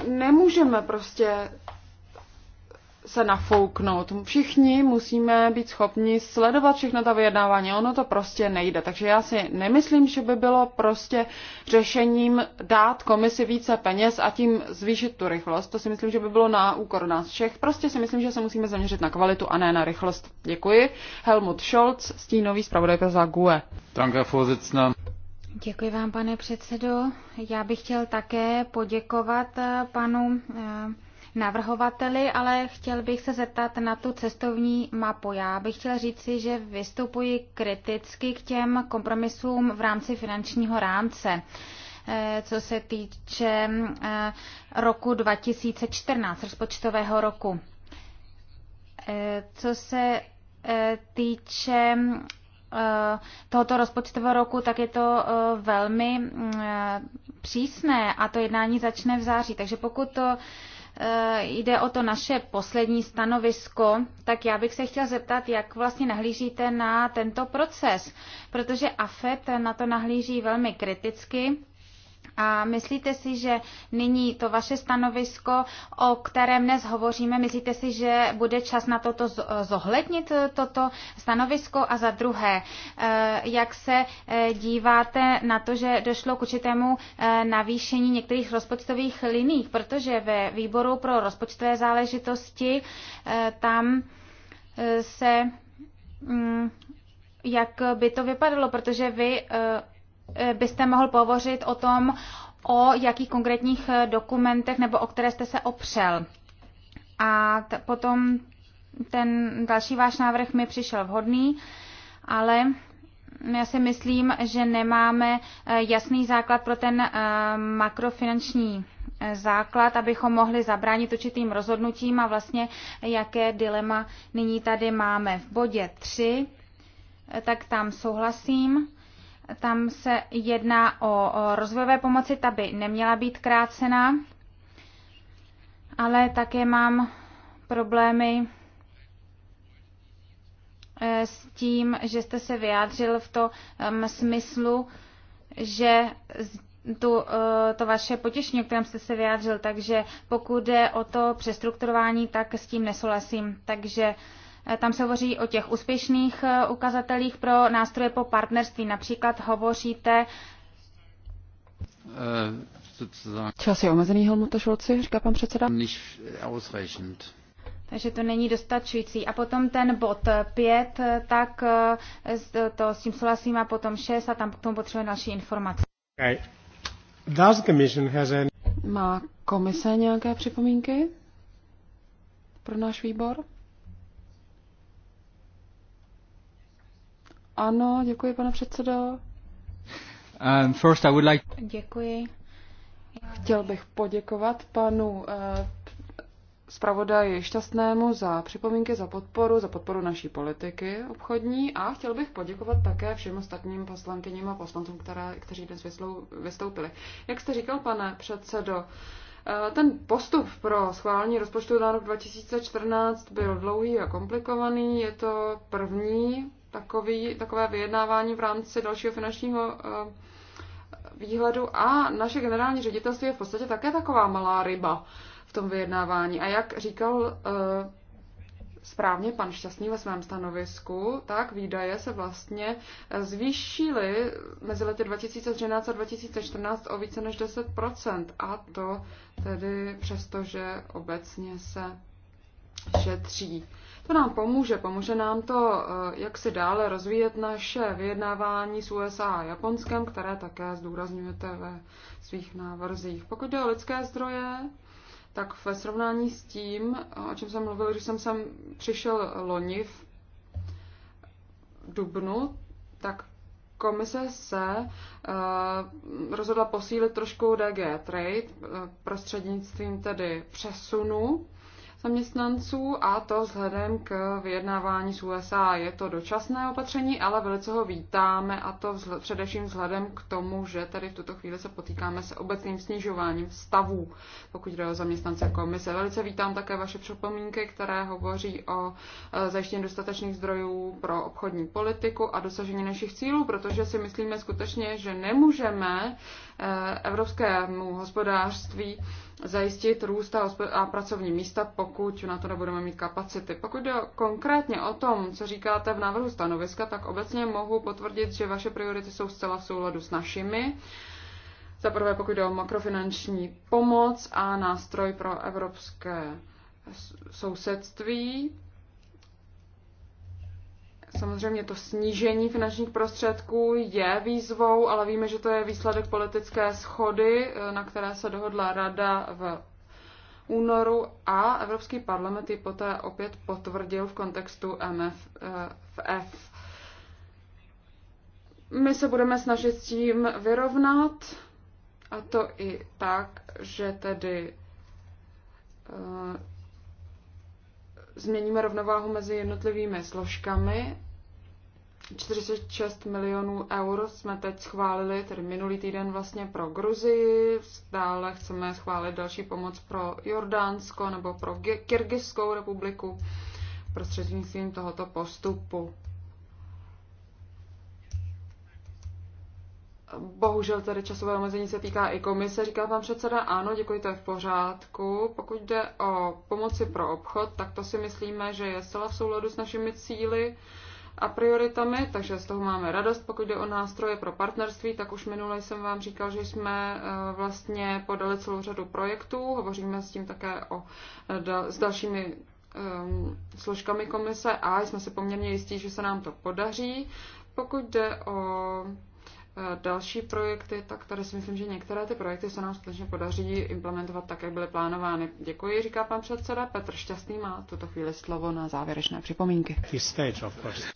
nemůžeme prostě se nafouknout. Všichni musíme být schopni sledovat všechno ta vyjednávání. Ono to prostě nejde. Takže já si nemyslím, že by bylo prostě řešením dát komisi více peněz a tím zvýšit tu rychlost. To si myslím, že by bylo na úkor nás všech. Prostě si myslím, že se musíme zaměřit na kvalitu a ne na rychlost. Děkuji. Helmut Scholz, stínový zpravodajka za GUE. Děkuji vám, pane předsedo. Já bych chtěl také poděkovat panu eh, navrhovateli, ale chtěl bych se zeptat na tu cestovní mapu. Já bych chtěl říci, že vystupuji kriticky k těm kompromisům v rámci finančního rámce eh, co se týče eh, roku 2014, rozpočtového roku. Eh, co se týče tohoto rozpočtového roku, tak je to velmi mm, přísné a to jednání začne v září. Takže pokud to Eh, jde o to naše poslední stanovisko, tak já bych se chtěl zeptat, jak vlastně nahlížíte na tento proces, protože AFET na to nahlíží velmi kriticky a myslíte si, že nyní to vaše stanovisko, o kterém dnes hovoříme, myslíte si, že bude čas na toto zohlednit, e, toto stanovisko? A za druhé, e, jak se e, díváte na to, že došlo k určitému navýšení některých rozpočtových liních, protože ve výboru pro rozpočtové záležitosti tam se mm, jak by to vypadalo, protože vy Eh, byste mohl povořit o tom, o jakých konkrétních eh, dokumentech nebo o které jste se opřel. A potom ten další váš návrh mi přišel vhodný, ale já si myslím, že nemáme eh, jasný základ pro ten makrofinanční základ, abychom mohli zabránit určitým rozhodnutím a vlastně jaké dilema nyní tady máme. V bodě 3, tak tam souhlasím tam se jedná o rozvojové pomoci, ta by neměla být krácena, ale také mám problémy eh, s tím, že jste se vyjádřil v tom smyslu, že tu, eh, to vaše potěšení, o kterém jste se vyjádřil, takže pokud jde o to přestrukturování, tak s tím nesouhlasím. Takže Eh, tam se hovoří o těch úspěšných eh, ukazatelích pro nástroje po partnerství. Například hovoříte. Eh, Čas je omezený, Helmuta Šolci, říká pan předseda. Takže to není dostačující. A potom ten bod 5, tak to s tím souhlasím a potom 6 a tam k tomu potřebuje další informace. Okay. Does commission has any... Má komise nějaké připomínky pro náš výbor? Ano, děkuji, pane předsedo. Um, first I would like... Děkuji. Chtěl bych poděkovat panu uh, zpravodaji Šťastnému za připomínky, za podporu, za podporu naší politiky obchodní a chtěl bych poděkovat také všem ostatním poslankyním a poslancům, které, kteří dnes vystoupili. Jak jste říkal, pane předsedo, eh, ten postup pro schválení rozpočtu na rok 2014 byl dlouhý a komplikovaný. Je to první takový, takové vyjednávání v rámci dalšího finančního eh, výhledu a naše generální ředitelství je v podstatě také taková malá ryba v tom vyjednávání. A jak říkal eh, správně pan Šťastný ve svém stanovisku, tak výdaje se vlastně eh, zvýšily mezi lety 2013 a 2014 o více než 10%. A to tedy přesto, že obecně se šetří. To nám pomůže, pomůže nám to, eh, jak si dále rozvíjet naše vyjednávání s USA a Japonskem, které také zdůrazňujete ve svých návrzích. Pokud jde o lidské zdroje, tak ve srovnání s tím, o čem jsem mluvil, že jsem sem přišel loni v dubnu, tak komise se uh, rozhodla posílit trošku DG Trade eh, prostřednictvím tedy přesunu zaměstnanců a to vzhledem k vyjednávání z USA. Je to dočasné opatření, ale velice ho vítáme a to vzhled, především vzhledem k tomu, že tady v tuto chvíli se potýkáme se obecným snižováním stavů, pokud jde o zaměstnance komise. Velice vítám také vaše připomínky, které hovoří o e, zajištění dostatečných zdrojů pro obchodní politiku a dosažení našich cílů, protože si myslíme skutečně, že nemůžeme e, evropskému hospodářství zajistit růst a, a pracovní místa, pokud na to nebudeme mít kapacity. Pokud jde konkrétně o tom, co říkáte v návrhu stanoviska, tak obecně mohu potvrdit, že vaše priority jsou zcela v souladu s našimi. Za prvé, pokud jde o makrofinanční pomoc a nástroj pro evropské sousedství, Samozřejmě to snížení finančních prostředků je výzvou, ale víme, že to je výsledek politické schody, eh, na které se dohodla rada v únoru a Evropský parlament ji poté opět potvrdil v kontextu MFF. Eh, My se budeme snažit s tím vyrovnat, a to i tak, že tedy eh, změníme rovnováhu mezi jednotlivými složkami. 46 milionů eur jsme teď schválili, tedy minulý týden vlastně pro Gruzii, dále chceme schválit další pomoc pro Jordánsko nebo pro Kyrgyzskou republiku prostřednictvím tohoto postupu. Bohužel tady časové omezení se týká i komise, říká pan předseda. Ano, děkuji, to je v pořádku. Pokud jde o pomoci pro obchod, tak to si myslíme, že je zcela v souladu s našimi cíly a prioritami, takže z toho máme radost. Pokud jde o nástroje pro partnerství, tak už minule jsem vám říkal, že jsme eh, vlastně podali celou řadu projektů. Hovoříme s tím také o, eh, s dalšími ehm, složkami komise a jsme si poměrně jistí, že se nám to podaří. Pokud jde o Eh, další projekty, tak tady si myslím, že některé ty projekty se nám skutečně podaří implementovat tak, jak byly plánovány. Děkuji, říká pan předseda. Petr Šťastný má tuto chvíli slovo na závěrečné připomínky. Stage,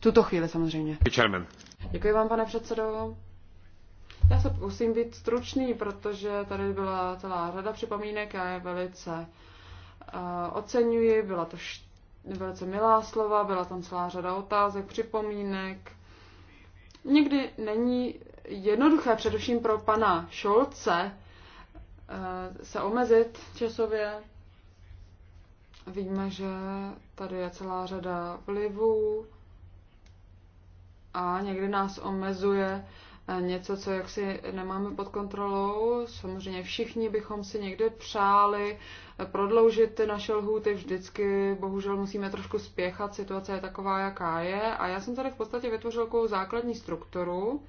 tuto chvíli samozřejmě. Děkuji vám, pane předsedo. Já se pokusím být stručný, protože tady byla celá řada připomínek a je velice uh, oceňuji. Byla to št- velice milá slova, byla tam celá řada otázek, připomínek. Někdy není jednoduché, především pro pana Šolce, eh, se omezit časově. Víme, že tady je celá řada vlivů a někdy nás omezuje eh, něco, co jaksi nemáme pod kontrolou. Samozřejmě všichni bychom si někdy přáli eh, prodloužit ty naše lhůty vždycky. Bohužel musíme trošku spěchat, situace je taková, jaká je. A já jsem tady v podstatě vytvořil takovou základní strukturu,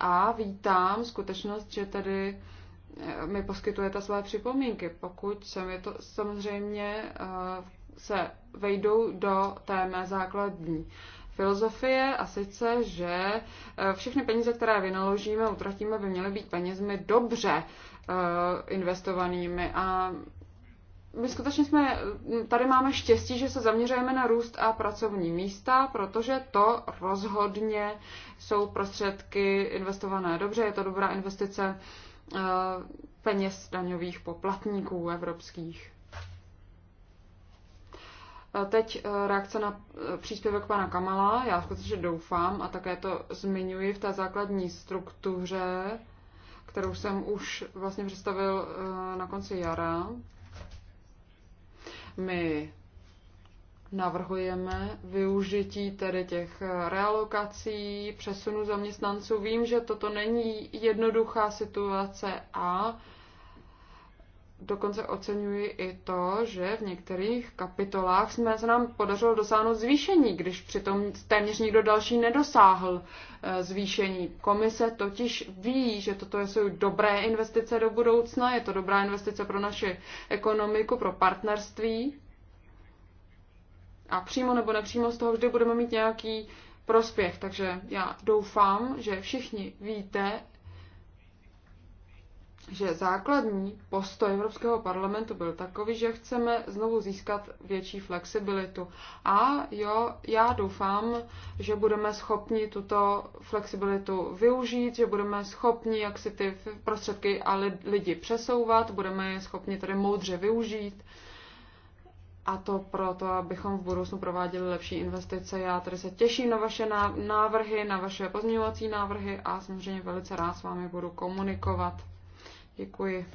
a vítám skutečnost, že tady eh, mi poskytujete své připomínky, pokud se mi to samozřejmě eh, se vejdou do té mé základní filozofie a sice, že eh, všechny peníze, které vynaložíme, utratíme, by měly být penězmi dobře investovanými a my skutečně jsme, tady máme štěstí, že se zaměřujeme na růst a pracovní místa, protože to rozhodně jsou prostředky investované dobře, je to dobrá investice eh, peněz daňových poplatníků evropských. Eh, teď eh, reakce na příspěvek pana Kamala. Já skutečně doufám a také to zmiňuji v té základní struktuře, kterou jsem už vlastně představil na konci jara, my navrhujeme využití tedy těch realokací, přesunu zaměstnanců. Vím, že toto není jednoduchá situace a dokonce oceňuji i to, že v některých kapitolách jsme se nám podařilo dosáhnout zvýšení, když přitom téměř nikdo další nedosáhl eh, zvýšení. Komise totiž ví, že toto jsou dobré investice do budoucna, je to dobrá investice pro naši ekonomiku, pro partnerství. A přímo nebo nepřímo z toho vždy budeme mít nějaký prospěch. Takže já doufám, že všichni víte, že základní postoj Evropského parlamentu byl takový, že chceme znovu získat větší flexibilitu. A jo, já doufám, že budeme schopni tuto flexibilitu využít, že budeme schopni jak si ty prostředky a lidi přesouvat, budeme je schopni tedy moudře využít. A to proto, abychom v budoucnu prováděli lepší investice. Já tedy se těším na vaše návrhy, na vaše pozměňovací návrhy a samozřejmě velice rád s vámi budu komunikovat Děkuji.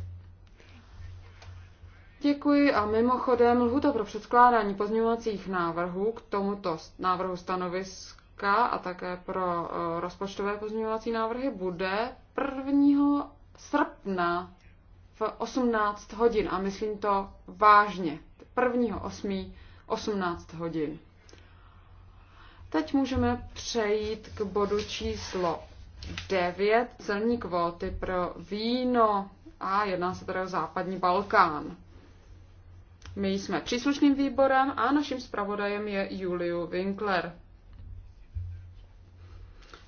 Děkuji a mimochodem lhuta pro předkládání pozměňovacích návrhů k tomuto návrhu stanoviska a také pro e, rozpočtové pozměňovací návrhy bude 1. srpna v 18 hodin a myslím to vážně. 1. 8. 18 hodin. Teď můžeme přejít k bodu číslo 9 celní kvóty pro víno a jedná se tedy o západní Balkán. My jsme příslušným výborem a naším zpravodajem je Juliu Winkler.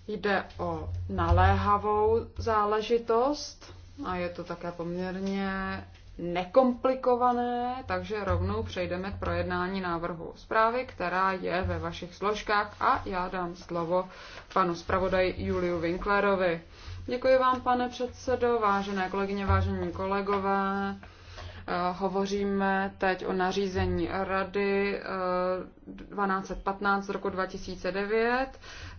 Jde o naléhavou záležitost a je to také poměrně nekomplikované, takže rovnou přejdeme k projednání návrhu zprávy, která je ve vašich složkách a já dám slovo panu zpravodaji Juliu Winklerovi. Děkuji vám, pane předsedo, vážené kolegyně, vážení kolegové. Eh, hovoříme teď o nařízení Rady 1215 eh, z roku 2009,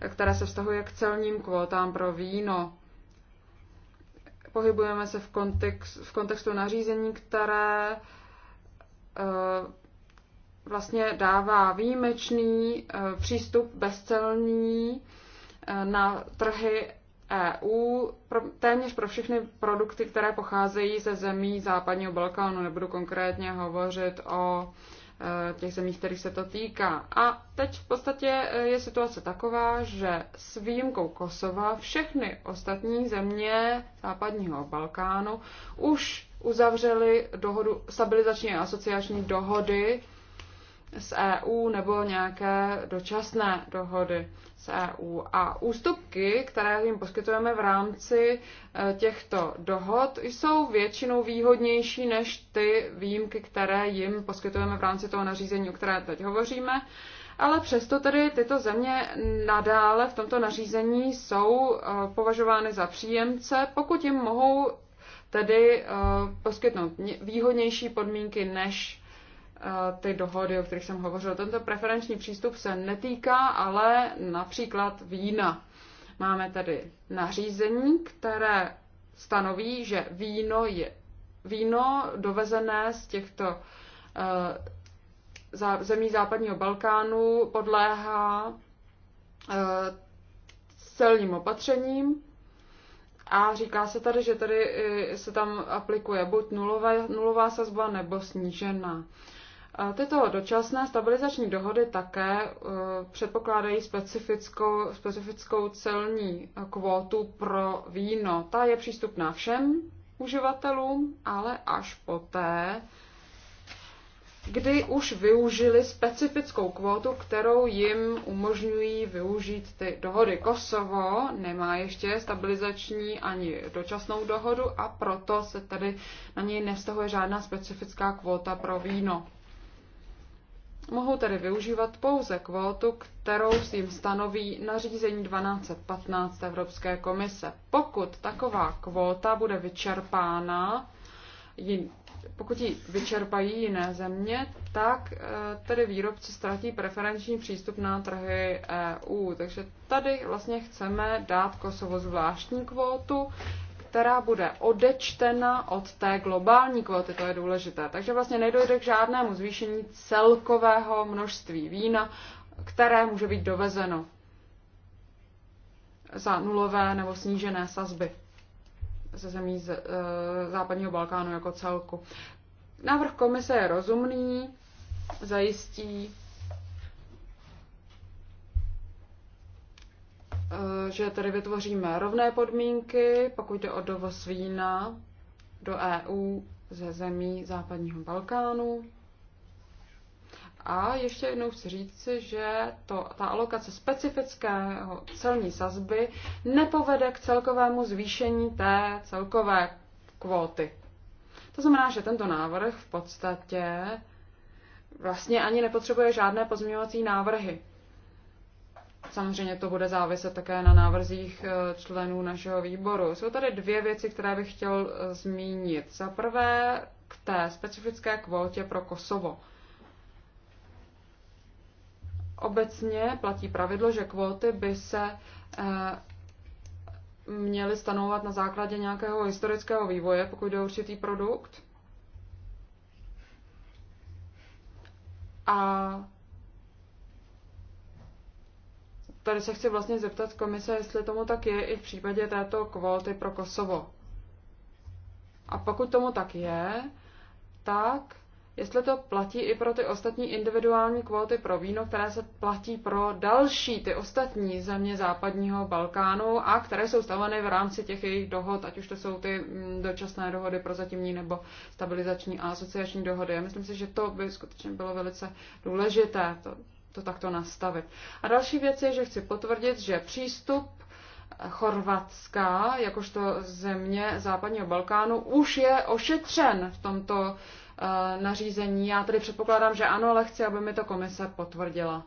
které se vztahuje k celním kvótám pro víno pohybujeme se v, kontext, v kontextu nařízení, které eh, vlastně dává výjimečný eh, přístup bezcelní eh, na trhy EU pro, téměř pro všechny produkty, které pocházejí ze zemí západního Balkánu. Nebudu konkrétně hovořit o uh, Eh, těch zemích, kterých se to týká. A teď v podstatě eh, je situace taková, že s výjimkou Kosova všechny ostatní země západního Balkánu už uzavřely dohodu, stabilizační a asociační dohody z EU nebo nějaké dočasné dohody z EU. A ústupky, které jim poskytujeme v rámci e, těchto dohod, jsou většinou výhodnější než ty výjimky, které jim poskytujeme v rámci toho nařízení, o které teď hovoříme. Ale přesto tedy tyto země nadále v tomto nařízení jsou e, považovány za příjemce, pokud jim mohou tedy e, poskytnout výhodnější podmínky než ty dohody, o kterých jsem hovořil. Tento preferenční přístup se netýká ale například vína. Máme tady nařízení, které stanoví, že víno je víno dovezené z těchto zemí západního Balkánu podléhá celním opatřením a říká se tady, že tady e, se tam aplikuje buď nulová, nulová sazba nebo snížená. Tyto dočasné stabilizační dohody také e, předpokládají specifickou, specifickou celní kvótu pro víno. Ta je přístupná všem uživatelům, ale až poté, kdy už využili specifickou kvótu, kterou jim umožňují využít ty dohody. Kosovo nemá ještě stabilizační ani dočasnou dohodu a proto se tady na něj nevztahuje žádná specifická kvóta pro víno mohou tedy využívat pouze kvótu, kterou s jim stanoví nařízení 1215 Evropské komise. Pokud taková kvóta bude vyčerpána, pokud ji vyčerpají jiné země, tak eh, tedy výrobci ztratí preferenční přístup na trhy EU. Takže tady vlastně chceme dát Kosovo zvláštní kvótu, která bude odečtena od té globální kvóty, to je důležité. Takže vlastně nedojde k žádnému zvýšení celkového množství vína, které může být dovezeno za nulové nebo snížené sazby ze zemí z, e, západního Balkánu jako celku. Návrh komise je rozumný, zajistí Eh, že tady vytvoříme rovné podmínky, pokud jde o dovoz vína do EU ze zemí západního Balkánu. A ještě jednou chci říct, že to, ta alokace specifického celní sazby nepovede k celkovému zvýšení té celkové kvóty. To znamená, že tento návrh v podstatě vlastně ani nepotřebuje žádné pozměňovací návrhy. Samozřejmě to bude záviset také na návrzích eh, členů našeho výboru. Jsou tady dvě věci, které bych chtěl eh, zmínit. Za prvé k té specifické kvótě pro Kosovo. Obecně platí pravidlo, že kvóty by se eh, měly stanovat na základě nějakého historického vývoje, pokud jde o určitý produkt. A tady se chci vlastně zeptat komise, jestli tomu tak je i v případě této kvóty pro Kosovo. A pokud tomu tak je, tak jestli to platí i pro ty ostatní individuální kvóty pro víno, které se platí pro další, ty ostatní země západního Balkánu a které jsou staveny v rámci těch jejich dohod, ať už to jsou ty mm, dočasné dohody pro zatímní nebo stabilizační a asociační dohody. Já myslím si, že to by skutečně bylo velice důležité, to to takto nastavit. A další věc je, že chci potvrdit, že přístup Chorvatska, jakožto země západního Balkánu, už je ošetřen v tomto eh, nařízení. Já tedy předpokládám, že ano, ale chci, aby mi to komise potvrdila.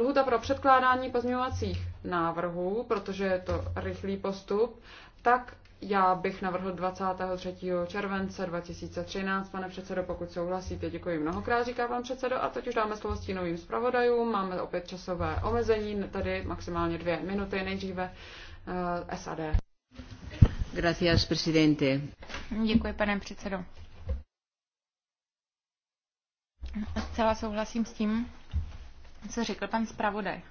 Lhuta pro předkládání pozměňovacích návrhů, protože je to rychlý postup, tak já bych navrhl 23. července 2013, pane předsedo, pokud souhlasíte. Děkuji mnohokrát, říká pan předsedo. A teď už dáme slovo stínovým zpravodajům. Máme opět časové omezení, tady maximálně dvě minuty, nejdříve uh, eh, SAD. Gracias, presidente. Děkuji, pane předsedo. Zcela souhlasím s tím, co řekl pan zpravodaj.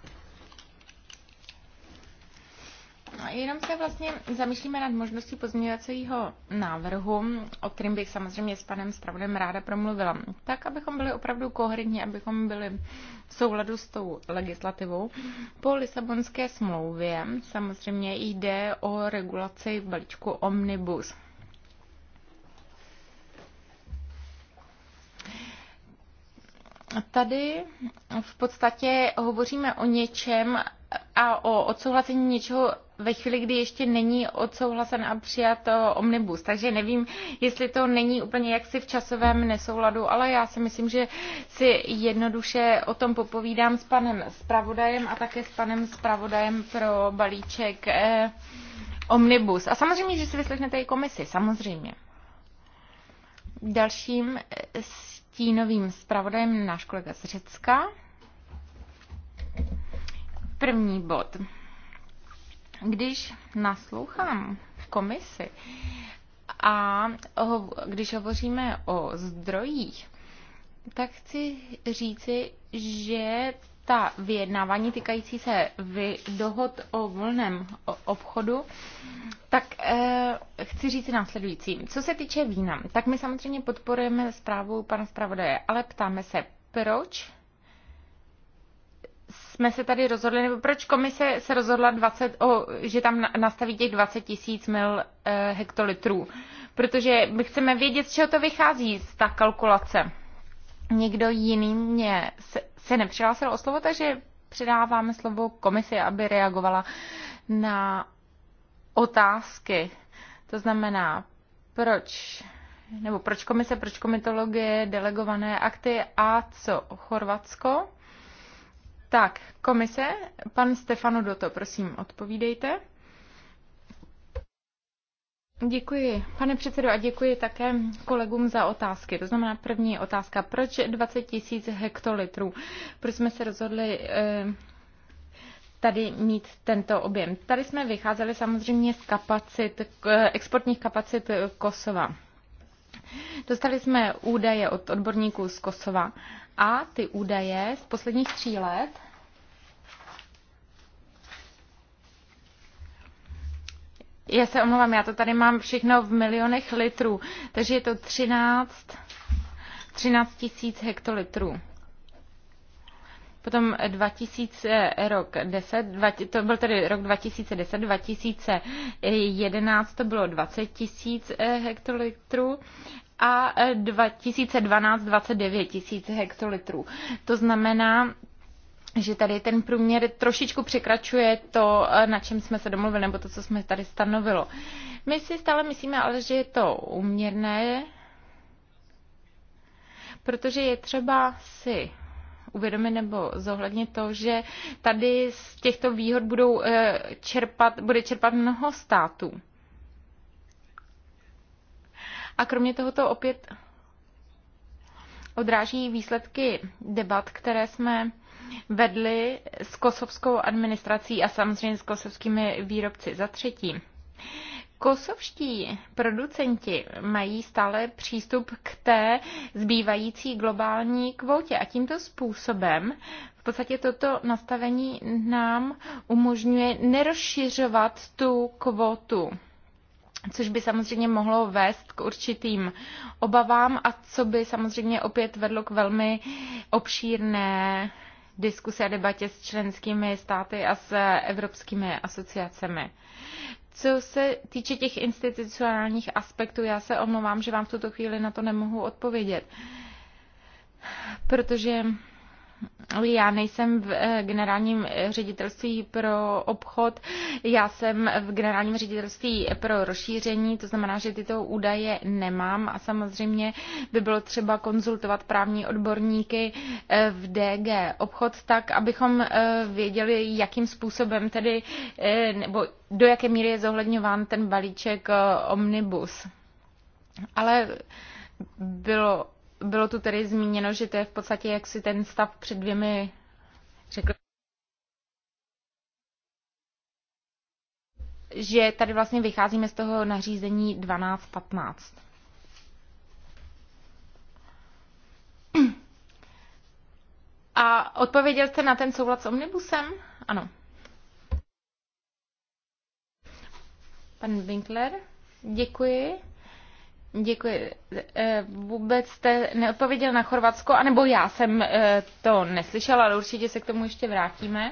No jenom se vlastně zamýšlíme nad možností pozměňovacího návrhu, o kterým bych samozřejmě s panem Spravodem ráda promluvila, tak, abychom byli opravdu koherentní, abychom byli v souladu s tou legislativou. Po Lisabonské smlouvě samozřejmě jde o regulaci balíčku Omnibus. Tady v podstatě hovoříme o něčem, a o odsouhlasení něčeho ve chvíli, kdy ještě není odsouhlasen a přijat eh, omnibus. Takže nevím, jestli to není úplně jaksi v časovém nesouladu, ale já si myslím, že si jednoduše o tom popovídám s panem zpravodajem a také s panem zpravodajem pro balíček eh, omnibus. A samozřejmě, že si vyslechnete i komisi, samozřejmě. Dalším eh, stínovým zpravodajem náš kolega z Řecka. První bod. Když naslouchám komisi a když hovoříme o zdrojích, tak chci říci, že ta vyjednávání týkající se vy, dohod o volném obchodu, tak eh, chci říct následující. Co se týče vína, tak my samozřejmě podporujeme zprávu pana zpravodaje, ale ptáme se, proč jsme se tady rozhodli, nebo proč komise se rozhodla, 20, o, že tam nastaví těch 20 tisíc mil e, hektolitrů? Protože my chceme vědět, z čeho to vychází z ta kalkulace. Někdo jiný mě se, se nepřihlásil o slovo, takže předáváme slovo komisi, aby reagovala na otázky. To znamená, proč nebo proč komise, proč komitologie, delegované akty a co Chorvatsko? Tak, komise, pan Stefano Doto, prosím, odpovídejte. Děkuji, pane předsedo, a děkuji také kolegům za otázky. To znamená první otázka, proč 20 tisíc hektolitrů? Proč jsme se rozhodli eh, tady mít tento objem? Tady jsme vycházeli samozřejmě z kapacit, eh, exportních kapacit Kosova. Dostali jsme údaje od odborníků z Kosova a ty údaje z posledních tří let Já se omlouvám, já to tady mám všechno v milionech litrů, takže je to 13, 13 tisíc hektolitrů. Potom 2000, eh, rok 10, 20, to byl tedy rok 2010, 2011 to bylo 20 tisíc eh, hektolitrů a 2012 eh, 29 tisíc hektolitrů. To znamená, že tady ten průměr trošičku překračuje to, na čem jsme se domluvili, nebo to, co jsme tady stanovilo. My si stále myslíme ale, že je to uměrné, protože je třeba si uvědomit nebo zohlednit to, že tady z těchto výhod budou eh, čerpat, bude čerpat mnoho států. A kromě toho to opět odráží výsledky debat, které jsme vedli s kosovskou administrací a samozřejmě s kosovskými výrobci. Za třetí, Kosovští producenti mají stále přístup k té zbývající globální kvótě a tímto způsobem v podstatě toto nastavení nám umožňuje nerozšiřovat tu kvotu což by samozřejmě mohlo vést k určitým obavám a co by samozřejmě opět vedlo k velmi obšírné diskuse a debatě s členskými státy a s evropskými asociacemi. Co se týče těch institucionálních aspektů, já se omlouvám, že vám v tuto chvíli na to nemohu odpovědět, protože já nejsem v eh, generálním ředitelství pro obchod, já jsem v generálním ředitelství pro rozšíření, to znamená, že tyto údaje nemám a samozřejmě by bylo třeba konzultovat právní odborníky eh, v DG obchod tak, abychom eh, věděli, jakým způsobem tedy, nebo do jaké míry je zohledňován ten balíček Omnibus. Ale bylo bylo tu tedy zmíněno, že to je v podstatě jaksi ten stav před dvěmi, řekl, že tady vlastně vycházíme z toho nařízení 1215. A odpověděl jste na ten soulad s omnibusem? Ano. Pan Winkler, děkuji. Děkuji. Eh, vůbec jste neodpověděl na Chorvatsko, anebo já jsem eh, to neslyšela, ale určitě se k tomu ještě vrátíme.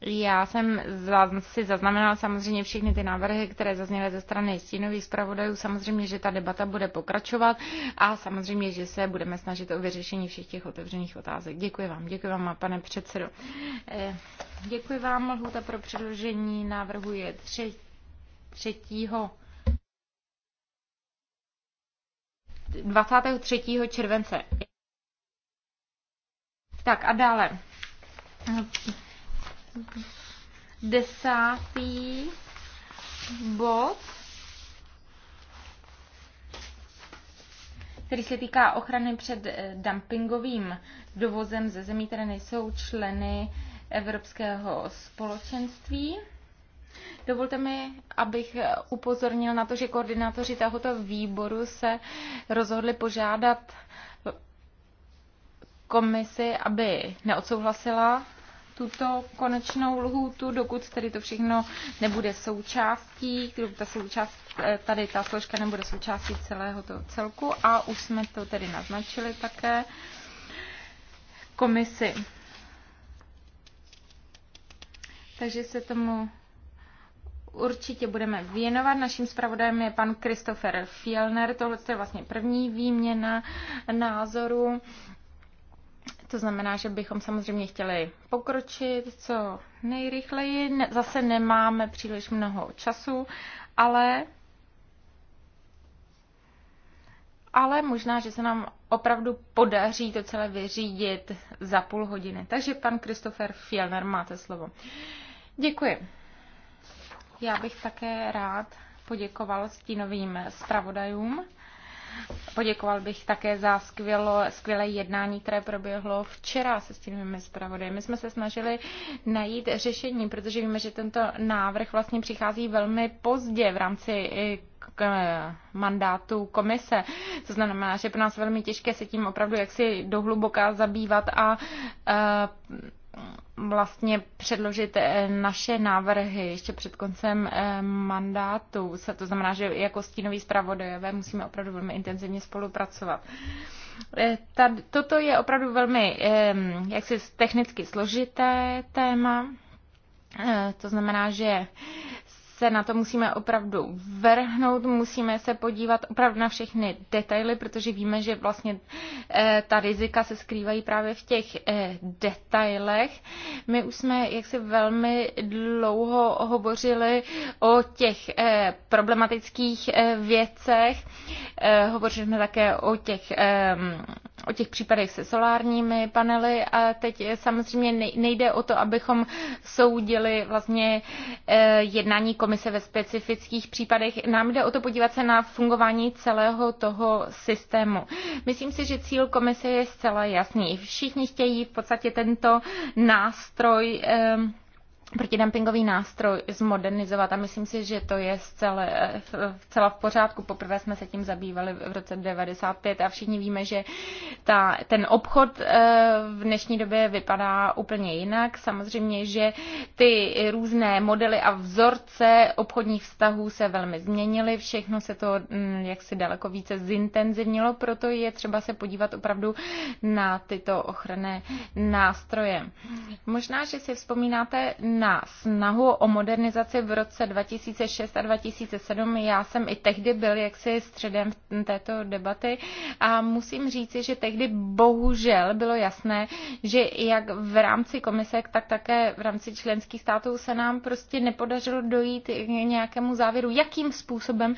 Já jsem si zaznamenala samozřejmě všechny ty návrhy, které zazněly ze strany stínových zpravodajů. Samozřejmě, že ta debata bude pokračovat a samozřejmě, že se budeme snažit o vyřešení všech těch otevřených otázek. Děkuji vám, děkuji vám, pane předsedo. Eh, děkuji vám, lhůta pro předložení návrhu je třetí 23. 23. července. Tak a dále. Desátý bod, který se týká ochrany před eh, dumpingovým dovozem ze zemí, které nejsou členy Evropského společenství. Dovolte mi, abych upozornil na to, že koordinátoři tohoto výboru se rozhodli požádat komisi, aby neodsouhlasila tuto konečnou lhůtu, dokud tedy to všechno nebude součástí, dokud ta součást, tady ta složka nebude součástí celého toho celku a už jsme to tedy naznačili také komisi. Takže se tomu určitě budeme věnovat. Naším zpravodajem je pan Christopher Fielner. Tohle je vlastně první výměna názorů. To znamená, že bychom samozřejmě chtěli pokročit co nejrychleji. Zase nemáme příliš mnoho času, ale ale možná, že se nám opravdu podaří to celé vyřídit za půl hodiny. Takže pan Christopher Fielner, máte slovo. Děkuji. Já bych také rád poděkoval stínovým zpravodajům. Poděkoval bych také za skvělo, skvělé jednání, které proběhlo včera se stínovými zpravodaji. My jsme se snažili najít řešení, protože víme, že tento návrh vlastně přichází velmi pozdě v rámci eh, k eh, mandátu komise. To znamená, že pro nás velmi těžké se tím opravdu jaksi dohluboká zabývat a uh, vlastně předložit eh, naše návrhy ještě před koncem eh, mandátu. To znamená, že jako stínový zpravodajové musíme opravdu velmi intenzivně spolupracovat. Eh, toto je opravdu velmi jaksi technicky složité téma. To znamená, že se na to musíme opravdu vrhnout, musíme se podívat opravdu na všechny detaily, protože víme, že vlastně eh, ta rizika se skrývají právě v těch eh, detailech. My už jsme jaksi velmi dlouho hovořili o těch eh, problematických věcech, hovořili jsme také o těch o těch případech se solárními panely a teď eh, samozřejmě nejde o to, abychom soudili vlastně eh, jednání komise ve specifických případech. Nám jde o to podívat se na fungování celého toho systému. Myslím si, že cíl komise je zcela jasný. Všichni chtějí v podstatě tento nástroj eh, protidumpingový nástroj zmodernizovat a myslím si, že to je zcela, v pořádku. Poprvé jsme se tím zabývali v roce 95 a všichni víme, že ta, ten obchod eh, v dnešní době vypadá úplně jinak. Samozřejmě, že ty různé modely a vzorce obchodních vztahů se velmi změnily, všechno se to mm, jaksi daleko více zintenzivnilo, proto je třeba se podívat opravdu na tyto ochranné nástroje. Možná, že si vzpomínáte na snahu o modernizaci v roce 2006 a 2007. Já jsem i tehdy byl jaksi středem této debaty a musím říci, že tehdy bohužel bylo jasné, že jak v rámci komise, tak také v rámci členských států se nám prostě nepodařilo dojít k nějakému závěru, jakým způsobem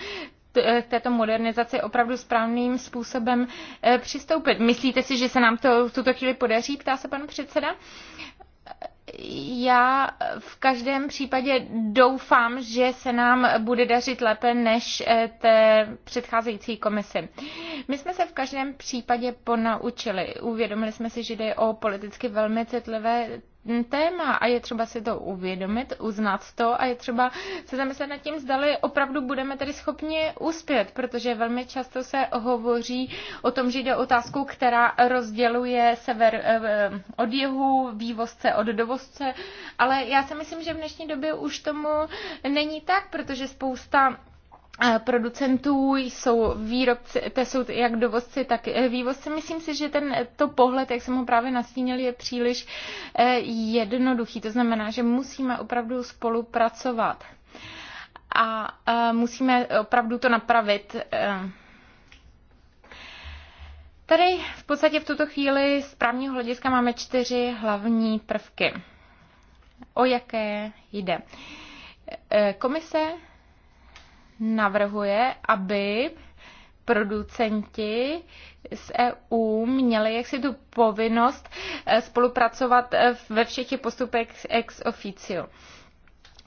eh, k této modernizaci opravdu správným způsobem eh, přistoupit. Myslíte si, že se nám to v tuto chvíli podaří, ptá se pan předseda já v každém případě doufám, že se nám bude dařit lépe než eh, té předcházející komisi. My jsme se v každém případě ponaučili. Uvědomili jsme si, že jde o politicky velmi citlivé téma a je třeba si to uvědomit, uznat to a je třeba se zamyslet nad tím, zdali opravdu budeme tedy schopni uspět, protože velmi často se hovoří o tom, že jde o otázku, která rozděluje sever eh, od jihu, vývozce od dovozce, ale já si myslím, že v dnešní době už tomu není tak, protože spousta producentů, jsou výrobci, to jsou jak dovozci, tak vývozci. Myslím si, že ten to pohled, jak jsem ho právě nastínil, je příliš eh, jednoduchý. To znamená, že musíme opravdu spolupracovat a eh, musíme opravdu to napravit. Eh. Tady v podstatě v tuto chvíli z právního hlediska máme čtyři hlavní prvky. O jaké jde? Komise navrhuje, aby producenti z EU měli jaksi tu povinnost eh, spolupracovat eh, ve všech postupech ex officio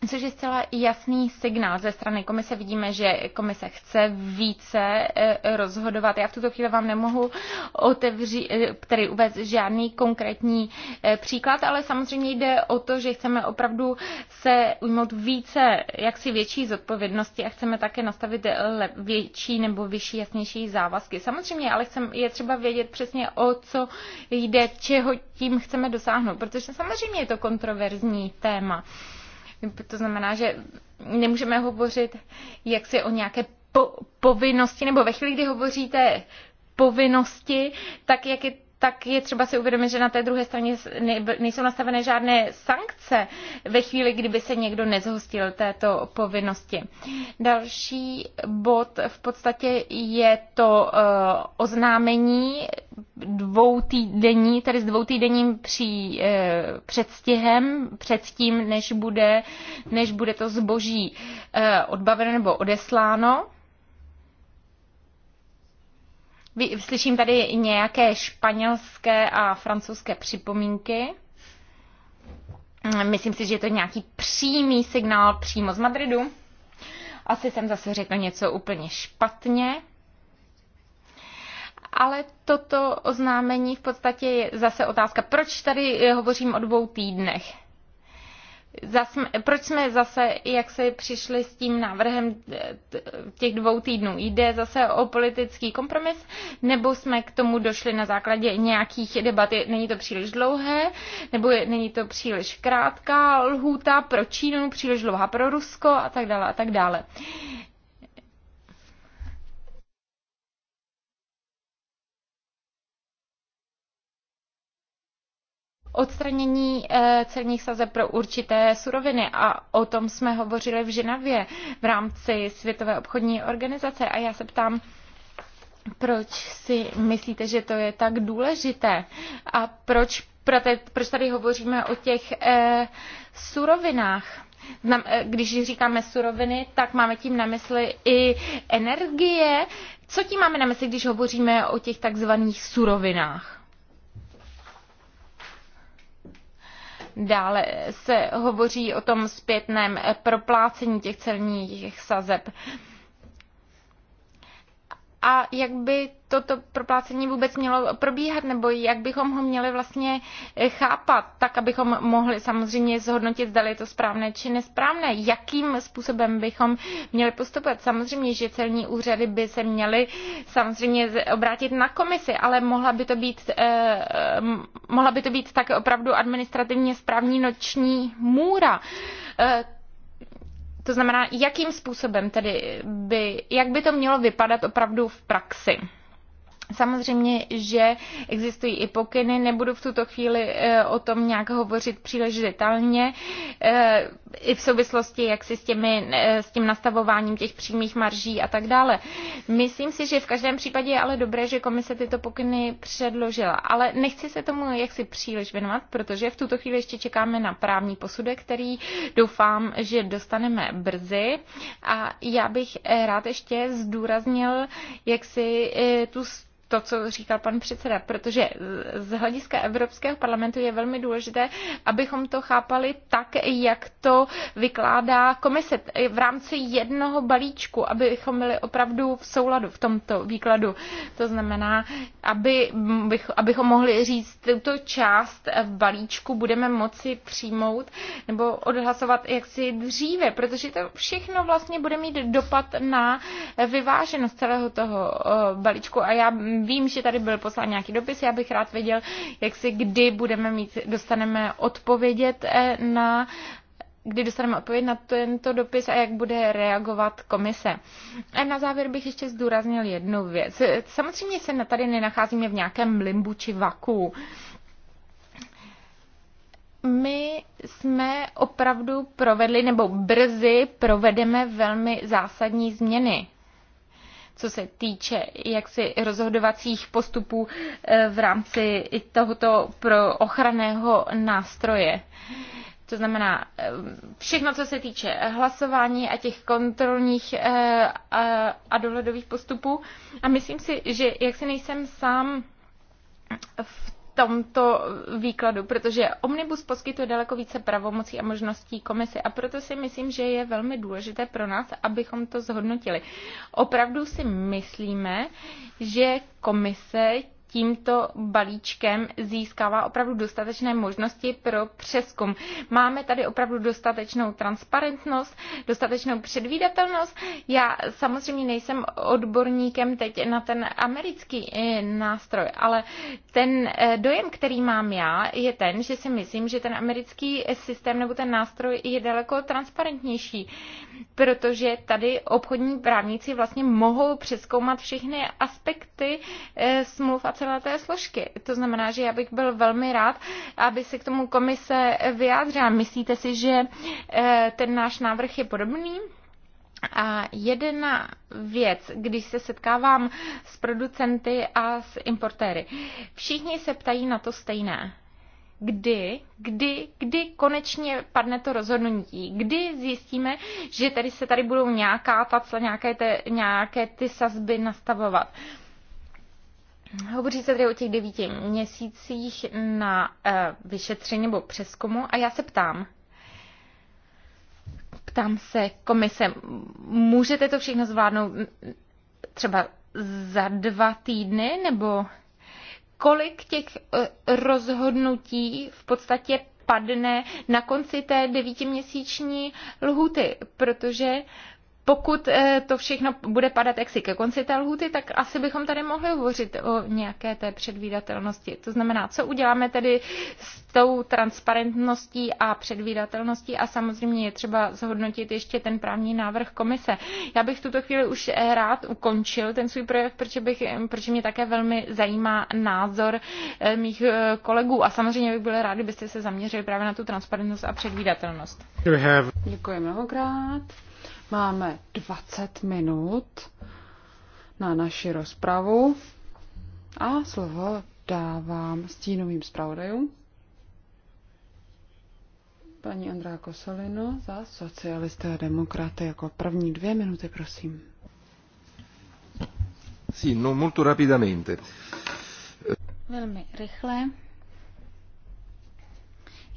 což je zcela jasný signál ze strany komise. Vidíme, že komise chce více e, rozhodovat. Já v tuto chvíli vám nemohu otevřít, e, tedy uvést žádný konkrétní e, příklad, ale samozřejmě jde o to, že chceme opravdu se ujmout více jaksi větší zodpovědnosti a chceme také nastavit větší nebo vyšší, jasnější závazky. Samozřejmě, ale chcem, je třeba vědět přesně o co jde, čeho tím chceme dosáhnout, protože samozřejmě je to kontroverzní téma. To znamená, že nemůžeme hovořit jaksi o nějaké po, povinnosti, nebo ve chvíli, kdy hovoříte povinnosti, tak jak je tak je třeba si uvědomit, že na té druhé straně nejsou nastavené žádné sankce ve chvíli, kdyby se někdo nezhostil této povinnosti. Další bod v podstatě je to eh, oznámení dvou týdení, tedy s dvou týdením při, eh, předstihem, předtím, než bude, než bude to zboží eh, odbaveno nebo odesláno. Slyším tady nějaké španělské a francouzské připomínky. Myslím si, že je to nějaký přímý signál přímo z Madridu. Asi jsem zase řekl něco úplně špatně. Ale toto oznámení v podstatě je zase otázka, proč tady hovořím o dvou týdnech proč jsme zase, jak se přišli s tím návrhem těch dvou týdnů? Jde zase o politický kompromis, nebo jsme k tomu došli na základě nějakých debat? Není to příliš dlouhé, nebo je, není to příliš krátká lhůta pro Čínu, příliš dlouhá pro Rusko a tak dále a tak dále. odstranění eh, celních saze pro určité suroviny a o tom jsme hovořili v Ženavě v rámci Světové obchodní organizace a já se ptám, proč si myslíte, že to je tak důležité a proč, proč tady hovoříme o těch eh, surovinách? Eh, když říkáme suroviny, tak máme tím na mysli i energie. Co tím máme na mysli, když hovoříme o těch takzvaných surovinách? Dále se hovoří o tom zpětném proplácení těch celních sazeb a jak by toto proplácení vůbec mělo probíhat, nebo jak bychom ho měli vlastně chápat, tak abychom mohli samozřejmě zhodnotit, zda je to správné či nesprávné, jakým způsobem bychom měli postupovat. Samozřejmě, že celní úřady by se měly samozřejmě obrátit na komisi, ale mohla by to být, eh, mohla by to být také opravdu administrativně správní noční můra. Eh, to znamená, jakým způsobem tedy by, jak by to mělo vypadat opravdu v praxi? Samozřejmě, že existují i pokyny, nebudu v tuto chvíli eh, o tom nějak hovořit příliš detailně. Eh, i v souvislosti jak si s, těmi, s tím nastavováním těch přímých marží a tak dále. Myslím si, že v každém případě je ale dobré, že komise tyto pokyny předložila. Ale nechci se tomu jaksi příliš věnovat, protože v tuto chvíli ještě čekáme na právní posudek, který doufám, že dostaneme brzy. A já bych rád ještě zdůraznil, jak si eh, tu to, co říkal pan předseda, protože z hlediska Evropského parlamentu je velmi důležité, abychom to chápali tak, jak to vykládá komise v rámci jednoho balíčku, abychom byli opravdu v souladu v tomto výkladu. To znamená, aby, abychom mohli říct, tuto část v balíčku budeme moci přijmout nebo odhlasovat jaksi dříve, protože to všechno vlastně bude mít dopad na vyváženost celého toho eh, balíčku a já Vím, že tady byl poslán nějaký dopis, já bych rád věděl, jak si kdy budeme mít, dostaneme odpovědět eh, na kdy dostaneme odpověď na tento dopis a jak bude reagovat komise. A na závěr bych ještě zdůraznil jednu věc. Samozřejmě se tady nenacházíme v nějakém limbu či vaku. My jsme opravdu provedli, nebo brzy provedeme velmi zásadní změny co se týče jaksi rozhodovacích postupů eh, v rámci tohoto pro ochranného nástroje. To znamená, eh, všechno, co se týče hlasování a těch kontrolních eh, a dohledových postupů. A myslím si, že jak si nejsem sám v tomto výkladu, protože omnibus poskytuje daleko více pravomocí a možností komisi a proto si myslím, že je velmi důležité pro nás, abychom to zhodnotili. Opravdu si myslíme, že komise tímto balíčkem získává opravdu dostatečné možnosti pro přeskum. Máme tady opravdu dostatečnou transparentnost, dostatečnou předvídatelnost. Já samozřejmě nejsem odborníkem teď na ten americký eh, nástroj, ale ten eh, dojem, který mám já, je ten, že si myslím, že ten americký systém nebo ten nástroj je daleko transparentnější, protože tady obchodní právníci vlastně mohou přeskoumat všechny aspekty eh, smluv a celé té složky. To znamená, že já bych byl velmi rád, aby se k tomu komise vyjádřila. Myslíte si, že eh, ten náš návrh je podobný? A jedna věc, když se setkávám s producenty a s importéry. Všichni se ptají na to stejné kdy, kdy, kdy konečně padne to rozhodnutí, kdy zjistíme, že tady se tady budou nějaká tacla, nějaké, te, nějaké ty sazby nastavovat. Uh, Hovoří se tedy o těch devíti měsících na eh, vyšetření nebo přeskumu a já se ptám, ptám se komise, můžete to všechno zvládnout třeba za dva týdny nebo kolik těch eh, rozhodnutí v podstatě padne na konci té devítiměsíční lhuty, protože pokud eh, to všechno bude padat jaksi ke konci té lhuty, tak asi bychom tady mohli hovořit o nějaké té předvídatelnosti. To znamená, co uděláme tedy s tou transparentností a předvídatelností a samozřejmě je třeba zhodnotit ještě ten právní návrh komise. Já bych v tuto chvíli už eh, rád ukončil ten svůj projev, protože, bych, eh, protože mě také velmi zajímá názor mých kolegů a samozřejmě bych byl rád, kdybyste se zaměřili právě na tu transparentnost a předvídatelnost. Děkuji mnohokrát. Máme 20 minut na naši rozpravu a slovo dávám stínovým zpravodajům. Paní Andrá Kosolino za socialisté a demokraty jako první dvě minuty, prosím. Sí, no, molto rapidamente. Velmi rychle.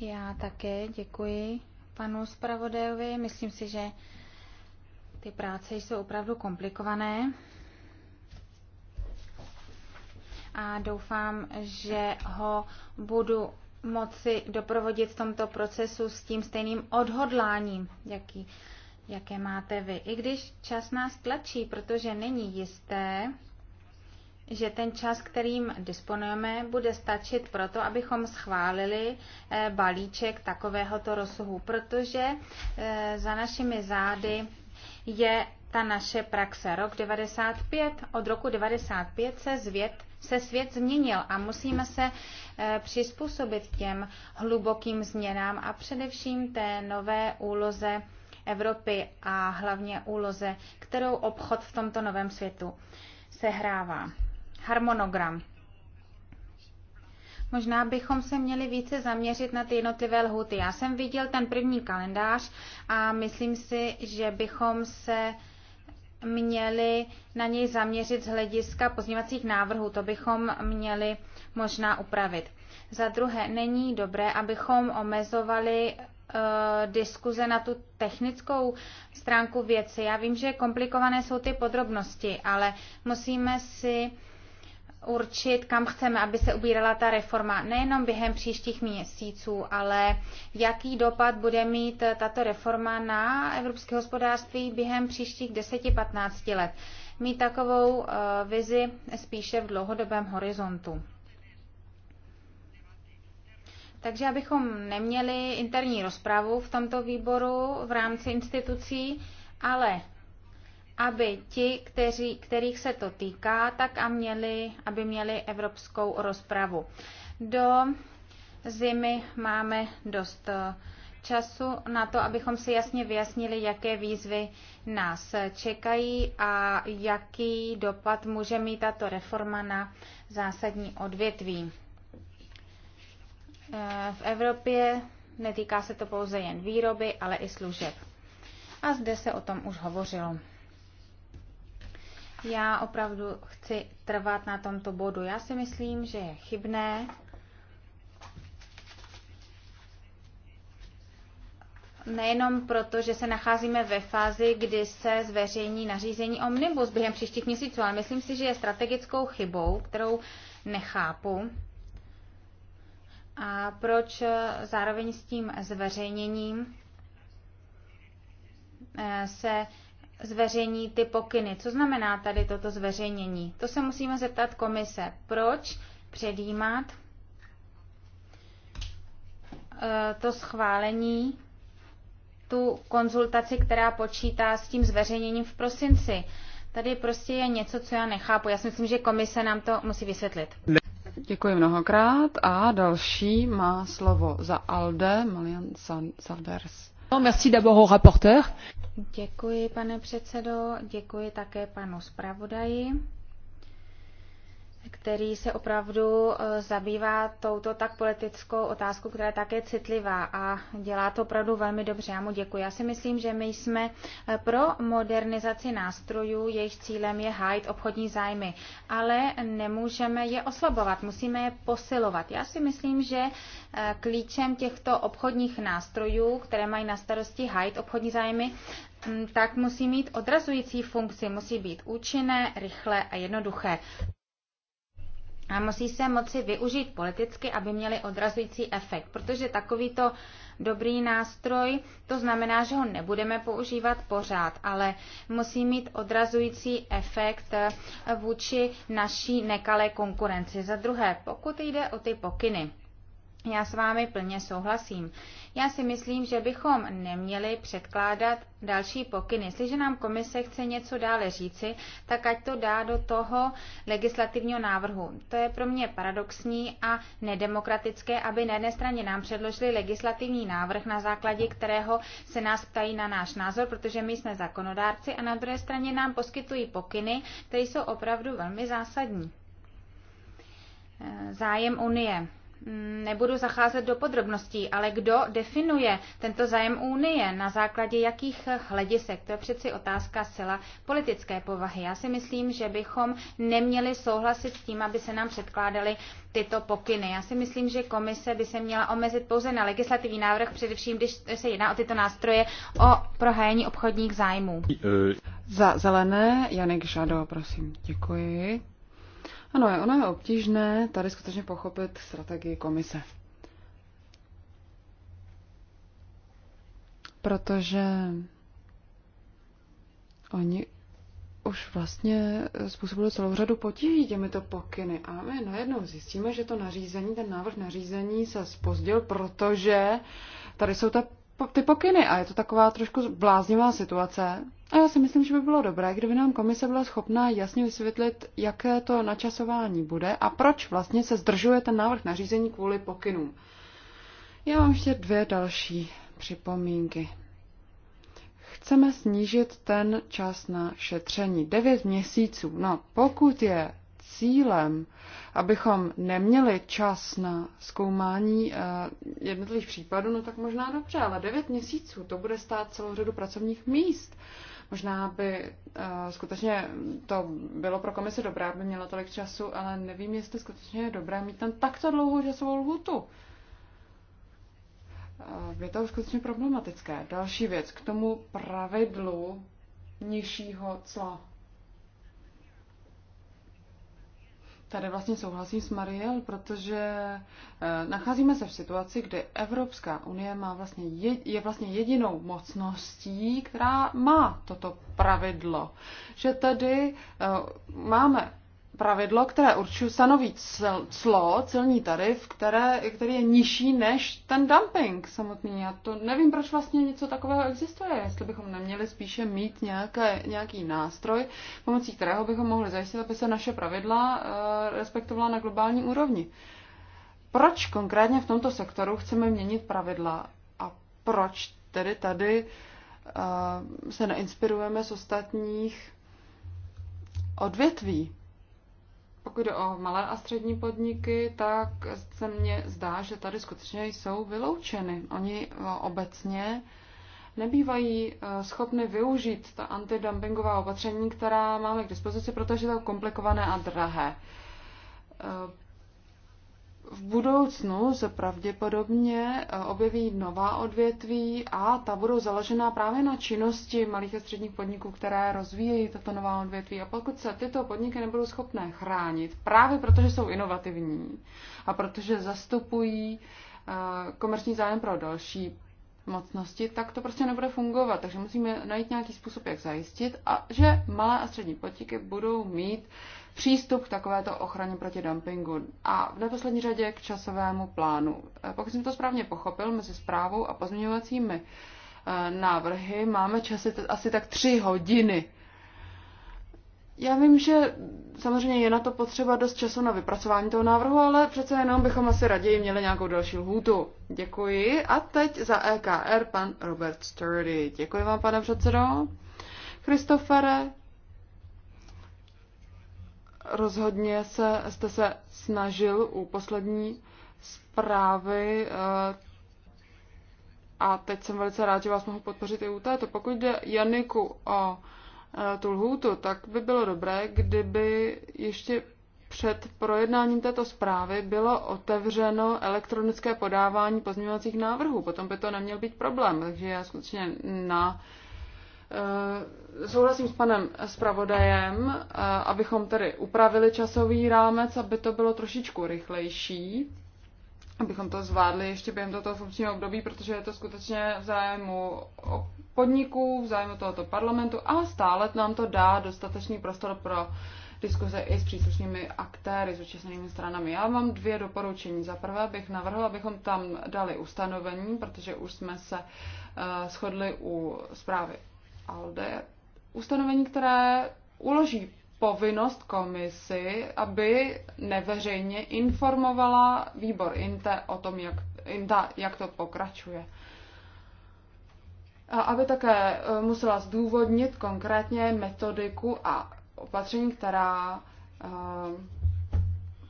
Já také děkuji panu zpravodajovi. Myslím si, že ty práce jsou opravdu komplikované a doufám, že ho budu moci doprovodit v tomto procesu s tím stejným odhodláním, jaký, jaké máte vy. I když čas nás tlačí, protože není jisté, že ten čas, kterým disponujeme, bude stačit proto, abychom schválili eh, balíček takovéhoto rozsahu, protože eh, za našimi zády je ta naše praxe. Rok 95, od roku 95 se zvěd se svět změnil a musíme se eh, přizpůsobit těm hlubokým změnám a především té nové úloze Evropy a hlavně úloze, kterou obchod v tomto novém světu sehrává. Harmonogram. Možná bychom se měli více zaměřit na ty jednotlivé lhuty. Já jsem viděl ten první kalendář a myslím si, že bychom se měli na něj zaměřit z hlediska pozněvacích návrhů. To bychom měli možná upravit. Za druhé, není dobré, abychom omezovali eh, diskuze na tu technickou stránku věci. Já vím, že komplikované jsou ty podrobnosti, ale musíme si určit, kam chceme, aby se ubírala ta reforma, nejenom během příštích měsíců, ale jaký dopad bude mít eh, tato reforma na evropské hospodářství během příštích 10-15 let. Mít takovou eh, vizi spíše v dlouhodobém horizontu. Takže abychom neměli interní rozpravu v tomto výboru v rámci institucí, ale aby ti, kteří, kterých se to týká, tak a měli, aby měli evropskou rozpravu. Do zimy máme dost eh, času na to, abychom si jasně vyjasnili, jaké výzvy nás čekají a jaký dopad může mít tato reforma na zásadní odvětví. Eh, v Evropě netýká se to pouze jen výroby, ale i služeb. A zde se o tom už hovořilo. Já opravdu chci trvat na tomto bodu. Já si myslím, že je chybné nejenom proto, že se nacházíme ve fázi, kdy se zveřejní nařízení Omnibus během příštích měsíců, ale myslím si, že je strategickou chybou, kterou nechápu. A proč zároveň s tím zveřejněním eh, se zveřejní ty pokyny. Co znamená tady toto zveřejnění? To se musíme zeptat komise. Proč předjímat eh, to schválení, tu konzultaci, která počítá s tím zveřejněním v prosinci? Tady prostě je něco, co já nechápu. Já si myslím, že komise nám to musí vysvětlit. Děkuji mnohokrát a další má slovo za ALDE Malian Sanders. Merci d'abord au rapporteur. Děkuji, pane předsedo, děkuji také panu zpravodaji který se opravdu eh, zabývá touto tak politickou otázkou, která je také citlivá a dělá to opravdu velmi dobře. Já mu děkuji. Já si myslím, že my jsme eh, pro modernizaci nástrojů, jejich cílem je hájit obchodní zájmy, ale nemůžeme je oslabovat, musíme je posilovat. Já si myslím, že eh, klíčem těchto obchodních nástrojů, které mají na starosti hájit obchodní zájmy, mm, tak musí mít odrazující funkci, musí být účinné, rychlé a jednoduché a musí se moci využít politicky, aby měli odrazující efekt, protože takovýto dobrý nástroj, to znamená, že ho nebudeme používat pořád, ale musí mít odrazující efekt eh, vůči naší nekalé konkurenci. Za druhé, pokud jde o ty pokyny, já s vámi plně souhlasím. Já si myslím, že bychom neměli předkládat další pokyny. Jestliže nám komise chce něco dále říci, tak ať to dá do toho legislativního návrhu. To je pro mě paradoxní a nedemokratické, aby na jedné straně nám předložili legislativní návrh, na základě kterého se nás ptají na náš názor, protože my jsme zakonodárci, a na druhé straně nám poskytují pokyny, které jsou opravdu velmi zásadní. Zájem Unie nebudu zacházet do podrobností, ale kdo definuje tento zájem Unie, na základě jakých hledisek, to je přeci otázka sila politické povahy. Já si myslím, že bychom neměli souhlasit s tím, aby se nám předkládaly tyto pokyny. Já si myslím, že komise by se měla omezit pouze na legislativní návrh, především když se jedná o tyto nástroje o prohájení obchodních zájmů. Za zelené, Janek Žado, prosím. Děkuji. Ano, ono je obtížné tady skutečně pochopit strategii komise. Protože oni už vlastně způsobili celou řadu potíží těmito pokyny. A my najednou zjistíme, že to nařízení, ten návrh nařízení se spozdil, protože tady jsou ta ty pokyny a je to taková trošku bláznivá situace. A já si myslím, že by bylo dobré, kdyby nám komise byla schopná jasně vysvětlit, jaké to načasování bude a proč vlastně se zdržuje ten návrh nařízení kvůli pokynům. Já mám ještě dvě další připomínky. Chceme snížit ten čas na šetření. 9 měsíců. No, pokud je cílem, abychom neměli čas na zkoumání eh, jednotlivých případů, no tak možná dobře, ale 9 měsíců, to bude stát celou řadu pracovních míst. Možná by eh, skutečně to bylo pro komise dobré, aby měla tolik času, ale nevím, jestli skutečně je dobré mít tam takto dlouhou časovou lhutu. Eh, je to skutečně problematické. Další věc, k tomu pravidlu nižšího cla. Tady vlastně souhlasím s Mariel, protože eh, nacházíme se v situaci, kdy Evropská unie má vlastně je, je vlastně jedinou mocností, která má toto pravidlo. Že tedy eh, máme pravidlo, které určuje, stanoví cel, clo, celní tarif, které, který je nižší než ten dumping samotný. Já to nevím, proč vlastně něco takového existuje. Jestli bychom neměli spíše mít nějaké, nějaký nástroj, pomocí kterého bychom mohli zajistit, aby se naše pravidla e, respektovala na globální úrovni. Proč konkrétně v tomto sektoru chceme měnit pravidla a proč tedy tady e, se neinspirujeme z ostatních odvětví? Pokud jde o malé a střední podniky, tak se mně zdá, že tady skutečně jsou vyloučeny. Oni eh, obecně nebývají eh, schopny využít ta antidumpingová opatření, která máme k dispozici, protože je komplikované a drahé. Eh, v budoucnu se pravděpodobně eh, objeví nová odvětví a ta budou založená právě na činnosti malých a středních podniků, které rozvíjejí tato nová odvětví. A pokud se tyto podniky nebudou schopné chránit, právě protože jsou inovativní a protože zastupují eh, komerční zájem pro další mocnosti, tak to prostě nebude fungovat. Takže musíme najít nějaký způsob, jak zajistit, a že malé a střední podniky budou mít uh, přístup k takovéto ochraně proti dumpingu. A v neposlední řadě k časovému plánu. E, pokud jsem to správně pochopil, mezi zprávou a pozměňovacími e, návrhy máme časy asi tak tři hodiny. Já vím, že samozřejmě je na to potřeba dost času na vypracování toho návrhu, ale přece jenom bychom asi raději měli nějakou další lhůtu. Děkuji. A teď za EKR pan Robert Sturdy. Děkuji vám, pane předsedo. Kristofere, Rozhodně se, jste se snažil u poslední zprávy eh, a teď jsem velice rád, že vás mohu podpořit i u této. Pokud jde Janiku o eh, tu lhůtu, tak by bylo dobré, kdyby ještě před projednáním této zprávy bylo otevřeno elektronické podávání pozměňovacích návrhů. Potom by to neměl být problém. Takže já skutečně na Eh, souhlasím s panem zpravodajem, eh, abychom tedy upravili časový rámec, aby to bylo trošičku rychlejší, abychom to zvládli ještě během tohoto funkčního období, protože je to skutečně v zájmu podniků, v zájmu tohoto parlamentu a stále nám to dá dostatečný prostor pro diskuze i s příslušnými aktéry, zúčastněnými stranami. Já mám dvě doporučení. Za prvé bych navrhla, abychom tam dali ustanovení, protože už jsme se uh, shodli u zprávy ALDE ustanovení, které uloží povinnost komisi, aby neveřejně informovala výbor INTE o tom, jak, INTA, jak to pokračuje. A aby také eh, musela zdůvodnit konkrétně metodiku a opatření, která eh,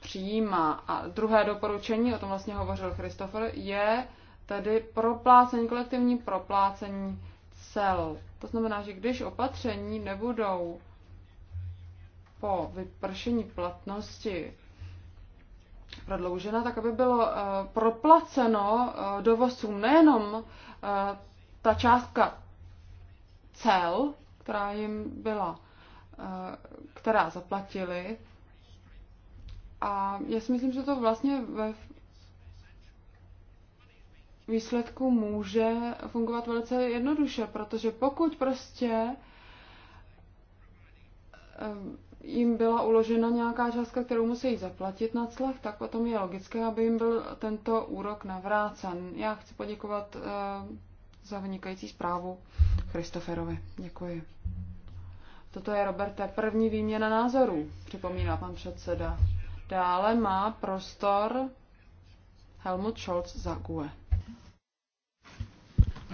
přijímá. A druhé doporučení, o tom vlastně hovořil Christopher, je tedy proplácení, kolektivní proplácení cel to znamená, že když opatření nebudou po vypršení platnosti prodloužena, tak aby bylo eh, proplaceno eh, dovozcům nejenom eh, ta částka cel, která jim byla, která zaplatili. A já si myslím, že to vlastně ve Výsledku může fungovat velice jednoduše, protože pokud prostě eh, jim byla uložena nějaká částka, kterou musí zaplatit na clech, tak potom je logické, aby jim byl tento úrok navrácen. Já chci poděkovat eh, za vynikající zprávu Christoferovi. Děkuji. Toto je, Roberte, první výměna názorů, připomíná pan předseda. Dále má prostor Helmut Scholz za GUE.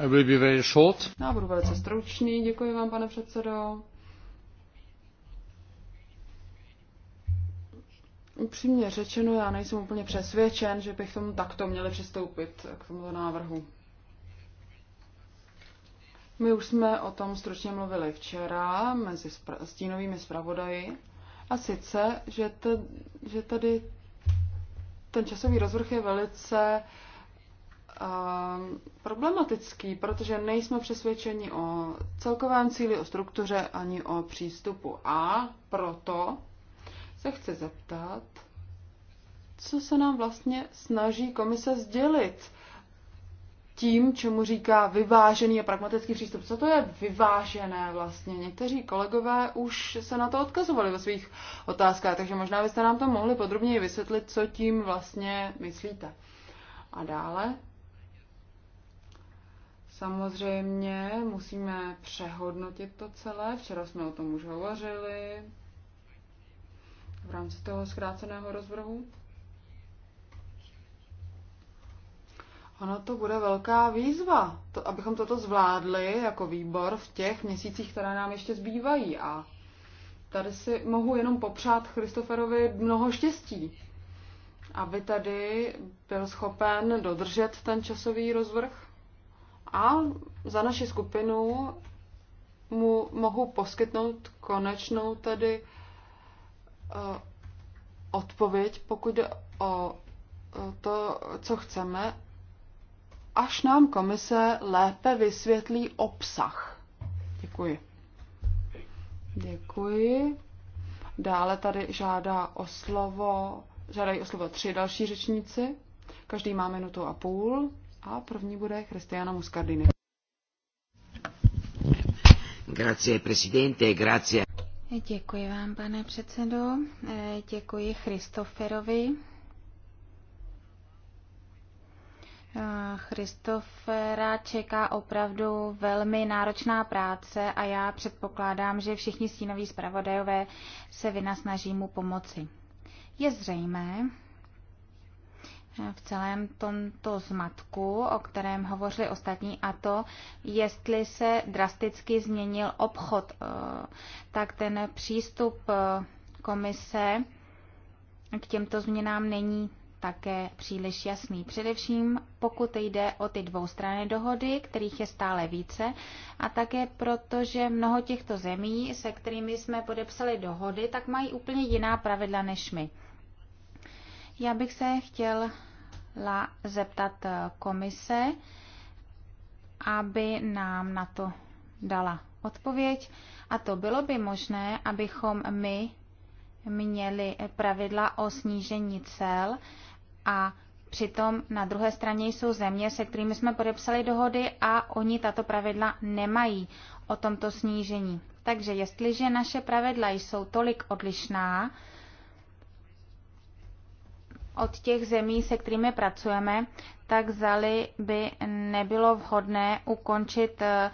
I will be very short. No, já budu velice stručný, děkuji vám, pane předsedo. Upřímně řečeno, já nejsem úplně přesvědčen, že bych tomu takto měli přistoupit k tomuto návrhu. My už jsme o tom stručně mluvili včera mezi stínovými zpravodaji. A sice, že, te, že tady ten časový rozvrh je velice Ehm, problematický, protože nejsme přesvědčeni o celkovém cíli, o struktuře ani o přístupu. A proto se chci zeptat, co se nám vlastně snaží komise sdělit tím, čemu říká vyvážený a pragmatický přístup. Co to je vyvážené vlastně? Někteří kolegové už se na to odkazovali ve svých otázkách, takže možná byste nám to mohli podrobněji vysvětlit, co tím vlastně myslíte. A dále Samozřejmě musíme přehodnotit to celé. Včera jsme o tom už hovořili v rámci toho zkráceného rozvrhu. Ono to bude velká výzva, to, abychom toto zvládli jako výbor v těch měsících, které nám ještě zbývají. A tady si mohu jenom popřát Christoferovi mnoho štěstí, aby tady byl schopen dodržet ten časový rozvrh a za naši skupinu mu mohu poskytnout konečnou tedy uh, odpověď, pokud jde o e, to, co chceme, až nám komise lépe vysvětlí obsah. Děkuji. Děkuji. Dále tady žádá o slovo, žádají o slovo tři další řečníci. Každý má minutu a půl. A první bude Christiana Muscardini. Grazie, presidente, grazie. Děkuji vám, pane předsedo. Eh, děkuji Christoferovi. Eh, Christofera čeká opravdu velmi náročná práce a já předpokládám, že všichni stínoví zpravodajové se vynasnaží mu pomoci. Je zřejmé, v celém tomto zmatku, o kterém hovořili ostatní, a to, jestli se drasticky změnil obchod, eh, tak ten přístup eh, komise k těmto změnám není také příliš jasný. Především pokud jde o ty dvoustranné dohody, kterých je stále více, a také proto, že mnoho těchto zemí, se kterými jsme podepsali dohody, tak mají úplně jiná pravidla než my. Já bych se chtěla zeptat eh, komise, aby nám na to dala odpověď. A to bylo by možné, abychom my měli pravidla o snížení cel a Přitom na druhé straně jsou země, se kterými jsme podepsali dohody a oni tato pravidla nemají o tomto snížení. Takže jestliže naše pravidla jsou tolik odlišná, od těch zemí, se kterými pracujeme, tak zali by nebylo vhodné ukončit eh,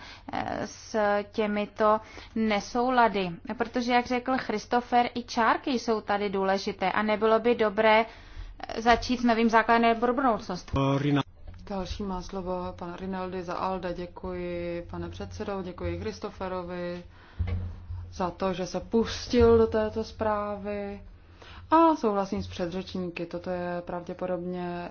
s těmito nesoulady. Protože, jak řekl Christopher, i čárky jsou tady důležité a nebylo by dobré eh, začít s novým základem pro budoucnost. Další má slovo pan Rinaldi za Alda. Děkuji pane předsedou, děkuji Christopherovi za to, že se pustil do této zprávy. A souhlasím s předřečníky, toto je pravděpodobně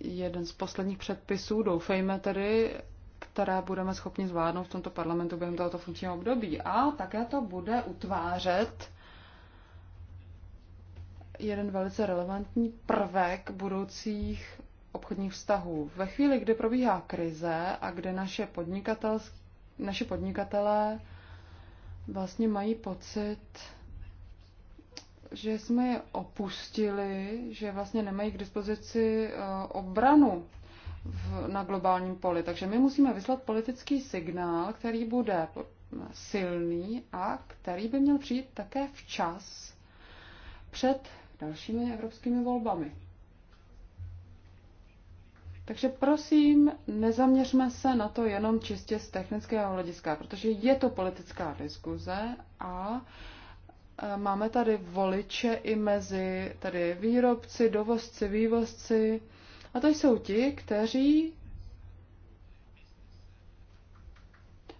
jeden z posledních předpisů, doufejme tedy, které budeme schopni zvládnout v tomto parlamentu během tohoto funkčního období. A také to bude utvářet jeden velice relevantní prvek budoucích obchodních vztahů. Ve chvíli, kdy probíhá krize a kdy naše, podnikatel, naše podnikatelé vlastně mají pocit, že jsme je opustili, že vlastně nemají k dispozici eh, obranu v, na globálním poli. Takže my musíme vyslat politický signál, který bude silný a který by měl přijít také včas před dalšími evropskými volbami. Takže prosím, nezaměřme se na to jenom čistě z technického hlediska, protože je to politická diskuze a uh, Eh, máme tady voliče i mezi tady výrobci, dovozci, vývozci. A to jsou ti, kteří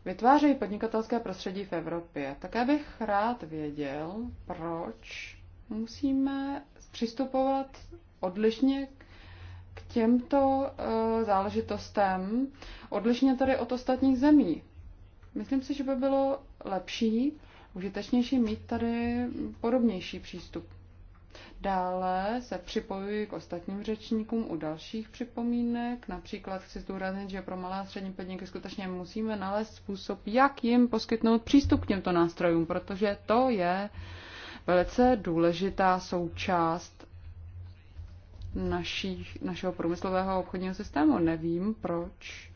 vytvářejí podnikatelské prostředí v Evropě. Také bych rád věděl, proč musíme přistupovat odlišně k těmto uh, záležitostem, odlišně tady od ostatních zemí. Myslím si, že by bylo lepší, užitečnější mít tady podobnější přístup. Dále se připojuji k ostatním řečníkům u dalších připomínek. Například chci zdůraznit, že pro malé a střední podniky skutečně musíme nalézt způsob, jak jim poskytnout přístup k těmto nástrojům, protože to je velice důležitá součást naší, našeho průmyslového obchodního systému. Nevím, proč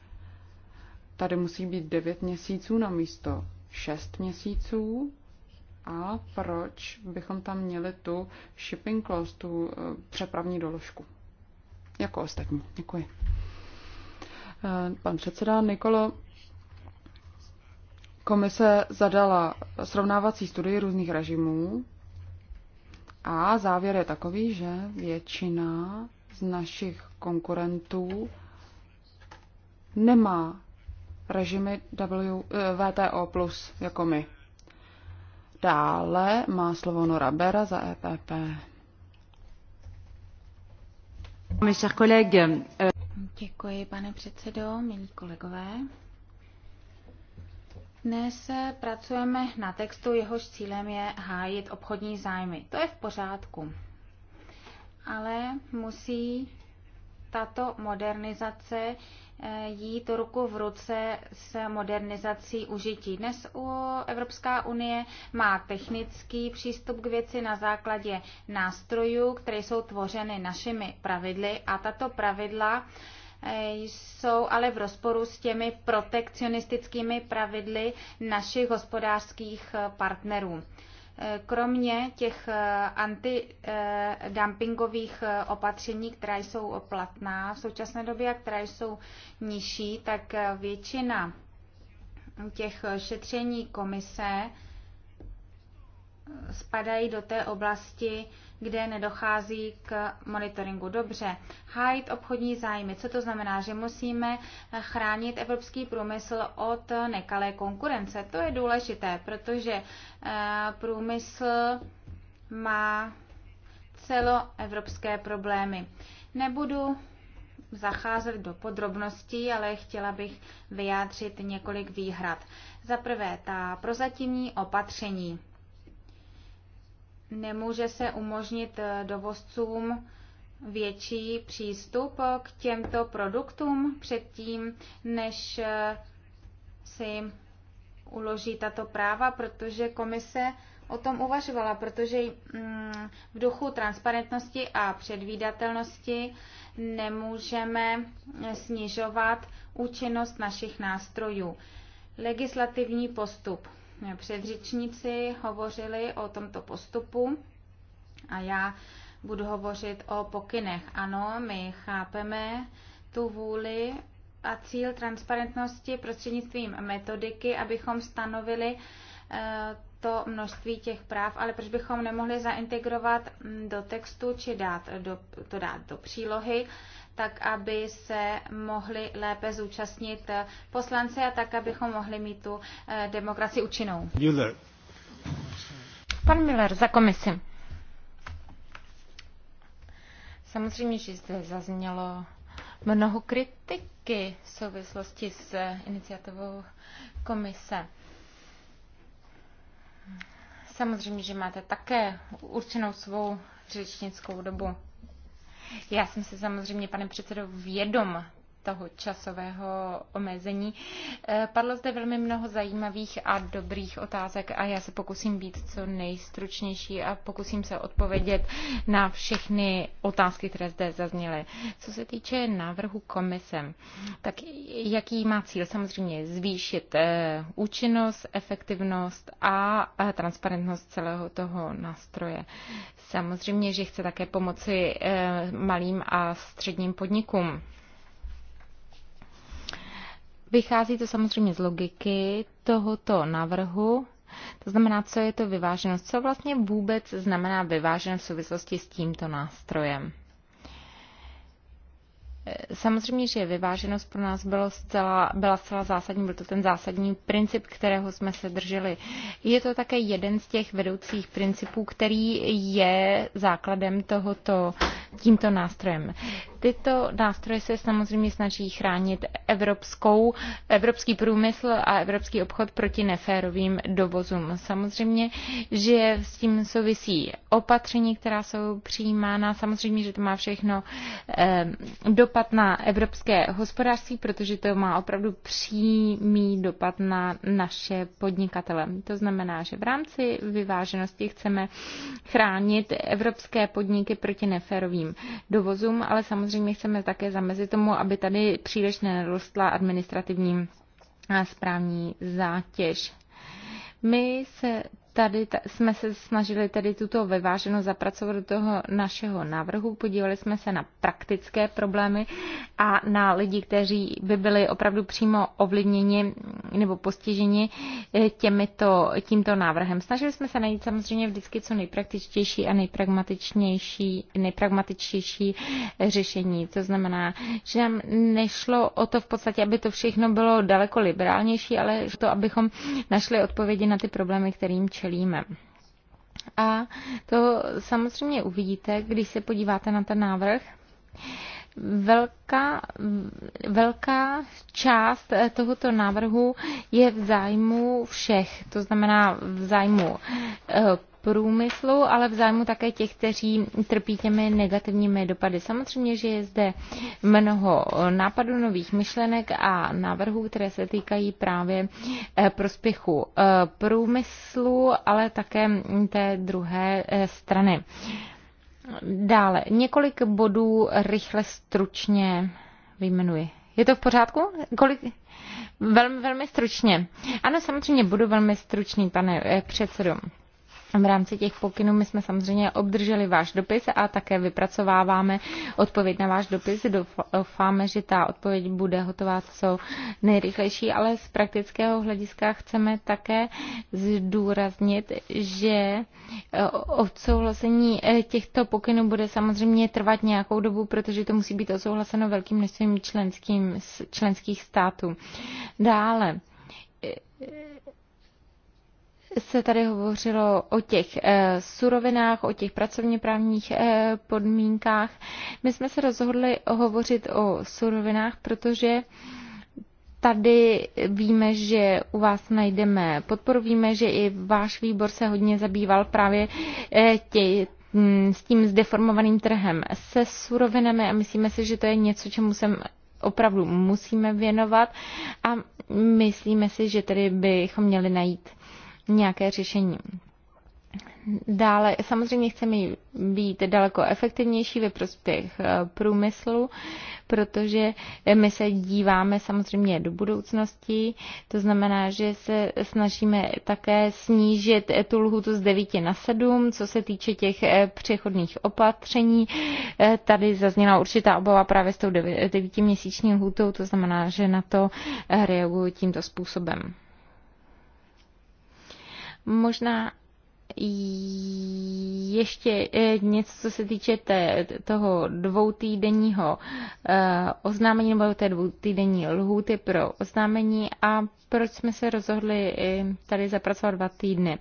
tady musí být 9 měsíců na místo 6 měsíců a proč bychom tam měli tu shipping clause, tu eh, přepravní doložku. Jako ostatní. Děkuji. Eh, pan předseda Nikolo, komise zadala srovnávací studii různých režimů a závěr je takový, že většina z našich konkurentů nemá režimy w, eh, VTO plus jako my. Dále má slovo Nora Bera za EPP. Euh, Děkuji, pane předsedo, milí kolegové. Dnes eh, pracujeme na textu, jehož cílem je hájit obchodní zájmy. To je v pořádku. Ale musí tato modernizace eh, jít ruku v ruce s modernizací užití. Dnes Evropská unie má technický přístup k věci na základě nástrojů, které jsou tvořeny našimi pravidly a tato pravidla eh, jsou ale v rozporu s těmi protekcionistickými pravidly našich hospodářských eh, partnerů kromě těch eh, antidumpingových eh, opatření, která jsou platná v současné době a která jsou nižší, tak eh, většina těch šetření komise spadají do té oblasti kde nedochází k monitoringu. Dobře, hájit obchodní zájmy. Co to znamená? Že musíme chránit evropský průmysl od nekalé konkurence. To je důležité, protože eh, průmysl má celoevropské problémy. Nebudu zacházet do podrobností, ale chtěla bych vyjádřit několik výhrad. Za prvé, ta prozatímní opatření nemůže se umožnit eh, dovozcům větší přístup k těmto produktům předtím, než eh, si uloží tato práva, protože komise o tom uvažovala, protože mm, v duchu transparentnosti a předvídatelnosti nemůžeme eh, snižovat účinnost našich nástrojů. Legislativní postup předřečníci hovořili o tomto postupu a já budu hovořit o pokynech. Ano, my chápeme tu vůli a cíl transparentnosti prostřednictvím metodiky, abychom stanovili eh, to množství těch práv, ale proč bychom nemohli zaintegrovat mm, do textu či dát do, to dát do přílohy tak aby se mohli lépe zúčastnit poslanci a tak, abychom mohli mít tu eh, demokracii účinnou. Müller. Pan Miller za komisi. Samozřejmě, že zde zaznělo mnoho kritiky v souvislosti s iniciativou komise. Samozřejmě, že máte také určenou svou řečnickou dobu. Já jsem se samozřejmě, pane předsedo, vědom toho časového omezení. Eh, padlo zde velmi mnoho zajímavých a dobrých otázek a já se pokusím být co nejstručnější a pokusím se odpovědět na všechny otázky, které zde zazněly. Co se týče návrhu komise, tak jaký má cíl? Samozřejmě zvýšit eh, účinnost, efektivnost a transparentnost celého toho nástroje. Samozřejmě, že chce také pomoci eh, malým a středním podnikům. Vychází to samozřejmě z logiky tohoto návrhu, to znamená, co je to vyváženost, co vlastně vůbec znamená vyváženost v souvislosti s tímto nástrojem. Eh, samozřejmě, že vyváženost pro nás bylo zcela, byla zcela zásadní, byl to ten zásadní princip, kterého jsme se drželi. Je to také jeden z těch vedoucích principů, který je základem tohoto, tímto nástrojem. Tyto nástroje se samozřejmě snaží chránit evropskou, evropský průmysl a evropský obchod proti neférovým dovozům. Samozřejmě, že s tím souvisí opatření, která jsou přijímána. Samozřejmě, že to má všechno eh, dopad dopad na evropské hospodářství, protože to má opravdu přímý dopad na naše podnikatele. To znamená, že v rámci vyváženosti chceme chránit evropské podniky proti neférovým dovozům, ale samozřejmě chceme také zamezit tomu, aby tady příliš nerostla administrativní a správní zátěž. My se Tady jsme se snažili tedy tuto vyváženost zapracovat do toho našeho návrhu. Podívali jsme se na praktické problémy a na lidi, kteří by byli opravdu přímo ovlivněni nebo postiženi eh, těmito, tímto návrhem. Snažili jsme se najít samozřejmě vždycky co nejpraktičtější a nejpragmatičnější, nejpragmatičtější eh, řešení. To znamená, že nám nešlo o to v podstatě, aby to všechno bylo daleko liberálnější, ale to, abychom našli odpovědi na ty problémy, kterým čelíme čelíme. A to samozřejmě uvidíte, když se podíváte na ten návrh. Velká, velká část tohoto návrhu je v zájmu všech, to znamená v zájmu eh, průmyslu, ale v zájmu také těch, kteří trpí těmi negativními dopady. Samozřejmě, že je zde mnoho nápadů, nových myšlenek a návrhů, které se týkají právě eh, prospěchu eh, průmyslu, ale také té druhé eh, strany. Dále, několik bodů rychle stručně vyjmenuji. Je to v pořádku? Kolik? Velmi, velmi stručně. Ano, samozřejmě budu velmi stručný, pane předsedo. V rámci těch pokynů my jsme samozřejmě obdrželi váš dopis a také vypracováváme odpověď na váš dopis. Doufáme, že ta odpověď bude hotová co nejrychlejší, ale z praktického hlediska chceme také zdůraznit, že e, odsouhlasení e, těchto pokynů bude samozřejmě trvat nějakou dobu, protože to musí být odsouhlaseno velkým množstvím členským, členských států. Dále e, se tady hovořilo o těch eh, surovinách, o těch pracovně právních eh, podmínkách. My jsme se rozhodli hovořit o surovinách, protože tady víme, že u vás najdeme podporu, víme, že i váš výbor se hodně zabýval právě eh, tě, mm, s tím zdeformovaným trhem se surovinami a myslíme si, že to je něco, čemu jsem opravdu musíme věnovat a myslíme si, že tedy bychom měli najít nějaké řešení. Dále samozřejmě chceme být daleko efektivnější ve prospěch eh, průmyslu, protože eh, my se díváme samozřejmě do budoucnosti, to znamená, že se snažíme také snížit eh, tu lhutu z 9 na 7, co se týče těch přechodných opatření. Tady zazněla určitá obava právě s tou 9-měsíční lhutou, to znamená, že na to reaguju tímto způsobem. Možná ještě eh, něco, co se týče té, toho dvoutýdenního eh, oznámení nebo té dvoutýdenní lhůty pro oznámení a proč jsme se rozhodli eh, tady zapracovat dva týdny.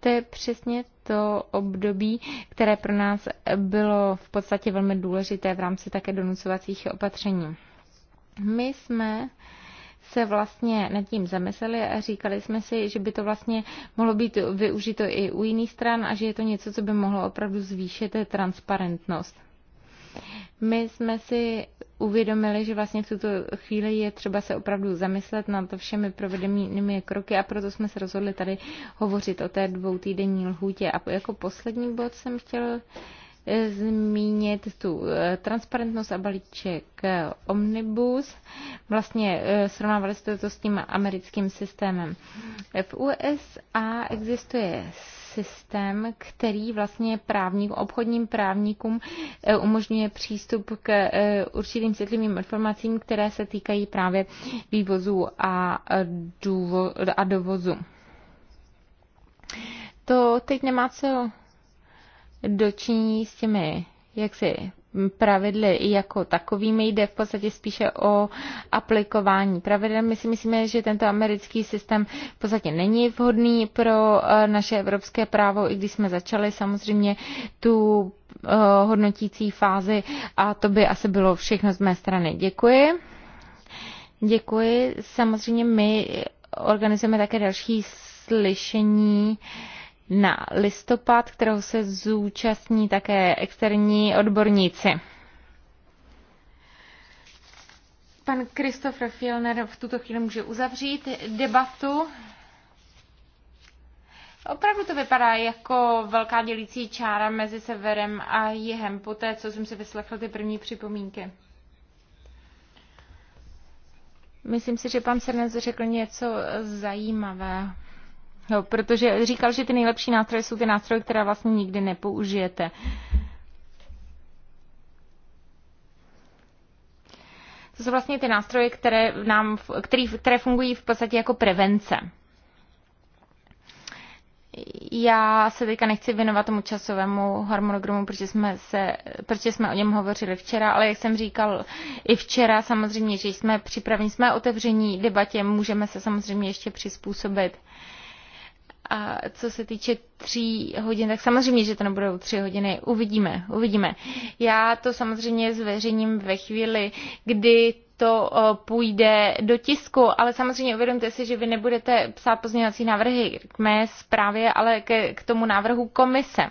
To je přesně to období, které pro nás bylo v podstatě velmi důležité v rámci také donucovacích opatření. My jsme uh, se vlastně nad tím zamysleli a říkali jsme si, že by to vlastně mohlo být využito i u jiných stran a že je to něco, co by mohlo opravdu zvýšit transparentnost. My jsme si uvědomili, že vlastně v tuto chvíli je třeba se opravdu zamyslet nad všemi provedenými kroky a proto jsme se rozhodli tady hovořit o té dvoutýdenní lhůtě. A jako poslední bod jsem chtěl zmínit tu eh, transparentnost a balíček eh, Omnibus. Vlastně eh, srovnávali jste to s tím americkým systémem. V USA existuje systém, který vlastně právník, obchodním právníkům umožňuje přístup k určitým citlivým informacím, které se týkají právě vývozu a, důvo, a dovozu. To teď nemá co dočiní s těmi jaksi pravidly jako takovými. Jde v podstatě spíše o aplikování pravidel. My si myslíme, že tento americký systém v podstatě není vhodný pro eh, naše evropské právo, i když jsme začali samozřejmě tu eh, hodnotící fázi a to by asi bylo všechno z mé strany. Děkuji. Děkuji. Samozřejmě my organizujeme také další slyšení uh, na listopad, kterého se zúčastní také externí odborníci. Pan Christopher Filner v tuto chvíli může uzavřít debatu. Opravdu to vypadá jako velká dělící čára mezi severem a jihem, po té, co jsem si vyslechl ty první připomínky. Myslím si, že pan Sernes řekl něco zajímavého. No, protože říkal, že ty nejlepší nástroje jsou ty nástroje, které vlastně nikdy nepoužijete. To jsou vlastně ty nástroje, které, nám, který, které fungují v podstatě jako prevence. Já se teďka nechci věnovat tomu časovému harmonogramu, protože jsme, se, protože jsme o něm hovořili včera, ale jak jsem říkal i včera, samozřejmě, že jsme připraveni, jsme otevření debatě, můžeme se samozřejmě ještě přizpůsobit. A co se týče tří hodin, tak samozřejmě, že to nebudou tři hodiny. Uvidíme, uvidíme. Já to samozřejmě zveřejním ve chvíli, kdy to půjde do tisku, ale samozřejmě uvědomte si, že vy nebudete psát pozměňovací návrhy k mé zprávě, ale k, k tomu návrhu komise. Uh,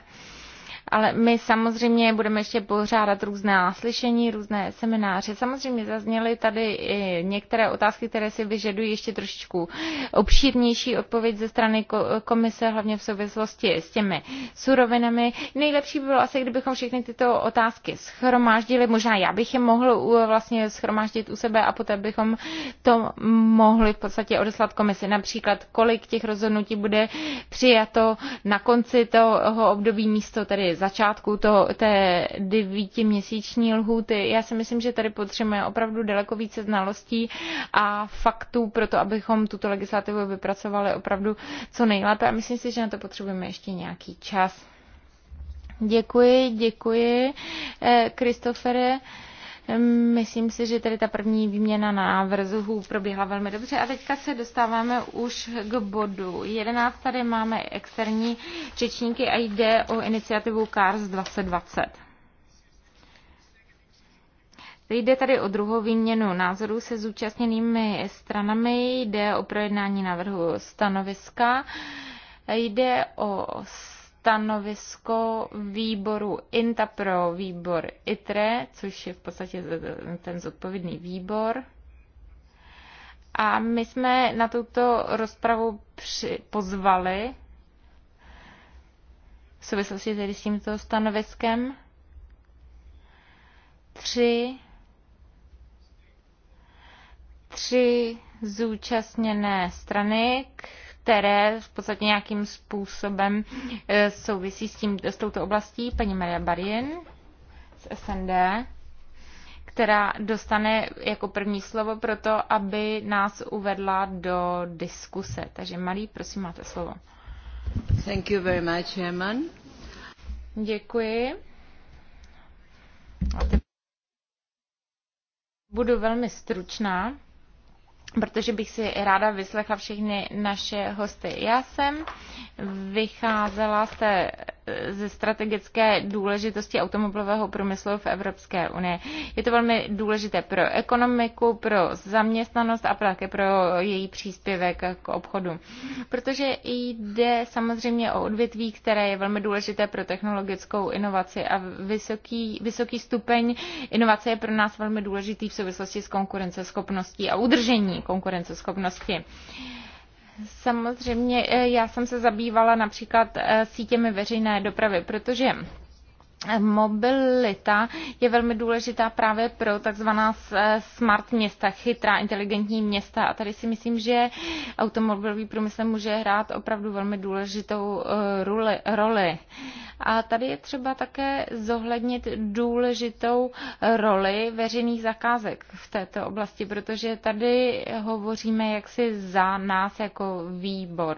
ale my samozřejmě budeme ještě pořádat různá slyšení, různé semináře. Samozřejmě zazněly tady i některé otázky, které si vyžadují ještě trošičku obšírnější odpověď ze strany komise, hlavně v souvislosti s těmi surovinami. Nejlepší by bylo asi, kdybychom všechny tyto otázky schromáždili. Možná já bych je mohl vlastně schromáždit u sebe a poté bychom to mohli v podstatě odeslat komisi. Například, kolik těch rozhodnutí bude přijato na konci toho období místo tedy začátku to, té devítiměsíční lhůty. Já si myslím, že tady potřebujeme opravdu daleko více znalostí a faktů pro to, abychom tuto legislativu vypracovali opravdu co nejlépe. A myslím si, že na to potřebujeme ještě nějaký čas. Děkuji, děkuji, eh, Kristofere. Eh, Myslím si, že tady ta první výměna na návrhů proběhla velmi dobře. A teďka se dostáváme už k bodu 11. Tady máme externí řečníky a jde o iniciativu CARS 2020. Jde tady o druhou výměnu názorů se zúčastněnými stranami, jde o projednání návrhu stanoviska, jde o stanovisko výboru INTA pro výbor ITRE, což je v podstatě ten zodpovědný výbor. A my jsme na tuto rozpravu při, pozvali v souvislosti tedy s tímto stanoviskem tři, tři zúčastněné strany, které v podstatě nějakým způsobem eh, souvisí s, tím, s touto oblastí. Paní Maria Barien z SND která dostane jako první slovo pro to, aby nás uvedla do diskuse. Takže Malí, prosím, máte slovo. Thank you very much, Chairman. Děkuji. Budu velmi stručná protože bych si ráda vyslechla všechny naše hosty. Já jsem vycházela z té ze strategické důležitosti automobilového průmyslu v Evropské unii. Je to velmi důležité pro ekonomiku, pro zaměstnanost a také pro její příspěvek k obchodu. Protože jde samozřejmě o odvětví, které je velmi důležité pro technologickou inovaci a vysoký, vysoký stupeň inovace je pro nás velmi důležitý v souvislosti s konkurenceschopností a udržení konkurenceschopnosti. Samozřejmě eh, já jsem se zabývala například eh, sítěmi veřejné dopravy, protože mobilita je velmi důležitá právě pro takzvaná smart města, chytrá, inteligentní města. A tady si myslím, že automobilový průmysl může hrát opravdu velmi důležitou eh, roli. A tady je třeba také zohlednit důležitou roli veřejných zakázek v této oblasti, protože tady hovoříme jaksi za nás jako výbor.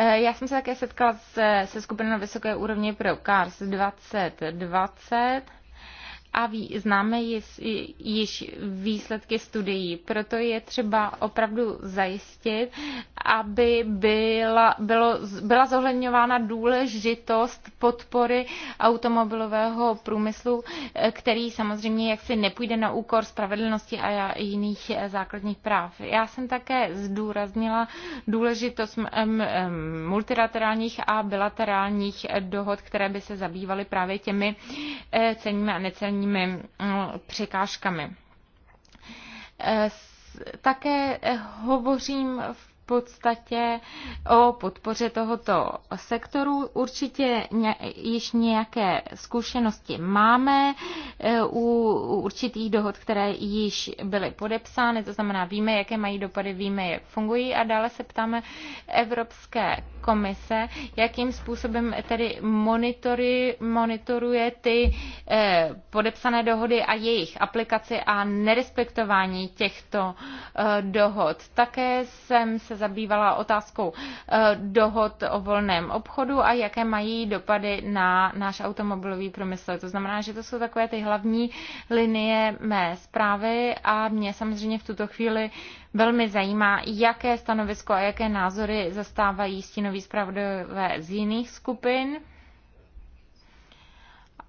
Eh, já jsem se také setkala se, se skupinou na vysoké úrovni pro CARS 2020 a ví, známe již výsledky studií. Proto je třeba opravdu zajistit, aby byla, bylo, byla zohledňována důležitost podpory automobilového průmyslu, který samozřejmě jaksi nepůjde na úkor spravedlnosti a jiných základních práv. Já jsem také zdůraznila důležitost multilaterálních a bilaterálních dohod, které by se zabývaly právě těmi eh, cenními a necenními administrativními mm, překážkami. Eh, také hovořím v podstatě o podpoře tohoto sektoru. Určitě již nějaké zkušenosti máme e, u určitých dohod, které již byly podepsány, to znamená víme, jaké mají dopady, víme, jak fungují a dále se ptáme Evropské komise, jakým způsobem tedy monitory, monitoruje ty e, podepsané dohody a jejich aplikaci a nerespektování těchto e, dohod. Také jsem se zabývala otázkou eh, dohod o volném obchodu a jaké mají dopady na náš automobilový průmysl. To znamená, že to jsou takové ty hlavní linie mé zprávy a mě samozřejmě v tuto chvíli velmi zajímá, jaké stanovisko a jaké názory zastávají stínoví zpravodajové z jiných skupin.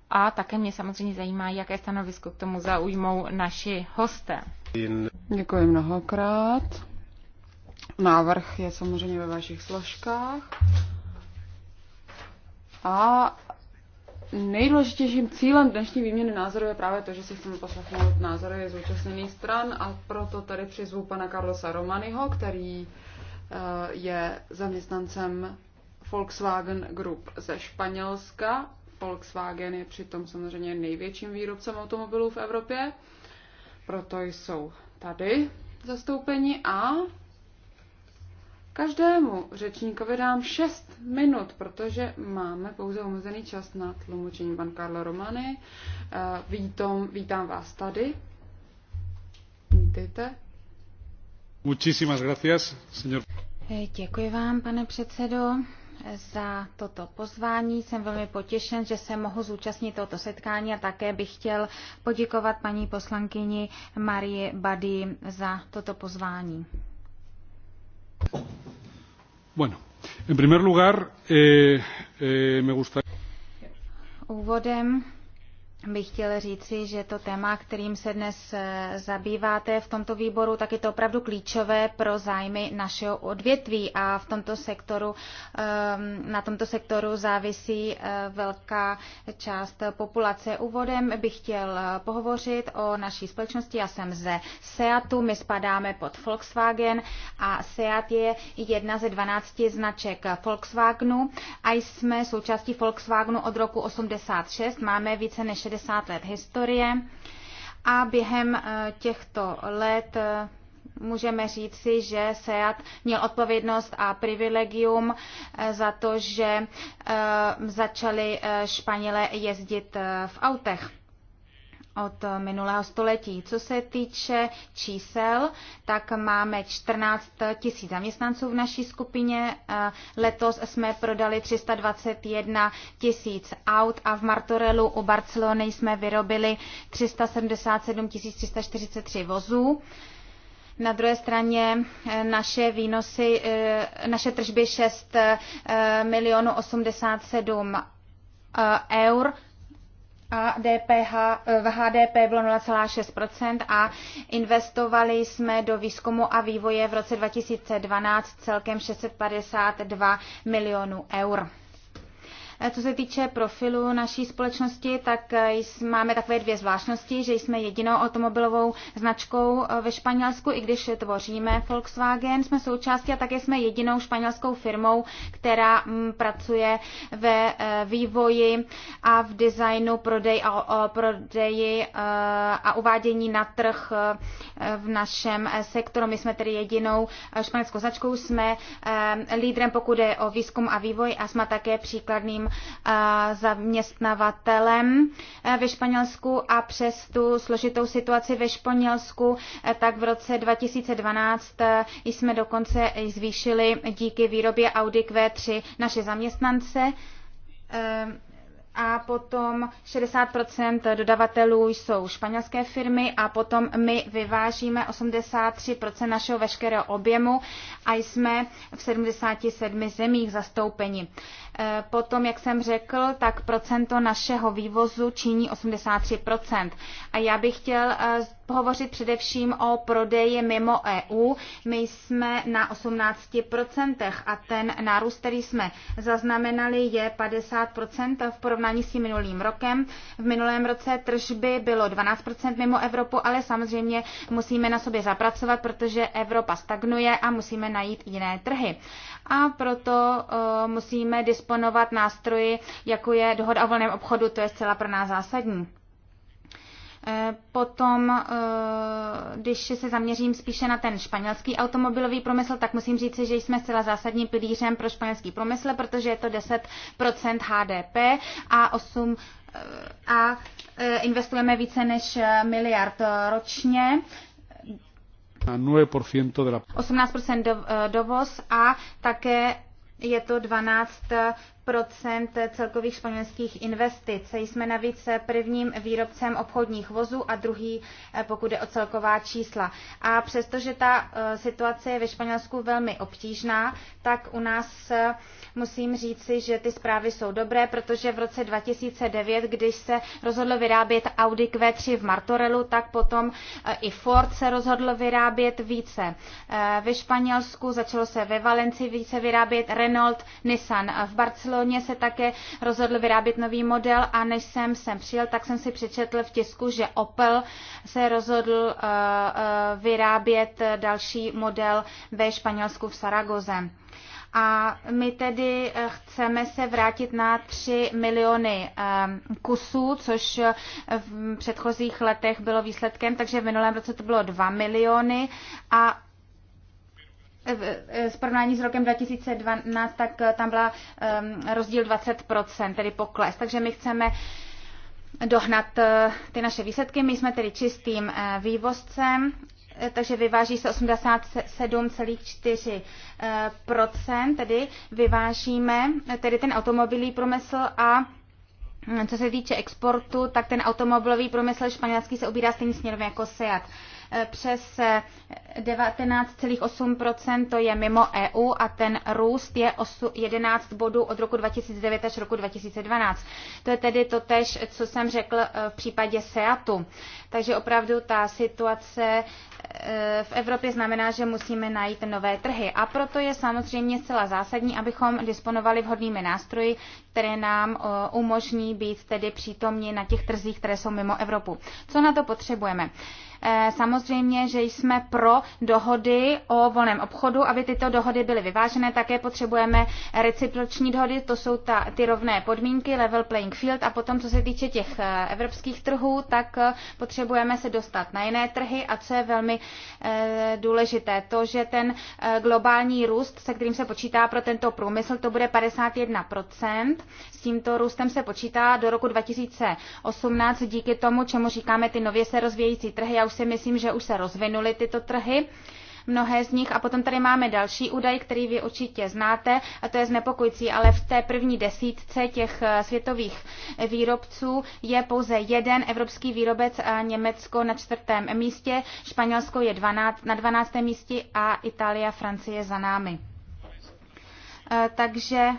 A také mě samozřejmě zajímá, jaké stanovisko k tomu zaujmou naši hosté. Děkuji mnohokrát. Návrh je samozřejmě ve vašich složkách. A nejdůležitějším cílem dnešní výměny názoru je právě to, že si chceme poslechnout názory zúčastněných stran a proto tady přizvu pana Carlosa Romanyho, který eh, je zaměstnancem Volkswagen Group ze Španělska. Volkswagen je přitom samozřejmě největším výrobcem automobilů v Evropě, proto jsou tady zastoupení a Každému řečníkovi dám 6 minut, protože máme pouze omezený čas na tlumočení. Pan Karlo Romany, eh, Vítom, vítám vás tady. Vítejte. Muchísimas gracias, señor. Eh, děkuji vám, pane předsedo, za toto pozvání. Jsem velmi potěšen, že se mohu zúčastnit tohoto setkání a také bych chtěl poděkovat paní poslankyni Marie Bady za toto pozvání. Bueno, en primer lugar, eh, eh, me gustaría. Úvodem bych chtěl říci, že to téma, kterým se dnes eh, zabýváte v tomto výboru, tak je to opravdu klíčové pro zájmy našeho odvětví a v tomto sektoru, ehm, na tomto sektoru závisí eh, velká část populace. Úvodem bych chtěl eh, pohovořit o naší společnosti. Já jsem ze Seatu, my spadáme pod Volkswagen a Seat je jedna ze 12 značek Volkswagenu a jsme součástí Volkswagenu od roku 86. Máme více než 60 let historie a během eh, těchto let eh, můžeme říci, že SEAT měl odpovědnost a privilegium eh, za to, že začali Španělé jezdit v autech od minulého století. Co se týče čísel, tak máme 14 tisíc zaměstnanců v naší skupině. Eh, letos jsme prodali 321 tisíc aut a v Martorelu u Barcelony jsme vyrobili 377 343 vozů. Na druhé straně eh, naše výnosy, eh, naše tržby 6 milionů 87 eur a DPH, v HDP bylo 0,6 a investovali jsme do výzkumu a vývoje v roce 2012 celkem 652 milionů eur. Eh, co se týče profilu naší společnosti, tak eh, máme takové dvě zvláštnosti, že jsme jedinou automobilovou značkou eh, ve Španělsku, i když tvoříme Volkswagen, jsme součástí a také jsme jedinou španělskou firmou, která mm, pracuje ve vývoji a v designu prodej a, prodeji a uvádění na trh v našem sektoru. My jsme tedy jedinou španělskou značkou, jsme lídrem, pokud je o výzkum a vývoj a jsme také příkladným zaměstnavatelem eh, ve Španělsku a přes tu složitou situaci ve Španělsku, eh, tak v roce 2012 eh, jsme dokonce zvýšili díky výrobě Audi Q3 naše zaměstnance a potom 60% dodavatelů jsou španělské firmy a potom my vyvážíme 83% našeho veškerého objemu a jsme v 77 zemích zastoupeni. Eh, Potom, jak jsem řekl, tak procento našeho vývozu činí 83%. A já bych chtěl pohovořit eh, především o prodeji mimo EU. My jsme na 18% a ten nárůst, který jsme zaznamenali, je 50% v porovnání s tím minulým rokem. V minulém roce tržby bylo 12% mimo Evropu, ale samozřejmě musíme na sobě zapracovat, protože Evropa stagnuje a musíme najít jiné trhy. A proto uh, musíme disponovat disponovat nástroji, jako je dohoda o volném obchodu, to je zcela pro nás zásadní. Eh, potom, eh, když se zaměřím spíše na ten španělský automobilový průmysl, tak musím říct, že jsme zcela zásadním pilířem pro španělský průmysl, protože je to 10 HDP a 8 eh, a investujeme více než miliard ročně. 18% dovoz a také je to 12 celkových španělských investic. Jsme navíc prvním výrobcem obchodních vozů a druhý, eh, pokud je o celková čísla. A přestože ta eh, situace je ve Španělsku velmi obtížná, tak u nás eh, musím říci, že ty zprávy jsou dobré, protože v roce 2009, když se rozhodlo vyrábět Audi Q3 v Martorelu, tak potom i Ford se rozhodlo vyrábět více. Ve Španělsku začalo se ve Valenci více vyrábět Renault, Nissan v Barceloně Barceloně se také rozhodl vyrábět nový model a než jsem sem přijel, tak jsem si přečetl v tisku, že Opel se rozhodl eh, eh, vyrábět další model ve Španělsku v Saragoze. A my tedy eh, chceme se vrátit na 3 miliony kusů, což v předchozích letech bylo výsledkem, takže v minulém roce to bylo 2 miliony a s eh, porovnání s rokem 2012, tak eh, tam byla ehm, rozdíl 20%, tedy pokles. Takže my chceme dohnat eh, ty naše výsledky. My jsme tedy čistým vývozcem, takže vyváží se 87,4%, tedy vyvážíme tedy ten automobilý průmysl a mm, co se týče exportu, tak ten automobilový průmysl španělský se ubírá stejným směrem jako SEAT. Eh, přes 19,8 eh, to je mimo EU a ten růst je 11 bodů od roku 2009 až roku 2012. To je tedy to tež, co jsem řekl eh, v případě SEATu. Takže opravdu ta situace v Evropě znamená, že musíme najít nové trhy. A proto je samozřejmě zcela zásadní, abychom disponovali vhodnými nástroji, které nám umožní být tedy přítomni na těch trzích, které jsou mimo Evropu. Co na to potřebujeme? Eh, samozřejmě, že jsme pro dohody o volném obchodu, aby tyto dohody byly vyvážené, také potřebujeme reciproční dohody, to jsou ta, ty rovné podmínky, level playing field a potom, co se týče těch eh, evropských trhů, tak eh, potřebujeme se dostat na jiné trhy a co je velmi důležité, to, že ten globální růst, se kterým se počítá pro tento průmysl, to bude 51%. S tímto růstem se počítá do roku 2018 díky tomu, čemu říkáme ty nově se rozvíjející trhy. Já už si myslím, že už se rozvinuly tyto trhy mnohé z nich. A potom tady máme další údaj, který vy určitě znáte, a to je znepokojící, ale v té první desítce těch eh, světových výrobců je pouze jeden evropský výrobec a eh, Německo na čtvrtém místě, Španělsko je 12, na dvanáctém místě a Itálie a Francie za námi. Eh, takže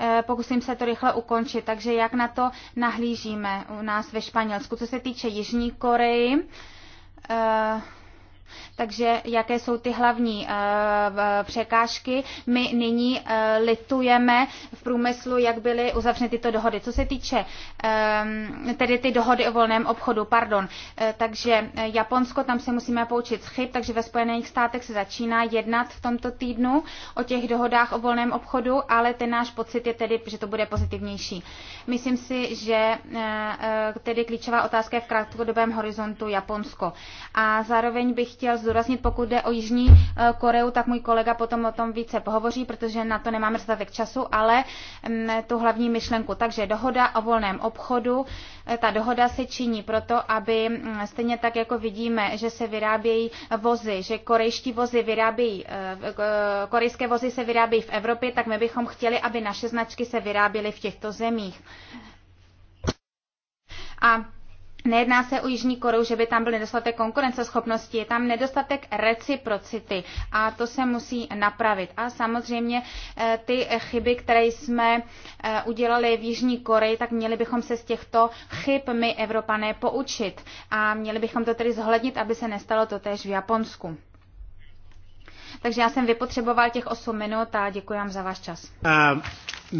Eh, pokusím se to rychle ukončit. Takže jak na to nahlížíme u nás ve Španělsku? Co se týče Jižní Koreji, eh, takže jaké jsou ty hlavní eh, překážky? My nyní eh, litujeme v průmyslu, jak byly uzavřeny tyto dohody. Co se týče ehm, tedy ty dohody o volném obchodu, pardon. Eh, takže Japonsko, tam se musíme poučit z chyb, takže ve Spojených státech se začíná jednat v tomto týdnu o těch dohodách o volném obchodu, ale ten náš pocit je tedy, že to bude pozitivnější. Myslím si, že tedy klíčová otázka je v krátkodobém horizontu Japonsko. A zároveň bych chtěl zdůraznit, pokud jde o Jižní eh, Koreu, tak můj kolega potom o tom více pohovoří, protože na to nemáme dostatek času, ale mm, tu hlavní myšlenku. Takže dohoda o volném obchodu, eh, ta dohoda se činí proto, aby mm, stejně tak, jako vidíme, že se vyrábějí vozy, že korejští vozy vyrábějí, eh, korejské vozy se vyrábějí v Evropě, tak my bychom chtěli, aby naše značky se vyráběly v těchto zemích. A Nejedná se o Jižní Koreu, že by tam byl nedostatek konkurenceschopnosti, je tam nedostatek reciprocity a to se musí napravit. A samozřejmě eh, ty chyby, které jsme eh, udělali v Jižní Koreji, tak měli bychom se z těchto chyb my Evropané poučit a měli bychom to tedy zohlednit, aby se nestalo to též v Japonsku. Takže já jsem vypotřeboval těch 8 minut a děkuji vám za váš čas. Um,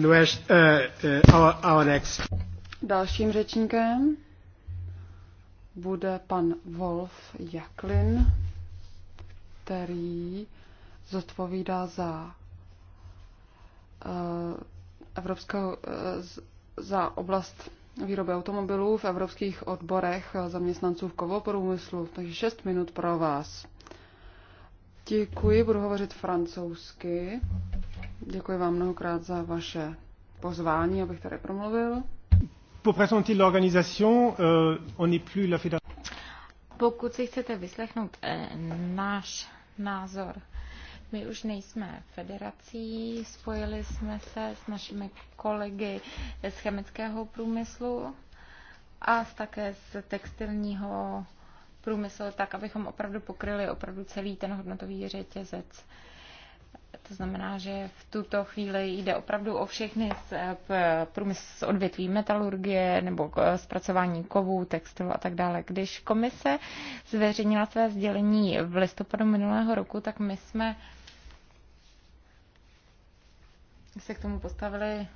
uh, uh, our, our next. Dalším řečníkem bude pan Wolf Jaklin, který zodpovídá za eh, evropskou, eh, za oblast výroby automobilů v evropských odborech zaměstnanců v kovoprůmyslu. Takže 6 minut pro vás. Děkuji, budu hovořit francouzsky. Děkuji vám mnohokrát za vaše pozvání, abych tady promluvil. Pour présenter l'organisation, euh, on n'est plus la fédération. Pokud si chcete vyslechnout eh, náš názor, my už nejsme federací, spojili jsme se s našimi kolegy z chemického průmyslu a také z textilního průmyslu, tak abychom opravdu pokryli opravdu celý ten hodnotový řetězec. Eh, to znamená, že v tuto chvíli jde opravdu o všechny z eh, průmysl z odvětví metalurgie nebo eh, zpracování kovů, textilu a tak dále. Když komise zveřejnila své sdělení v listopadu minulého roku, tak my jsme se k tomu postavili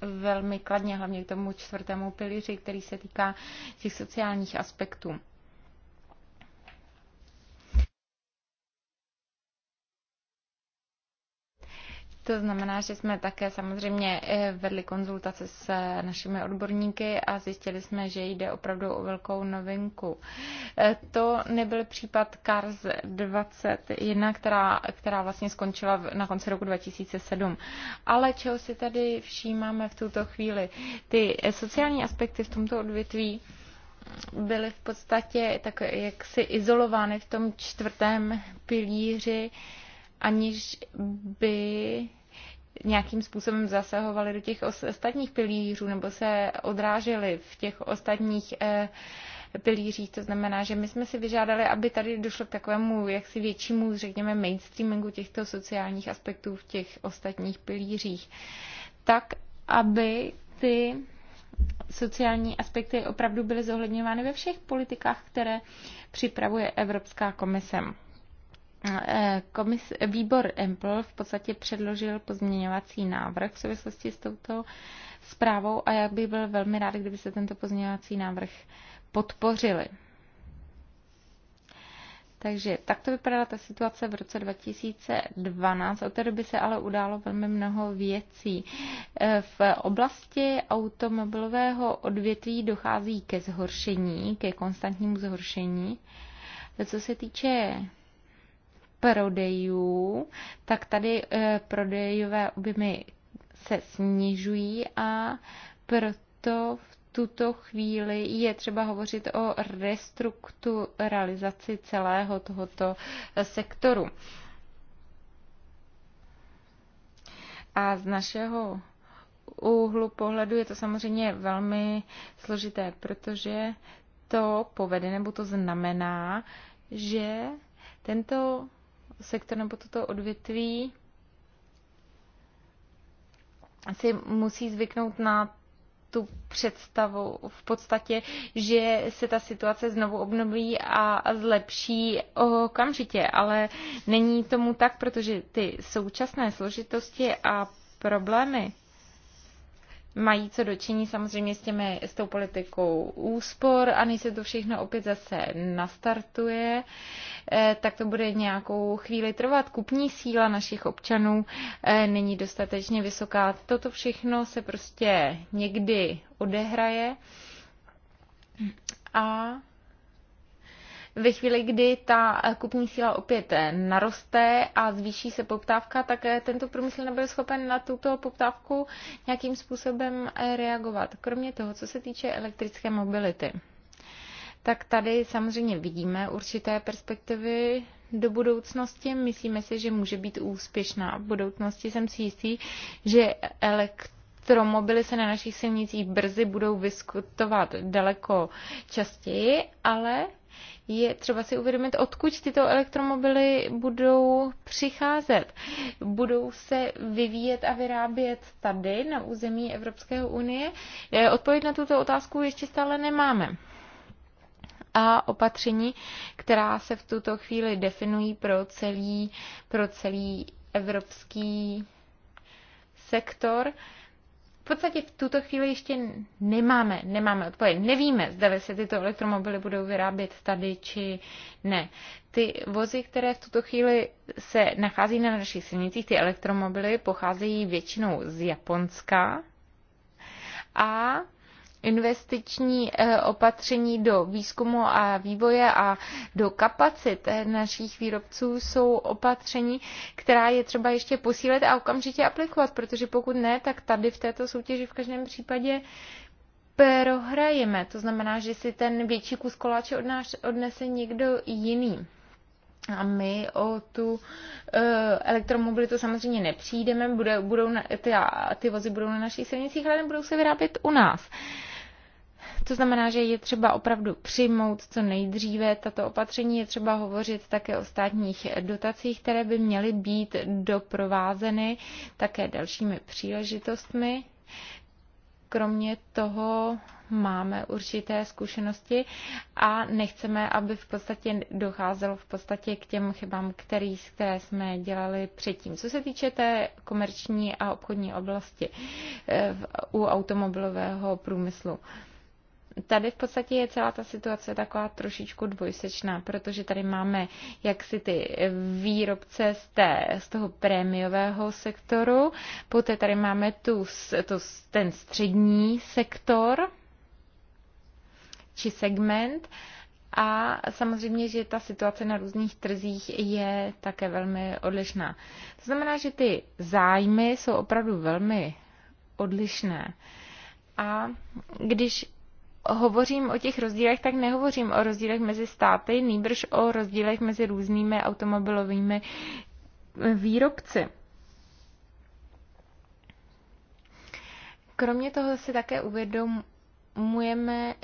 velmi kladně, hlavně k tomu čtvrtému pilíři, který se týká těch sociálních aspektů. To znamená, že jsme také samozřejmě eh, vedli konzultace s eh, našimi odborníky a zjistili jsme, že jde opravdu o velkou novinku. Eh, to nebyl případ CARS 21, která, která vlastně skončila na konci roku 2007. Ale čeho si tady všímáme v tuto chvíli? Ty sociální aspekty v tomto odvětví byly v podstatě tak jaksi izolovány v tom čtvrtém pilíři aniž by nějakým způsobem zasahovali do těch ostatních pilířů nebo se odráželi v těch ostatních eh, pilířích. To znamená, že my jsme si vyžádali, aby tady došlo k takovému jaksi většímu, řekněme, mainstreamingu těchto sociálních aspektů v těch ostatních pilířích. Tak, aby ty sociální aspekty opravdu byly zohledňovány ve všech politikách, které připravuje Evropská komise. Eh, komis, výbor EMPL v podstatě předložil pozměňovací návrh v souvislosti s touto zprávou a já bych byl velmi rád, kdyby se tento pozměňovací návrh podpořili. Takže takto vypadala ta situace v roce 2012. Od té doby se ale událo velmi mnoho věcí. Eh, v oblasti automobilového odvětví dochází ke zhoršení, ke konstantnímu zhoršení. Co se týče prodejů, tak tady eh, prodejové objemy se snižují a proto v tuto chvíli je třeba hovořit o restrukturalizaci celého tohoto eh, sektoru. A z našeho úhlu pohledu je to samozřejmě velmi složité, protože to povede nebo to znamená, že tento sektor nebo toto odvětví si musí zvyknout na tu představu v podstatě, že se ta situace znovu obnoví a zlepší okamžitě, ale není tomu tak, protože ty současné složitosti a problémy, mají co dočiní samozřejmě s, těmi, s tou politikou úspor a než se to všechno opět zase nastartuje, eh, tak to bude nějakou chvíli trvat. Kupní síla našich občanů eh, není dostatečně vysoká. Toto všechno se prostě někdy odehraje a ve chvíli, kdy ta kupní síla opět eh, naroste a zvýší se poptávka, tak eh, tento průmysl nebude schopen na tuto poptávku nějakým způsobem eh, reagovat. Kromě toho, co se týče elektrické mobility tak tady samozřejmě vidíme určité perspektivy do budoucnosti. Myslíme si, že může být úspěšná. V budoucnosti jsem si jistý, že elektromobily se na našich silnicích brzy budou vyskutovat daleko častěji, ale je třeba si uvědomit, odkud tyto elektromobily budou přicházet. Budou se vyvíjet a vyrábět tady na území Evropské unie? E, odpověď na tuto otázku ještě stále nemáme a opatření, která se v tuto chvíli definují pro celý, pro celý evropský sektor, v podstatě v tuto chvíli ještě nemáme, nemáme odpověď. Nevíme, zda se tyto elektromobily budou vyrábět tady či ne. Ty vozy, které v tuto chvíli se nachází na našich silnicích, ty elektromobily pocházejí většinou z Japonska a investiční eh, opatření do výzkumu a vývoje a do kapacit eh, našich výrobců jsou opatření, která je třeba ještě posílit a okamžitě aplikovat, protože pokud ne, tak tady v této soutěži v každém případě prohrajeme. To znamená, že si ten větší kus koláče od nás odnese někdo jiný. A my o tu eh, elektromobilitu samozřejmě nepřijdeme, bude, budou na, ty, ty vozy budou na našich silnicích, ale budou se vyrábět u nás. To znamená, že je třeba opravdu přijmout co nejdříve tato opatření. Je třeba hovořit také o státních dotacích, které by měly být doprovázeny také dalšími příležitostmi. Kromě toho máme určité zkušenosti a nechceme, aby v podstatě docházelo v podstatě k těm chybám, který, které jsme dělali předtím. Co se týče té komerční a obchodní oblasti eh, u automobilového průmyslu tady v podstatě je celá ta situace taková trošičku dvojsečná, protože tady máme jaksi ty výrobce z, té, z toho prémiového sektoru, poté tady máme tu, tu, ten střední sektor či segment a samozřejmě, že ta situace na různých trzích je také velmi odlišná. To znamená, že ty zájmy jsou opravdu velmi odlišné. A když hovořím o těch rozdílech, tak nehovořím o rozdílech mezi státy, nýbrž o rozdílech mezi různými automobilovými eh, výrobci. Kromě toho si také uvědomujeme,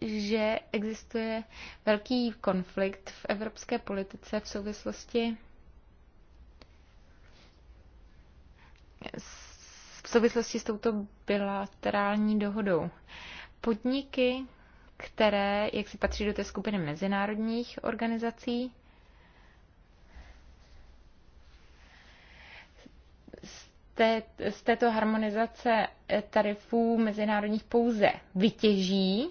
že existuje velký konflikt v evropské politice v souvislosti s, v souvislosti s touto bilaterální dohodou. Uh, podniky, které, jak si patří do té skupiny mezinárodních organizací, z této harmonizace tarifů mezinárodních pouze vytěží.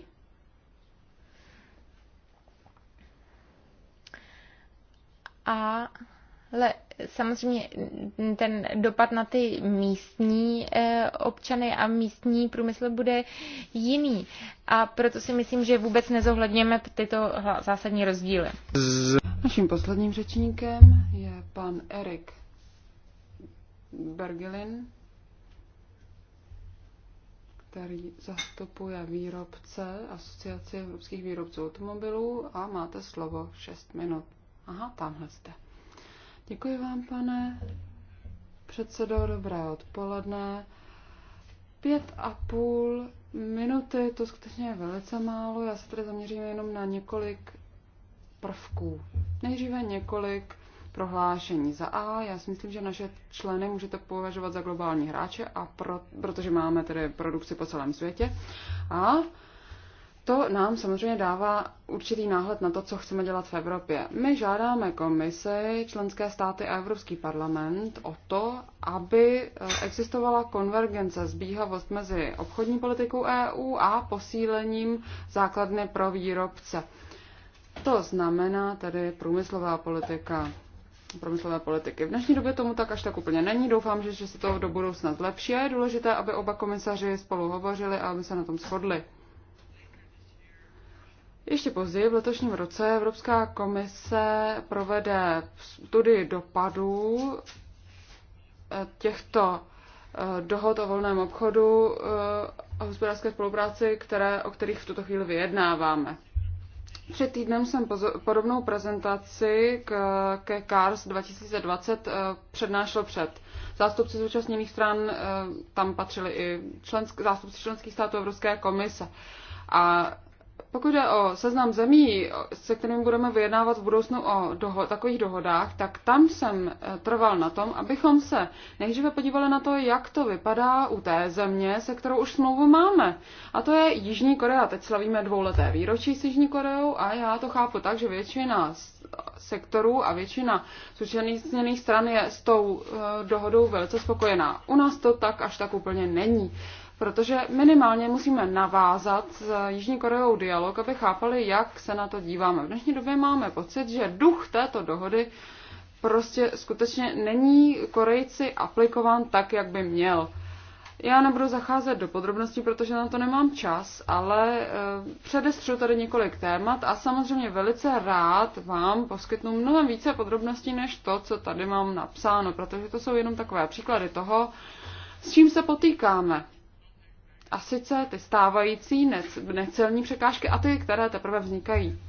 A ale samozřejmě ten dopad na ty místní eh, občany a místní průmysl bude jiný. A proto si myslím, že vůbec nezohledněme tyto zásadní rozdíly. Naším posledním řečníkem je pan Erik Bergelin, který zastupuje výrobce Asociace evropských výrobců automobilů a máte slovo 6 minut. Aha, tamhle jste. Děkuji vám, pane předsedo, dobré odpoledne. Pět a půl minuty, to skutečně je velice málo. Já se tedy zaměřím jenom na několik prvků. Nejdříve několik prohlášení. Za A, já si myslím, že naše členy můžete považovat za globální hráče, a pro, protože máme tedy produkci po celém světě. A to nám samozřejmě dává určitý náhled na to, co chceme dělat v Evropě. My žádáme komisi, členské státy a Evropský parlament o to, aby eh, existovala konvergence, zbíhavost mezi obchodní politikou EU a posílením základny pro výrobce. To znamená tedy průmyslová politika průmyslové politiky. V dnešní době tomu tak až tak úplně není. Doufám, že, že se to do budoucna zlepší. Je důležité, aby oba komisaři spolu hovořili a aby se na tom shodli. Ještě později v letošním roce Evropská komise provede studii dopadů eh, těchto eh, dohod o volném obchodu eh, a hospodářské spolupráci, které, o kterých v tuto chvíli vyjednáváme. Před týdnem jsem podobnou prezentaci k, ke CARS 2020 přednášel před zástupci zúčastněných stran, tam patřili i člensk, zástupci členských států Evropské komise. A pokud je o seznam zemí, se kterými budeme vyjednávat v budoucnu o doho- takových dohodách, tak tam jsem eh, trval na tom, abychom se nejdříve podívali na to, jak to vypadá u té země, se kterou už smlouvu máme. A to je Jižní Korea. Teď slavíme dvouleté výročí s Jižní Koreou a já to chápu tak, že většina sektorů a většina zúčastněných stran je s tou eh, dohodou velice spokojená. U nás to tak až tak úplně není protože minimálně musíme navázat s Jižní Koreou dialog, aby chápali, jak se na to díváme. V dnešní době máme pocit, že duch této dohody prostě skutečně není Korejci aplikován tak, jak by měl. Já nebudu zacházet do podrobností, protože na to nemám čas, ale e, předestřu tady několik témat a samozřejmě velice rád vám poskytnu mnohem více podrobností než to, co tady mám napsáno, protože to jsou jenom takové příklady toho, s čím se potýkáme. A sice ty stávající necelní překážky a ty, které teprve vznikají.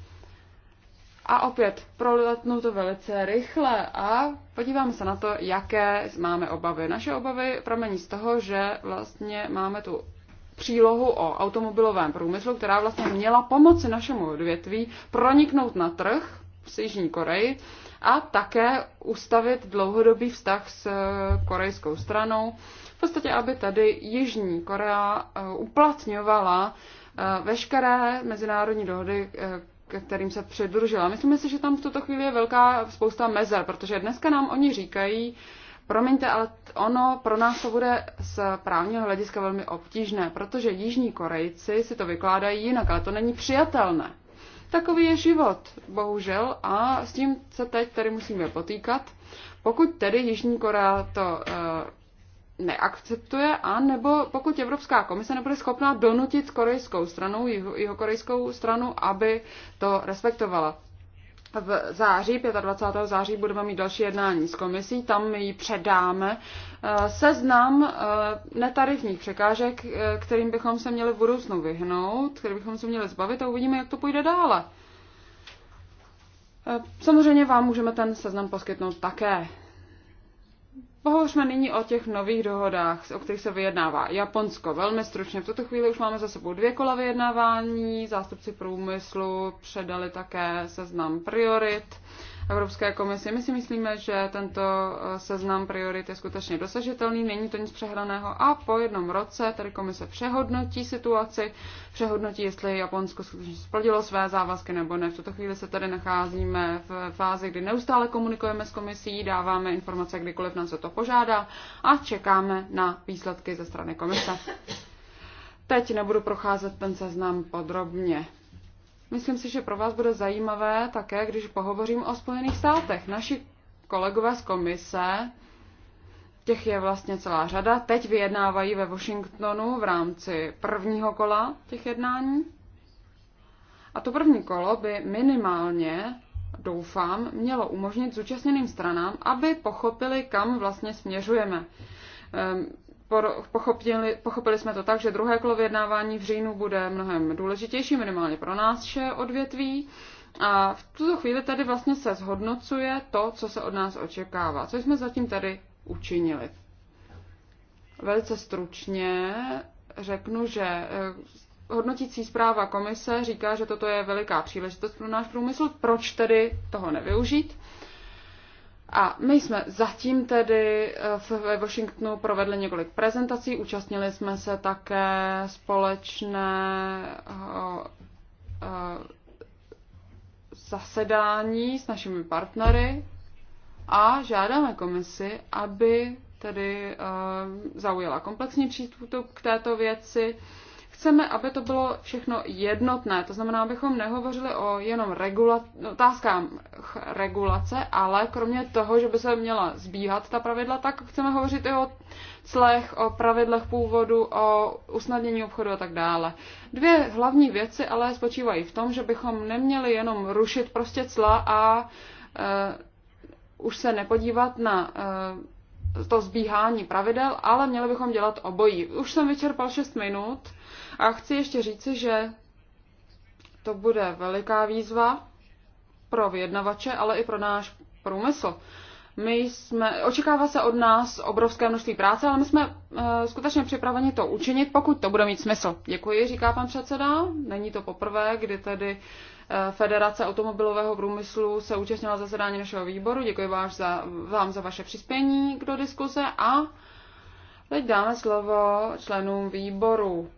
A opět proletnu to velice rychle a podíváme se na to, jaké máme obavy. Naše obavy pramení z toho, že vlastně máme tu přílohu o automobilovém průmyslu, která vlastně měla pomoci našemu odvětví proniknout na trh v Jižní Koreji a také ustavit dlouhodobý vztah s korejskou stranou podstatě, aby tady Jižní Korea eh, uplatňovala eh, veškeré mezinárodní dohody, eh, ke kterým se přidružila. Myslím si, že tam v tuto chvíli je velká spousta mezer, protože dneska nám oni říkají, promiňte, ale ono pro nás to bude z právního hlediska velmi obtížné, protože Jižní Korejci si to vykládají jinak, ale to není přijatelné. Takový je život, bohužel, a s tím se teď tady musíme potýkat. Pokud tedy Jižní Korea to neakceptuje, a nebo pokud Evropská komise nebude schopná donutit korejskou stranu, jeho, jeho korejskou stranu, aby to respektovala. V září, 25. září, budeme mít další jednání s komisí, tam my ji předáme eh, seznam eh, netarifních překážek, eh, kterým bychom se měli v budoucnu vyhnout, kterým bychom se měli zbavit a uvidíme, jak to půjde dále. Samozřejmě vám můžeme ten seznam poskytnout také Pohovořme nyní o těch nových dohodách, o kterých se vyjednává. Japonsko, velmi stručně. V tuto chvíli už máme za sebou dvě kola vyjednávání. Zástupci průmyslu předali také seznam priorit Evropské komisi. My si myslíme, že tento eh, seznam priorit je skutečně dosažitelný, není to nic přehraného a po jednom roce tedy komise přehodnotí situaci, přehodnotí, jestli Japonsko skutečně splnilo své závazky nebo ne. V tuto chvíli se tady nacházíme v fázi, kdy neustále komunikujeme s komisí, dáváme informace kdykoliv nás o to požádá a čekáme na výsledky ze strany komise. Teď nebudu procházet ten seznam podrobně. Myslím si, že pro vás bude zajímavé také, když pohovořím o Spojených státech. Naši kolegové z komise, těch je vlastně celá řada, teď vyjednávají ve Washingtonu v rámci prvního kola těch jednání. A to první kolo by minimálně, doufám, mělo umožnit zúčastněným stranám, aby pochopili, kam vlastně směřujeme. Ehm, pochopili, pochopili jsme to tak, že druhé kolo vyjednávání v říjnu bude mnohem důležitější, minimálně pro nás vše odvětví. A v tuto chvíli tady vlastně se zhodnocuje to, co se od nás očekává, co jsme zatím tady učinili. Velice stručně řeknu, že eh, hodnotící zpráva komise říká, že toto je veliká příležitost pro náš průmysl. Proč tedy toho nevyužít? A my jsme zatím tedy eh, ve Washingtonu provedli několik prezentací, účastnili jsme se také společné eh, eh, zasedání s našimi partnery a žádáme komisi, aby tedy zaujala komplexní přístup k této věci, chceme, aby to bylo všechno jednotné. To znamená, abychom nehovořili o jenom regula- otázkám regulace, ale kromě toho, že by se měla zbíhat ta pravidla, tak chceme hovořit i o clech, o pravidlech původu, o usnadnění obchodu a tak dále. Dvě hlavní věci ale spočívají v tom, že bychom neměli jenom rušit prostě cla a e, už se nepodívat na e, to zbíhání pravidel, ale měli bychom dělat obojí. Už jsem vyčerpal 6 minut. A chci ještě říci, že to bude veliká výzva pro vyjednavače, ale i pro náš průmysl. My jsme, očekává se od nás obrovské množství práce, ale my jsme e, skutečně připraveni to učinit, pokud to bude mít smysl. Děkuji, říká pan předseda. Není to poprvé, kdy tedy e, Federace automobilového průmyslu se účastnila zasedání našeho výboru. Děkuji vám za, vám za vaše přispění do diskuse a teď dáme slovo členům výboru.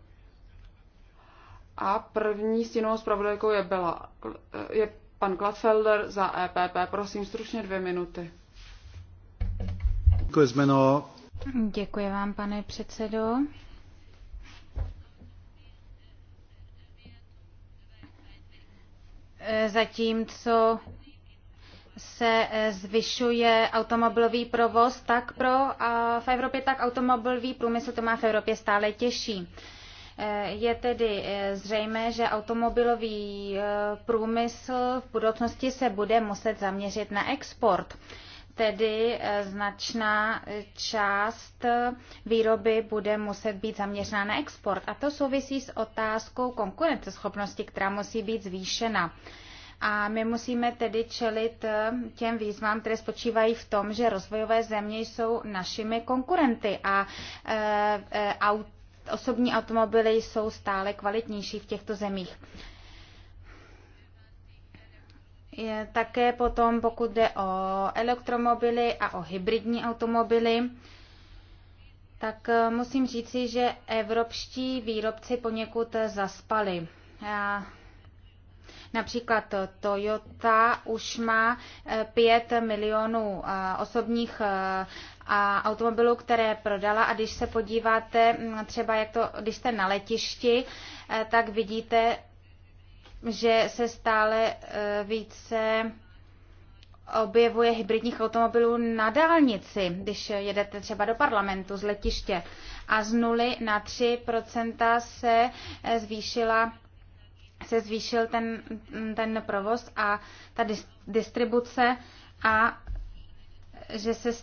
A první stínovou zpravodajkou je, Bela, je pan Gladfelder za EPP. Prosím, stručně dvě minuty. Děkuji, zmeno. Děkuji vám, pane předsedo. Zatímco se zvyšuje automobilový provoz, tak pro, a v Evropě tak automobilový průmysl to má v Evropě stále těžší. Je tedy eh, zřejmé, že automobilový eh, průmysl v budoucnosti se bude muset zaměřit na export. Tedy eh, značná část výroby bude muset být zaměřena na export. A to souvisí s otázkou konkurenceschopnosti, která musí být zvýšena. A my musíme tedy čelit těm výzvám, které spočívají v tom, že rozvojové země jsou našimi konkurenty a e, aut osobní automobily jsou stále kvalitnější v těchto zemích. Je také potom, pokud jde o elektromobily a o hybridní automobily, tak eh, musím říci, že evropští výrobci poněkud eh, zaspali. Například eh, Toyota už má 5 milionů osobních a automobilů, které prodala. A když se podíváte, mm, třeba jak to, když jste na letišti, eh, tak vidíte, že se stále eh, více objevuje hybridních automobilů na dálnici, když jedete třeba do parlamentu z letiště. A z 0 na 3 se eh, zvýšila se zvýšil ten, mm, ten provoz a ta distribuce a že se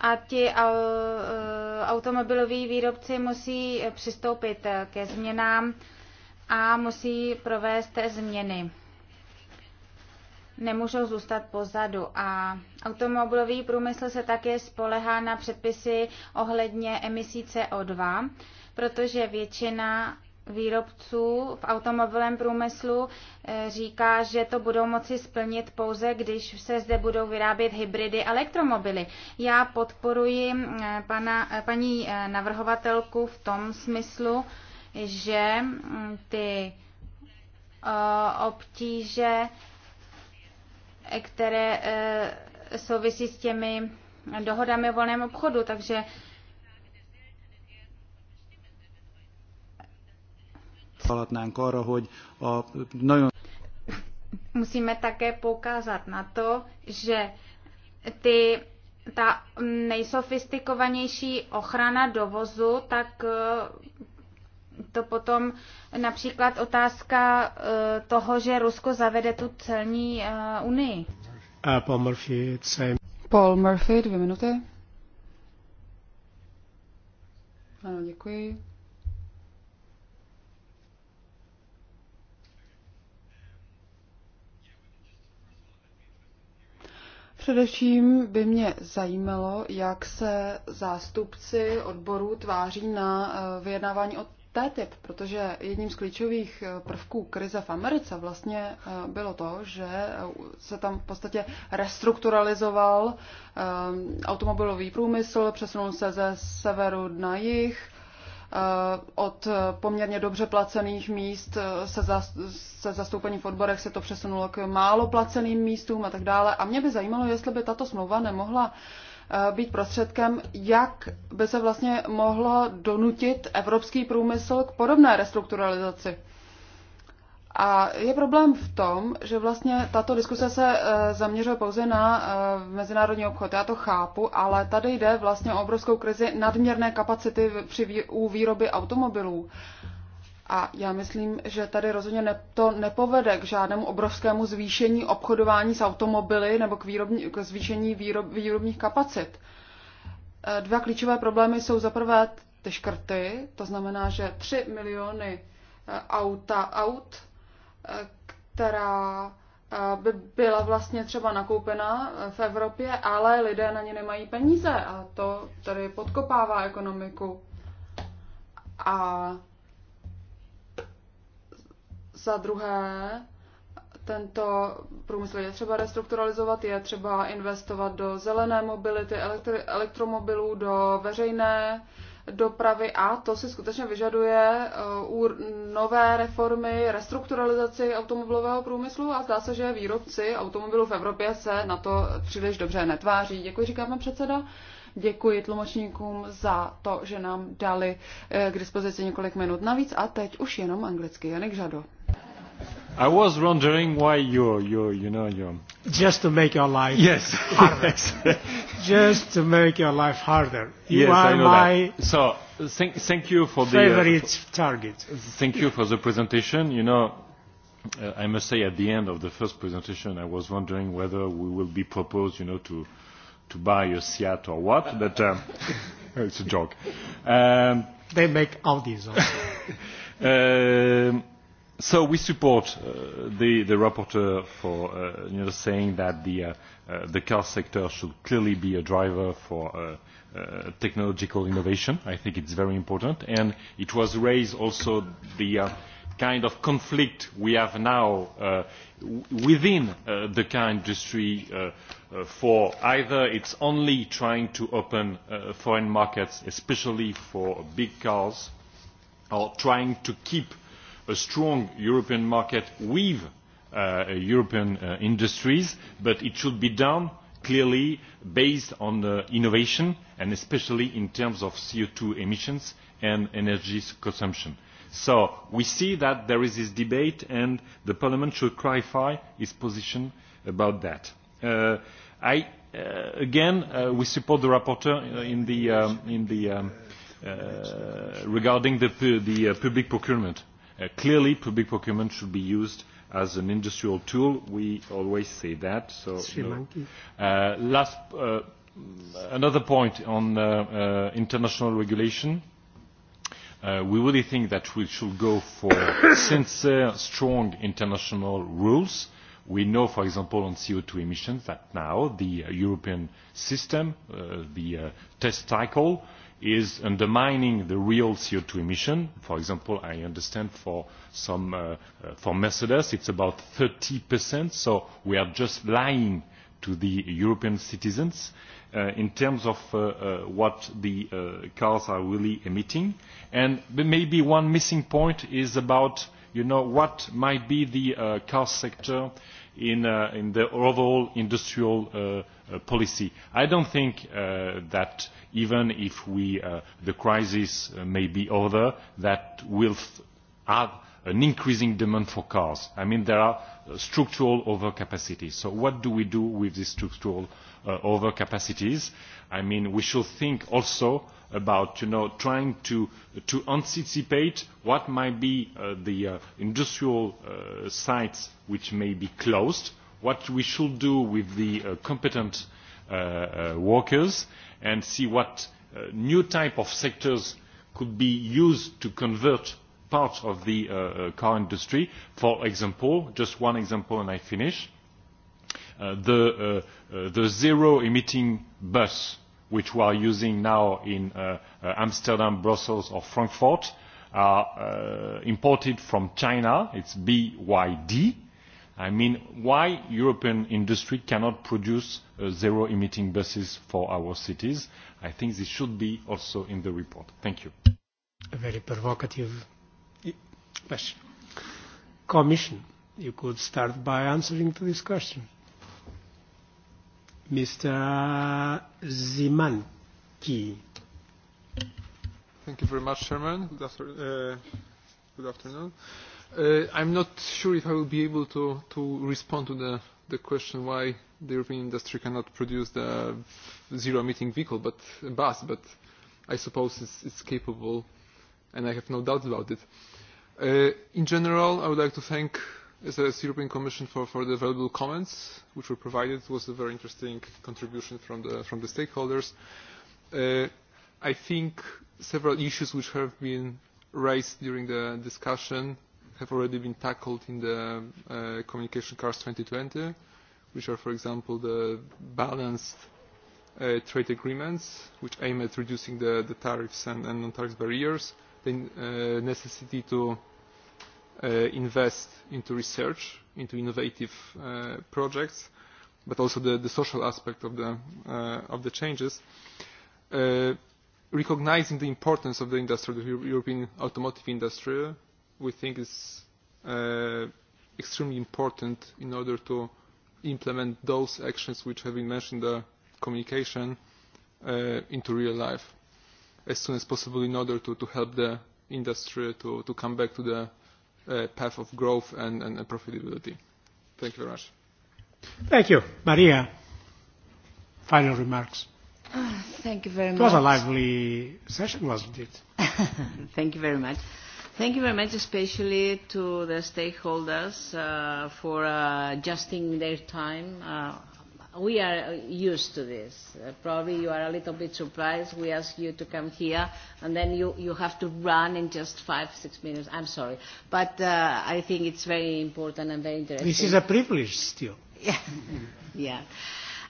a ti eh, automobiloví výrobci musí přistoupit ke změnám a musí provést změny. Nemůžou zůstat pozadu a automobilový průmysl se také spolehá na předpisy ohledně emisí CO2, protože většina výrobců v automobilovém průmyslu eh, říká, že to budou moci splnit pouze, když se zde budou vyrábět hybridy elektromobily. Já podporuji eh, pana, eh, paní navrhovatelku v tom smyslu, že mm, ty obtíže, které souvisí s těmi dohodami o volném obchodu, takže haladnánk arra, hogy a nagyon... Musíme také poukázat na to, že ty, ta nejsofistikovanější ochrana dovozu, tak eh, to potom například otázka eh, toho, že Rusko zavede tu celní eh, unii. A Paul Murphy, same. Paul Murphy, dvě minuty. Ano, děkuji. Především by mě zajímalo, jak se zástupci odborů tváří na eh, vyjednávání o TTIP, protože jedním z klíčových eh, prvků krize v Americe vlastně eh, bylo to, že se tam v podstatě restrukturalizoval automobilový průmysl, přesunul se ze severu na jih Eh, od eh, poměrně dobře placených míst eh, se zastoupení v odborech se to přesunulo k málo placeným místům a tak dále. A mě by zajímalo, jestli by tato smlouva nemohla být prostředkem, jak by se vlastně mohlo donutit evropský průmysl k podobné restrukturalizaci. A je problém v tom, že vlastně tato diskuse se eh, zaměřuje pouze na eh, mezinárodní obchod. Já to chápu, ale tady jde vlastně o obrovskou krizi nadměrné kapacity při, u výroby automobilů. A já myslím, že tady rozhodně ne, to nepovede k žádnému obrovskému zvýšení obchodování s automobily nebo k, výrobní, k zvýšení výrob, výrobních kapacit. Eh, dva klíčové problémy jsou za prvé ty škrty, to znamená, že 3 miliony auta, aut která eh, by byla vlastně třeba nakoupena eh, v Evropě, ale lidé na ně nemají peníze a to tady podkopává ekonomiku. A za druhé, tento průmysl je třeba restrukturalizovat, je třeba investovat do zelené mobility, elektri- elektromobilů, do veřejné uh, dopravy a to si skutečně vyžaduje eh, nové reformy, restrukturalizaci automobilového průmyslu a zdá se, že výrobci automobilů v Evropě se na to příliš dobře netváří. Děkuji, říkáme předseda. Děkuji tlumočníkům za to, že nám dali eh, k dispozici několik minut navíc a teď už jenom anglicky. Janek Žado. I was wondering why you're, you're, you know, you're... Just to make your life yes. harder. Just to make your life harder. You yes, are I know my that. So, thank, thank you for favorite the... Favorite uh, target. Thank you for the presentation. You know, uh, I must say at the end of the first presentation, I was wondering whether we will be proposed, you know, to, to buy a Seat or what, but um, it's a joke. Um, they make Audis also. uh, so we support uh, the, the rapporteur for uh, you know, saying that the, uh, uh, the car sector should clearly be a driver for uh, uh, technological innovation. I think it's very important. And it was raised also the uh, kind of conflict we have now uh, within uh, the car industry uh, uh, for either it's only trying to open uh, foreign markets, especially for big cars, or trying to keep a strong European market with uh, European uh, industries, but it should be done clearly based on innovation and especially in terms of CO2 emissions and energy consumption. So we see that there is this debate and the Parliament should clarify its position about that. Uh, I, again, we support the rapporteur in the, um, the, um, regarding the, public procurement Uh, clearly, public procurement should be used as an industrial tool. We always say that. So, no. uh, last, uh, mm, another point on uh, uh, international regulation. Uh, we really think that we should go for sincere, strong international rules. We know, for example, on CO2 emissions that now the uh, European system, uh, the uh, test cycle, is undermining the real co two emission for example i understand for some uh, uh for mercedes it is about thirty so we are just lying to the european citizens uh, in terms of uh, uh what the uh, cars are really emitting and maybe one missing point is about you know, what might be the car sector Uh, in, the overall industrial uh, uh, policy. I don't think that even if we, the crisis may be over, that will add an increasing demand for cars. I mean, there are structural overcapacities. So what do we do with this structural uh, overcapacities. I mean, we should think also about you know, trying to, to anticipate what might be uh, the uh, industrial uh, sites which may be closed, what we should do with the uh, competent uh, uh, workers, and see what uh, new type of sectors could be used to convert part of the uh, uh car industry. For example, just one example and I finish Uh, the, uh, uh, the zero emitting bus which we are using now in uh, uh, Amsterdam, Brussels or Frankfurt are imported from China. It's BYD. I mean, why European industry cannot produce zero emitting buses for our cities? I think this should be also in the report. Thank you. A very provocative question. Commission, you could start by answering to this question. Mr. Zimanki. Thank you very much, Chairman. Good, after, uh, good afternoon. Uh, I'm not sure if I will be able to, to respond to the, the question why the European industry cannot produce the zero-emitting vehicle, but uh, bus, but I suppose it's, it's capable, and I have no doubt about it. Uh, in general, I would like to thank as European Commission for, for the valuable comments which were provided. It was a very interesting contribution from the, from the stakeholders. Uh, I think several issues which have been raised during the discussion have already been tackled in the uh, Communication Cars 2020, which are, for example, the balanced uh, trade agreements, which aim at reducing the, the tariffs and, and non-tariff barriers, the uh, necessity to Uh, invest into research, into innovative uh, projects, but also the, the social aspect of the, uh, of the changes. Uh, recognizing the importance of the industry, the European automotive industry, we think is uh, extremely important in order to implement those actions which have been mentioned in the communication uh, into real life as soon as possible in order to, to help the industry to, to come back to the Uh, path of growth and, and, profitability. Thank you very much. Thank you. Maria, final remarks. thank you very much. It was a lively session, wasn't it? thank you very much. Thank you very much, especially to the stakeholders uh, for uh, adjusting their time. Uh, we are used to this. Uh, probably you are a little bit surprised. We ask you to come here, and then you, you have to run in just five, six minutes. I'm sorry. But uh, I think it's very important and very interesting. This is a privilege still. Yeah. yeah.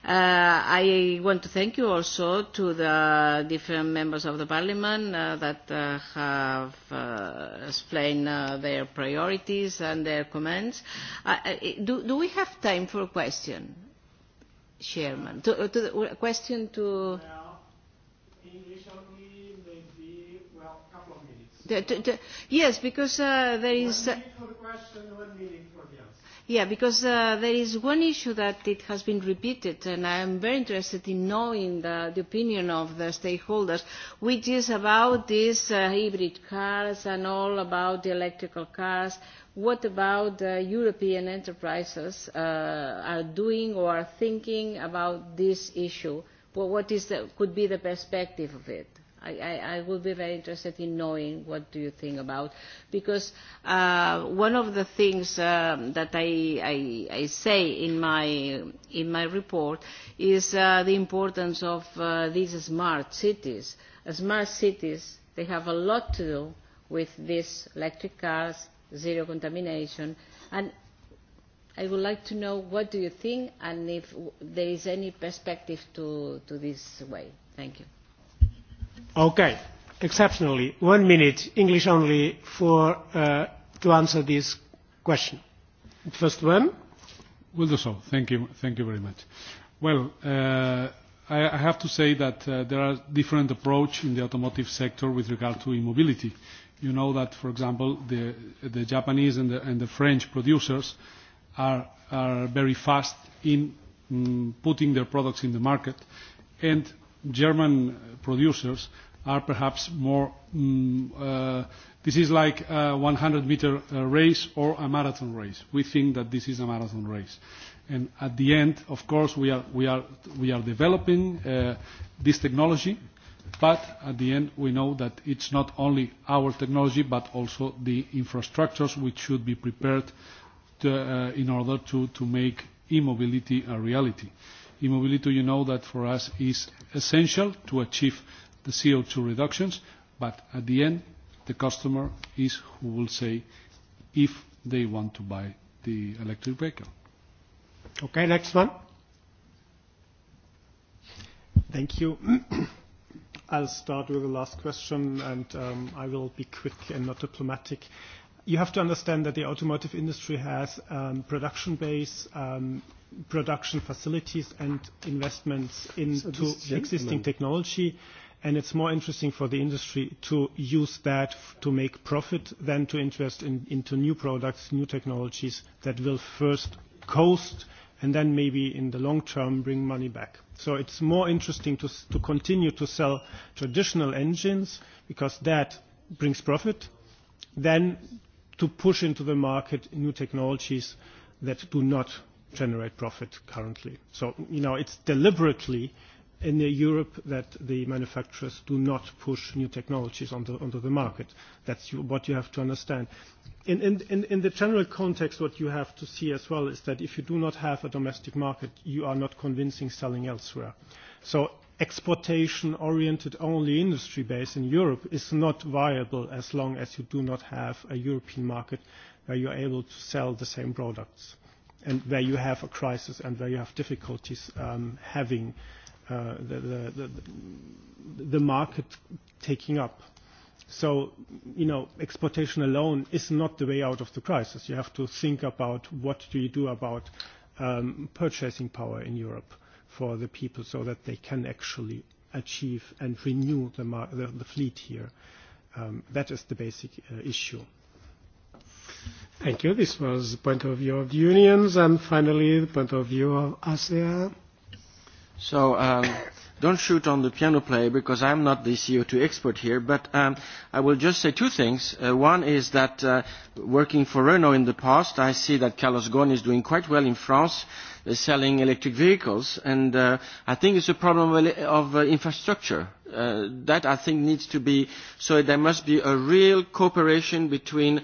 Uh, I want to thank you also to the different members of the parliament uh, that uh, have uh, explained uh, their priorities and their comments. Uh, uh do, do we have time for a question? Sherman. To, to the question to... yes, because uh, there is... minute for the question, one minute for Yeah, because uh, there is one issue that it has been repeated, and I am very interested in knowing the, the opinion of the stakeholders, which is about these uh, hybrid cars and all about the electrical cars. What about the European enterprises uh, are doing or are thinking about this issue? Well, what is the, could be the perspective of it? I, I, I would be very interested in knowing what do you think about, because uh, one of the things um, that I, I, I say in my, in my report is uh, the importance of uh, these smart cities. Smart cities, they have a lot to do with these electric cars, zero contamination, and I would like to know what do you think and if there is any perspective to, to this way. Thank you. Okay. Exceptionally, one minute, English only, for uh, to answer this question. first one. Will do so. Thank you. Thank you very much. Well, uh, I, I have to say that uh, there are different approach in the automotive sector with regard to immobility. You know that, for example, the, the Japanese and the, and the French producers are, are very fast in mm, putting their products in the market, and German producers are perhaps more. Um, uh, this is like a 100 meter uh, race or a marathon race. We think that this is a marathon race. And at the end, of course, we are, we are, we are developing uh, this technology, but at the end, we know that it's not only our technology, but also the infrastructures which should be prepared to, uh, in order to, to make e-mobility a reality. Uh, E-mobility, you know that for us is essential to achieve the CO2 reductions, but at the end, the customer is who will say if they want to buy the electric vehicle. Okay, next one. Thank you. I'll start with the last question, and um, I will be quick and not diplomatic. You have to understand that the automotive industry has um, production base um, production facilities and investments into so existing technology. And it's more interesting for the industry to use that to make profit than to invest in, into new products, new technologies that will first cost and then maybe in the long term bring money back. So it's more interesting to, to continue to sell traditional engines because that brings profit than to push into the market new technologies that do not generate profit currently. So, you know, it's deliberately in Europe that the manufacturers do not push new technologies onto, onto the market. That's you, what you have to understand. In, in, in the general context, what you have to see as well is that if you do not have a domestic market, you are not convincing selling elsewhere. So exportation-oriented only industry base in Europe is not viable as long as you do not have a European market where you're able to sell the same products and where you have a crisis and where you have difficulties um, having uh, the, the, the, the market taking up. So, you know, exportation alone is not the way out of the crisis. You have to think about what do you do about um, purchasing power in Europe for the people so that they can actually achieve and renew the, mar- the, the fleet here. Um, that is the basic uh, issue. Thank you. This was the point of view of the unions and finally the point of view of ASEAN. So um, don't shoot on the piano player because I'm not the CO2 expert here, but um, I will just say two things. Uh, one is that uh, working for Renault in the past, I see that Carlos Ghosn is doing quite well in France uh, selling electric vehicles, and uh, I think it's a problem of uh, infrastructure. Uh, that I think needs to be, so there must be a real cooperation between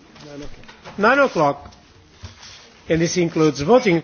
nine o'clock, and this includes voting.